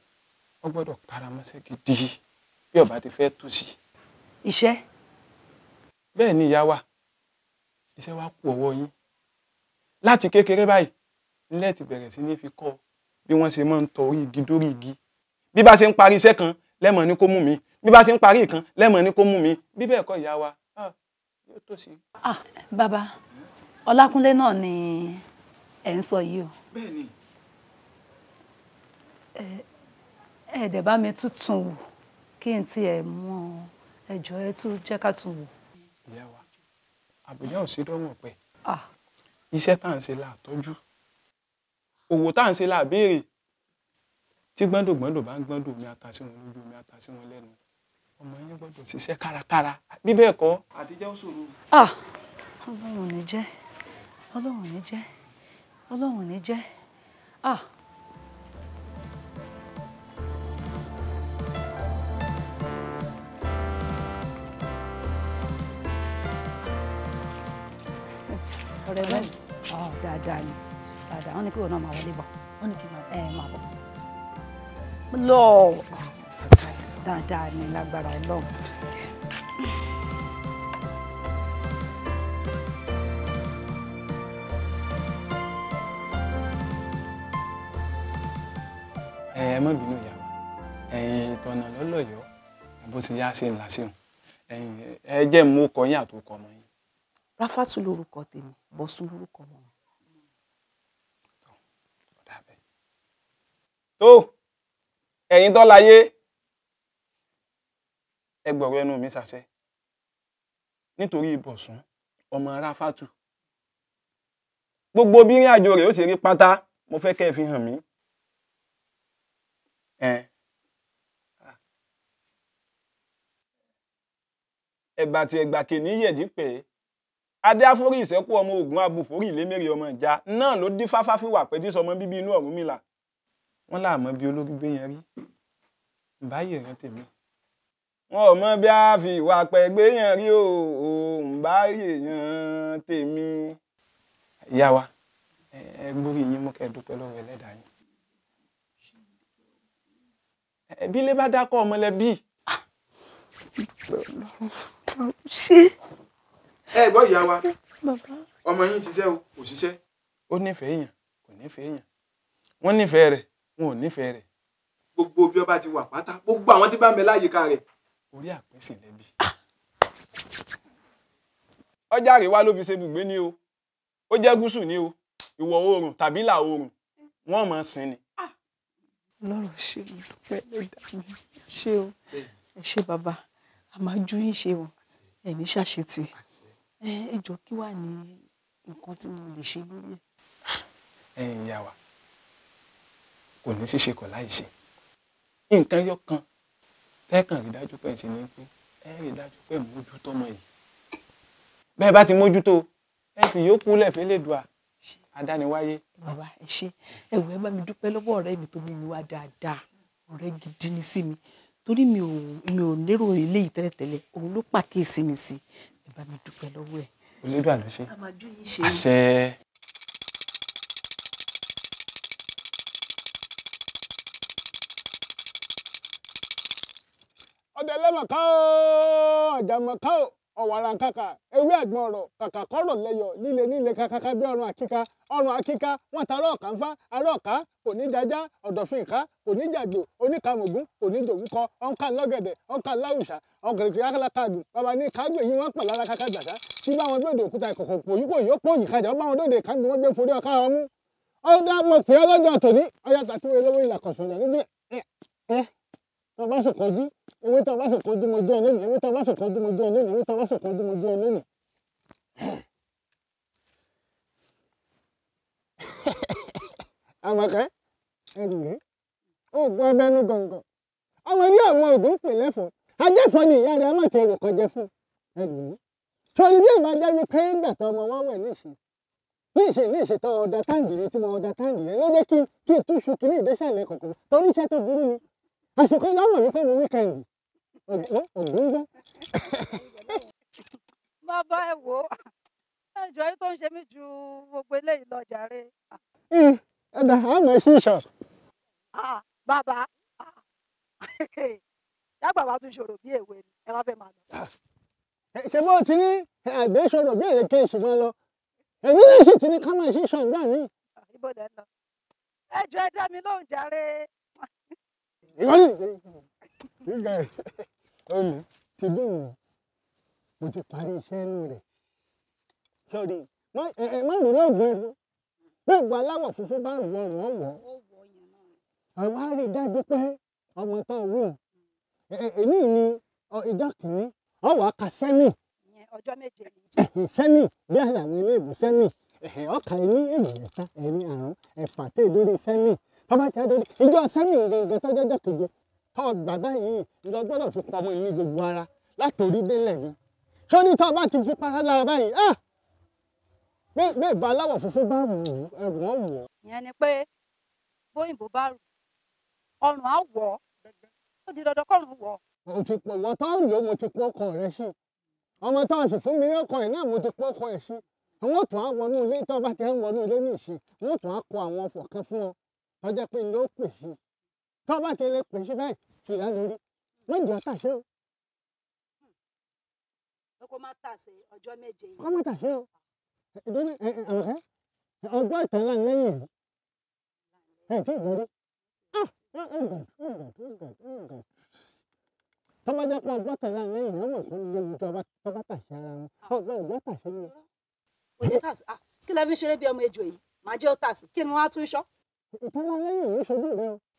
ó gbọ́dọ̀ paramọ́sẹ́ gidi bí ọba ti fẹ́ tó sí. iṣẹ́. bẹ́ẹ̀ ni ìyá wa iṣẹ́ wa kù ọwọ́ yín láti kékeré báyìí lẹ́ẹ̀tì bẹ̀rẹ̀ sí ní fi kọ́ bí wọ́n ṣe máa ń tọ orí igi dórí igi bí bá ṣe ń parí iṣẹ́ kan lẹ́mọ̀ ní kó mú mi bí bá ti ń parí ìkan lẹ́mọ̀ ní kó mú mi bí bẹ́ẹ̀ kọ́ ìyá wa yóò tó sí.
ah bàbá ọlákúnlé náà ni ẹ ń sọ yìí o. bẹ́ẹ̀ni. ẹ ẹ dẹ̀ bá mi tuntun wò kí n tiẹ̀ mọ ẹjọ́ ẹ tún jẹ́ ká tún wò.
ìyá wa àbújá ò sí dọ́wọ́n pẹ́. ah iṣẹ́ tá à ń ṣe là tọ́jú òwò tá à ń ṣe là béèrè tí gbọ́ndògbọ́ndò bá ń gbọ́ndò omi ata sí wọn lójú omi ata sí wọn lẹ́nu
ọmọ yín gbọ́dọ̀
ṣiṣẹ́ kárakára bí bẹ́ẹ̀ kọ́ àtijọ́ ṣòro.
ọlọ́run ò ní jẹ́ ọlọ́run ní jẹ́ ọlọ́run ní jẹ́ ah. ọ̀rẹ́ báyìí ọ dáadáa ni dáadáa wọn ní kí wọn náà máa wọlé bọ̀ wọn ní kí wọn ẹ máa bọ̀ lọ dáadáa ni lágbára Ọlọ́run.
ẹ má bínú ìyá wa ẹ̀yin ìtọ̀nà lọ́lọ́yọ̀ọ́ bó ti yá sí ńlá síhùn ẹ̀yin ẹ jẹ́ mú kọ àtòkọ ọmọ yín.
ráfátù lórúkọ tèmi bọ́sùn lórúkọ ọmọ
tó ẹ̀yin tó láyé ẹ gbọ̀rọ̀ ẹnu mi ṣàṣẹ nítorí ìbọ̀sùn ọmọ ráfátù gbogbo bí ìrìn àjò rẹ̀ ó sì rí pátá mo fẹ́ kẹ́ ẹ fi hàn mí ẹ̀bà tí ẹ̀gbà kìíní yẹ̀dí pé adé àforí ìṣẹ́kù ọmọ ogun abùforí ìlémèrè ọmọ ìjà náà ló dífáfá fìwà pẹ́tí sọmọ bíbí inú là wọ́n láàmọ́ bí olórí gbé yẹn rí báyìí rán tèmi wọn ò mọ bí a fi ìwà pẹ̀gbẹ́ yẹn rí o ò ń bá èèyàn tèmi. ìyá wa ẹ gbórí yín mú kẹ́ ẹ dúpẹ́ lọ́wọ́ ẹlẹ́dàá yín. ẹbí lè bá dákọ̀ ọmọlẹ́bí. ṣé. ẹ gbọ́ ìyá wa ọmọ yín ṣiṣẹ́ o kò ṣiṣẹ́. ó nífẹ̀ẹ́ èèyàn kò nífẹ̀ẹ́ èèyàn wọ́n nífẹ̀ẹ́ rẹ̀ wọn ò nífẹ̀ẹ́ rẹ̀. gbogbo bí ọba ti wà pátá gbogbo àwọn tí bá ń bẹ láyìíká rẹ̀ orí àpèsè lẹ́bi. ọjà àríwá ló fi ṣe ibùgbé ni o ó jẹ́ gúúsù ni o ìwọ̀ oòrùn tàbí ìlà oòrùn wọ́n
mọ̀ sin ni. ọlọ́run ṣe mo dúpẹ́ ló dá mi ṣé o ẹ ṣé bàbá a máa ju yín ṣe o ẹ ní ṣàṣetì ẹ jọ kí wàá ní nǹkan tí mo lè ṣe lórí ẹ.
ẹ̀yin ìyá wa kò ní ṣíṣe kọ̀ láì ṣe nǹkan yọ kan tẹ́kàn rí dájú pé ń ṣe ni pé ẹ rí dájú pé mójútó ọmọ yìí bẹ́ẹ̀ bá ti mójútó ẹ fi yókù lẹ́fẹ́ lè dùn à adániwáyé.
bàbá ẹ ṣe ẹ wò ẹ bá mi dúpẹ́ lọ́wọ́ ọ̀rẹ́ mi tó mú mi wá dáadáa ọ̀rẹ́ gidi ni sí mi torí mi ò mi ò lérò eléyìí tẹ́lẹ̀tẹ́lẹ̀ òun ló pàkíyèsí mi sí ẹ bá mi dúpẹ́ lọ́wọ́ ẹ. olódùà ló ṣe
àṣẹ.
ọdẹlẹ́mọ̀ká o ọ̀jàmọ̀ká o ọ̀wàrà kàkà ewé àgbọn ọ̀rọ̀ kàkà kọ́rọ̀ lẹ́yọ̀ líle níle kàkàkà bí ọrùn àkíká ọrùn àkíká wọn tarọ ọ̀kà ń fá arọ kò ní jajá ọ̀dọ̀fin ìká kò ní jàgbò oníkàmùgún kò ní jòwúkọ ọ̀nkà lọ́gẹ̀dẹ̀ ọ̀nkà láwùsà ọ̀gẹ̀dẹ̀ alákàdùn bàbá ní kájú ewé tó bá sì kojú mojú ẹ lónìí ewé tó bá sì kojú mojú ẹ lónìí ewé tó bá sì kojú mojú ẹ lónìí. <laughs> àmọ̀kẹ́ ẹrù rèé oògùn abẹ́nú gọ̀ǹgọ̀ ọmọ ní àwọn oògùn pè lẹ́fọ̀ọ́ ajẹ́fọ́ ni ìyá rẹ̀ má tẹ̀rù kọjá fún ẹrù rèé. sọ̀rọ̀ bí ìgbà jẹ́ wípé ìgbà tó ọmọ wọn wẹ̀ níṣe níṣe níṣe tó ọ̀dà táǹgìrì tí mo ọ̀dà táǹgìrì ló jẹ́ kí kí n túṣu kiri ìdẹ́sàlẹ̀ kọ̀ọ̀kan torí iṣẹ́ tó burú ni àsìkò náà wọ̀ wípé mo wíkẹ́ndì bàbá <laughs>
ẹ wò ó ẹjọ yìí tó ń ṣe mí ju gbogbo eléyìí lọ jàre.
Hmm, ẹ dà á mọ̀ sí ìṣọ̀.
bàbá <laughs> dágbà wa tún ṣòro bí èwe ni ẹ wá fẹ́ máa lọ.
ṣé bó ti ní àgbẹ̀ ṣòro bí èrè kéèṣì máa lọ èmi náà sì ti ní ká máa ṣí ìṣọ̀ nígbà míì.
ibo lọ ẹjọ ẹ dá mi lóhùn jàre. ìwọ
ni olè ti bí òun mo ti parí iṣẹ́ inú rẹ̀ sọ́ọ́rì má rò lóògùn ẹ̀rọ gbogbo aláwọ̀ funfun bá wọ ọ̀rùn ọ̀wọ́ àwa rí i dájú pé ọmọ tó wù èmi ni ìjọ kìíní ọwọ́ aka sẹ́mì sẹ́mì bí àwọn iléèbù sẹ́mì ọkà ẹni èjì ẹ̀ta ẹ̀rin àrùn ẹ̀fà tẹ̀ lórí sẹ́mì tọ́bátì adórí ìjọ sẹ́mì gẹ́gẹ́ tọ́jọ́jọ́ keje tọ́ gbàgbá yìí lọ fi pamọ́ ní gbogbo ara látòrí délẹ̀ ni ṣé ní tọ́ bá ti fi para lára báyìí ah bẹ́ẹ̀ bá aláwọ̀ funfun bá wù ú ẹ̀rù ọ̀ wọ̀.
ìyẹn ni pé bóyìnbó bá rù ọrùn á wọ̀ ó di dandan kọ́rùn wọ̀.
mo ti pọ̀ wọ́n tó ń lò mo ti pọ̀ ọkọ rẹ̀ sí ọmọ tó ń sì fún mi ní ọkọ yìí náà mo ti pọ̀ ọkọ ẹ̀ sí wọ́n tún á wọnú ilé tó bá ti ń wọnú ilé nìṣí wọ́n tún á kọ àwọn ọfọ̀ kan fún ọ tọ́jà pé ló pè sí i tó bá ti lè pè sí báyìí fìyà lórí wọ́n jọ tàṣe o.
kó má tàṣe ọjọ́ méje. kó má tàṣe
o ìdúró àwọ̀kẹ́ ọgbọ́n ìtàn náà lẹ́yìn rí ẹ̀ tí ì borí tó bá jẹ́ pé ọgbọ́n ìtàn náà lẹ́yìn rí ọmọ ìkó léwu tó bá tàṣe ara wọn ọgbọ́n ìgbọ́n tàṣe ni.
òye tàṣe ah, kí lẹ́bí ṣeré bí ọmọ ejò yìí màá jẹ́ ó tàṣe kí ni wọ́n á tún ṣọ́.
ìtàn náà lẹ́yìn rí ṣojú rẹ o.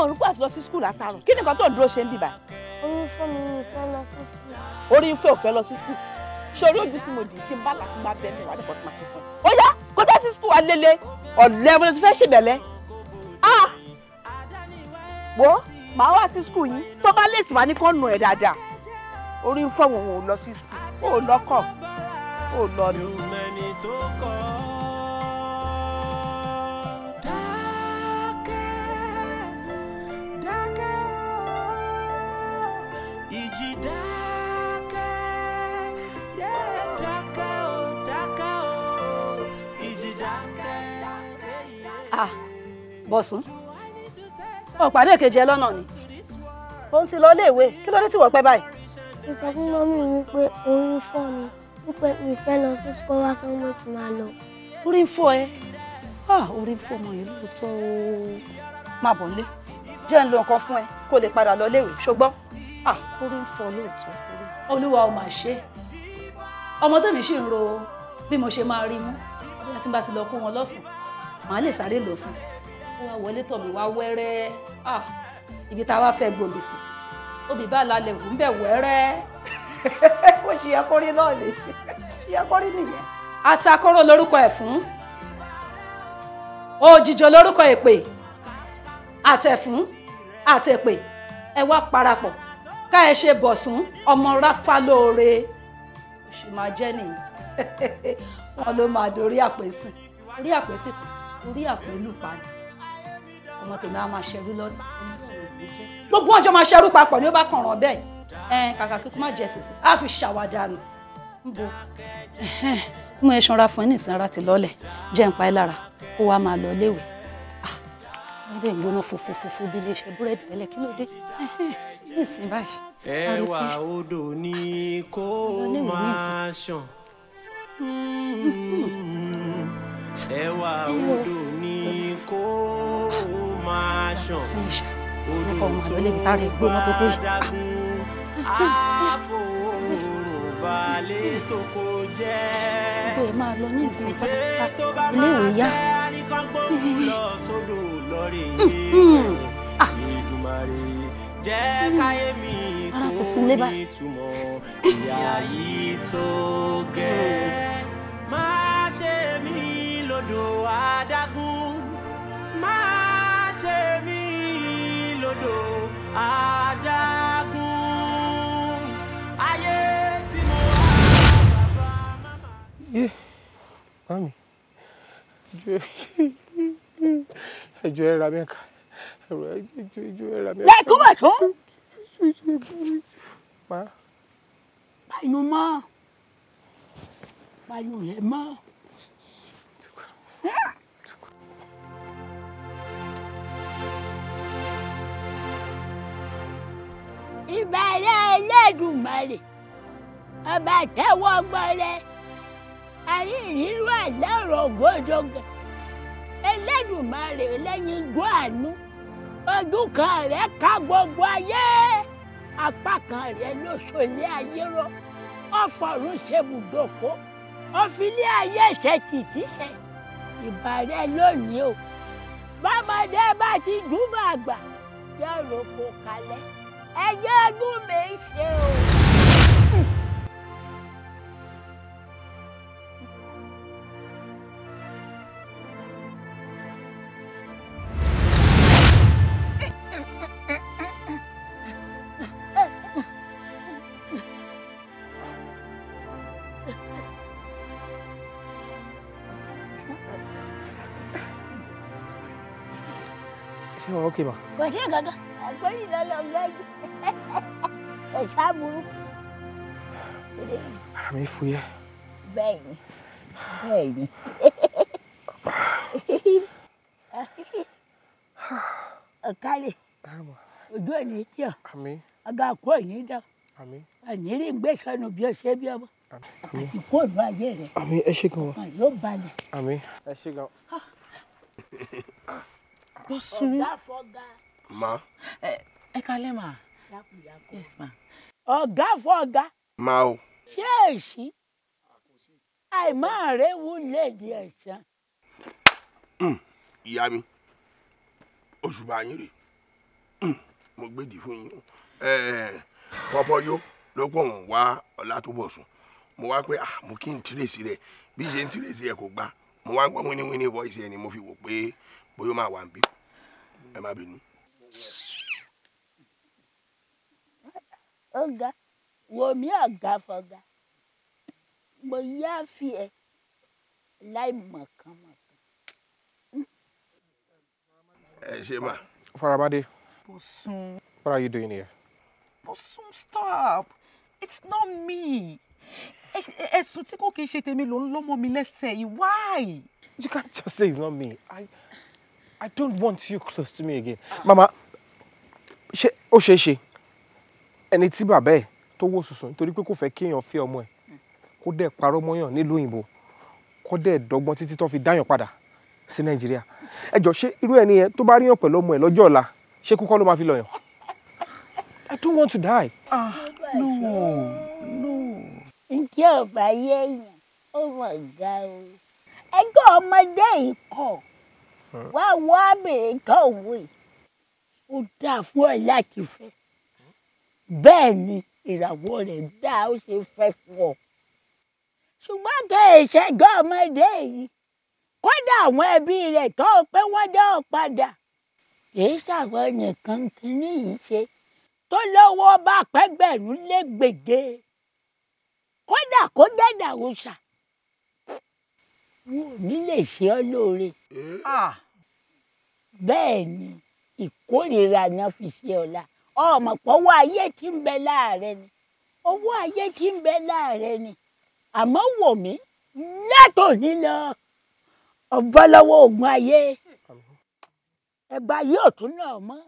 ọmọ òrùkú àti lọ sí skul àtàrùn kí nìkan tó ń dúró ṣe ń bì
báyìí. fẹ́ mi ò fẹ́ lọ sí skul.
orí fẹ́ ò fẹ́ lọ sí skul ṣé orí ojú tí mo dì í ń bá láti máa bẹ́ẹ̀ mi wà nípa tí máa fi ó yá kó dá sí skul alẹ́lẹ́ ọ̀lẹ́ mo ti fẹ́ ṣèbẹ̀lẹ́ ah wo màá wá sí skul yìí tó bá lè tì wá ní kó nù ẹ̀ dáadáa orí fọ́ wọn ò lọ sí skul ó lọ́kọ̀ ó lọ ni. bọ̀sùn ọ̀pàdé kejì ẹ lọ́nà ni òun ti lọ léèwé kí ló dé tí wọ́n pẹ́ báyìí. mo sọ fún mọ́mí mi pé
orí ń fọ́ mi wípé mi fẹ́ lọ sí school wá sọ́n mo ti máa lọ.
orí ń fọ́ ẹ ah, orí ń fọ́ ọmọ yìí lóòótọ́ o máa bọ̀ nílé jẹ́ ń lo nǹkan fún ẹ kó lè padà lọ léèwé ṣùgbọ́n ah, orí ń fọ́ lóòótọ́. olúwa ò mà ṣe ọmọ tèmi sì ń ro bí mo ṣe máa rí mú bí a ti bá ti lọ kó wọn lọ́sàn-án màá lè sáré lò fún un. wọ́n wá wọlé tọ̀ mí wá wẹ́rẹ́ ah, ibi tá wá fẹ́ gbòmí sí obì bá lálẹ́ ń bẹ̀ wẹ́rẹ́ <laughs> ó yẹ náà ni ṣì yẹ nìyẹn. ẹ̀ fún òjìjọ èpè ẹ wá ká ọmọ lóore máa nìyẹn <laughs> wọn ló máa dorí ọmọ tèmi á máa lọ́dún gbogbo ọjọ́ máa ṣerú papọ̀ ni ó bá kàn rán bẹ́ẹ̀ ẹn kàkà kíkú má jẹ sèse á fi ṣàwádà nù nbo ẹ ṣanra fún ẹ nìsín ara ti lọ́lẹ̀ jẹ́ ń pa ẹ́ lára ó wàá máa lọ léwe ilé ìgbóná ah, funfun bí iléeṣẹ́ búrẹ́dì tẹ́lẹ̀ kí ló dé nìsín báyìí.
ẹwà odò ni kò máa ṣàn
hmm.
ẹwà odò ni kò sún ìṣà ní
kọ́ ọmọ àlọ́ lẹ́yìn tààrẹ gbé wọn tó tó yìí.
pé ẹ máa lọ ní ìsinmi pátápátá ilé ìwé yá. Mm-hmm. Ah. Mm-hmm. ara ti sin lé báyìí. ìyá yìí tó gẹ́ má ṣe mí lódò adágún má ṣe mí lódò adágún
yé mami
ẹjọ ẹ ra mẹka ẹjọ ẹjọ ẹ ra mẹka. lẹ́ẹ̀kú
wà tó. báyìí mọ́ báyìí rẹ̀ mọ́. ìbẹ̀rẹ̀ Elédùmarè ọba tẹ́wọ́ gbọ́rẹ́ àríyìnrú àlẹ́rọ̀ ògbójogà Elédùmarè lẹ́yìn igbó àánú ojú kan rẹ̀ ká gbogbo ayé apá kan rẹ̀ ló ṣòlé ayé rọ ọ̀fọ̀rún ṣe bùdókó ọ̀fìlé ayé ṣe tìtìṣẹ́ ìbàrẹ̀ lónìí o bọ́mọdé bá ti dùn bàgbà yọ̀rọ̀ kó kalẹ̀. 我没事。
嗯嗯嗯
嗯
嗯嗯 àpéyìn lọ́lọ́ gbẹ́jì ọ̀sá burú.
ara mi fúyẹ́.
bẹ́ẹ̀ni bẹ́ẹ̀ni. ọ̀kárẹ̀ ojú ẹ̀ ní tí ọ ọgá kú òní dán òní rí gbèsònù bí ó ṣe bí ọmọ àti kó ònú ayé rẹ ọkàn yóò balẹ̀. ẹ ṣe gan. Ah, ah. bọ́sùn. ọ̀gá fọ́gá ma. ẹ ẹ kalẹ ma. yes ma. ọ̀gá fọ̀gá. ma o. ṣé èsì àìmọ́ rẹ̀ wù lédi ẹ̀sán.
Hmm, ìyá mi òṣùbà yín rè hmm, mo gbèdì fún yín pọpọ yó ló pọ̀ ń wá ọ̀la tó bọ̀ sùn mo wá pé ah, mo kí n tírèsì rẹ̀ bí ṣe ń tírèsì ẹ̀ kò gbà mo wá ń gbọ́ wíníwíní voice ẹ̀ ni mo fi wò pé bóyá ó máa wà ń bí ẹ má bínú.
Ọ̀gá, wò mí ọ̀gá fọ̀gá. Mo yááfì ẹ láì mọ̀kànmọ̀kàn.
Ẹ ṣe mà. Farabade. Bosun.
What are you doing here?
Bosun, stop. It's not me. Ẹ̀sùn tí kò kí ń ṣe tèmi ló ń lọ́mọ mi lẹ́sẹ̀ yìí. Why? You can't just
say it's not me. I I don't want you close to me again. Mama, ṣé ó she. ṣe ẹni tí bàbá ẹ̀ tó wò sùsùn nítorí pé kò fẹ́ kéèyàn fẹ́ ọmọ ẹ̀ kó dẹ̀ parọ́ mọ́yàn nílùú òyìnbó kó dẹ̀ dọ́gbọ́n títí tó fi dáyàn padà sí Nàìjíríà. Ẹ jọ ṣé irú ẹni yẹn tó bá ríyàn pẹ̀lú ọmọ ẹ̀ lọ́jọ́ ọ̀la ṣé kúkọ́ ló máa fi I don't want to die. Ah, no, no.
Ǹjẹ́ ò bá yẹ èèyàn? Ó mọ̀ ga o wá wọ abèrè kan òwe ó dáa fún ẹ láti fẹ́ bẹ́ẹ̀ ni ìràwọ̀ rẹ̀ dáa ó ṣe fẹ́ fún ọ ṣùgbọ́n tó ìṣẹ́gun ọmọdé yìí kódà àwọn ẹbí rẹ̀ tó o pé wọ́n jọ padà kìí ṣàwọn nìkan kínní yìí ṣe tó lọ́wọ́ bá pẹ́gbẹ̀rún lé gbèdé kódà kó dẹ̀dà òòṣà mi lè ṣe ọ́ lóore. Ah. bẹ́ẹ̀ ni ìkórìíra náà fi ṣe ọ̀la ọmọ pọ̀ owó ayé tí ń bẹ láàrẹ ni owó ayé tí ń bẹ láàrẹ ni àmọ́ wò mí látòní lọ ọ̀bọ lọ́wọ́ oògùn ayé ẹ̀bà yóò tún náà mọ́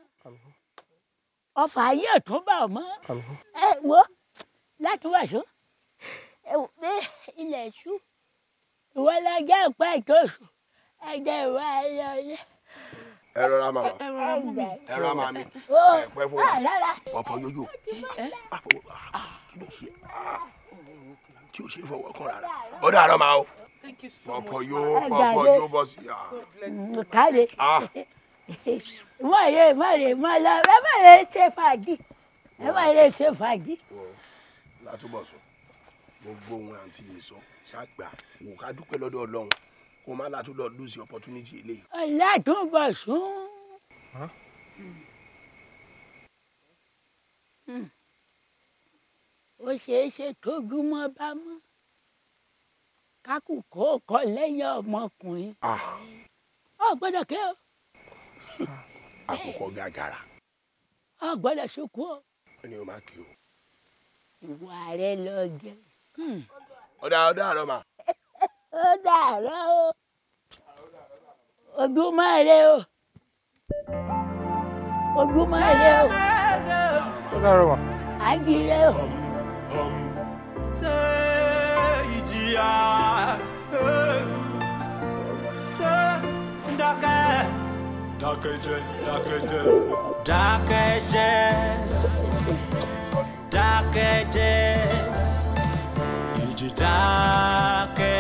ọfà yóò tún bà ọ́ mọ́ ẹ wo láti wàṣọ ilẹ̀ ṣú ìwọ lọ jẹ́ ìpẹ́ ìtòsùn ẹ̀jẹ̀ ìwà ẹ̀yọ ilé. ẹ rọra màmá ẹ rọra màmá mi ẹ pẹ́
fún ah, yóyó kí o ṣe
fọwọ́ kan rárá ó dàrọ
màá o pọ̀pọ̀ yóò pọ̀pọ̀ yóò bọ̀ sí i.
Mm, káre mọ ye mọ ye mọ lọ ẹ mọ ye ṣe fàájì ẹ mọ ye ṣe fàájì.
látúbọ̀ sọ gbogbo ohun àǹtí yìí sọ ṣàgbà wò ká dúpẹ́ lọ́dọ̀ ọlọ́run kó má látún lọ lose opportunity eléyìí.
ọ̀làdúnbọ̀sùn. Hmm. ó ṣeé ṣe tójúmọ́ bá mọ́ kákùkọ ọkọ lẹ́yìn ọmọkùnrin. ọ ah. gbọ́dọ̀ kí o.
Ah. àkókò gàgàrà.
ọ gbọ́dọ̀ ṣukú o.
ó ní o máa kí o.
ìwà rẹ lọ jẹ.
Hmm ọ̀dà ọ̀dà àárọ̀ mà.
ó dàárọ̀ o ojúmọ́ rẹ o ojúmọ́ rẹ o. ó dàárọ̀ mà. à ń o.
ṣé ìjìyà ṣé dákẹ́. dákẹ́jẹ́ dákẹ́jẹ́. dákẹ́jẹ́ dákẹ́jẹ́. to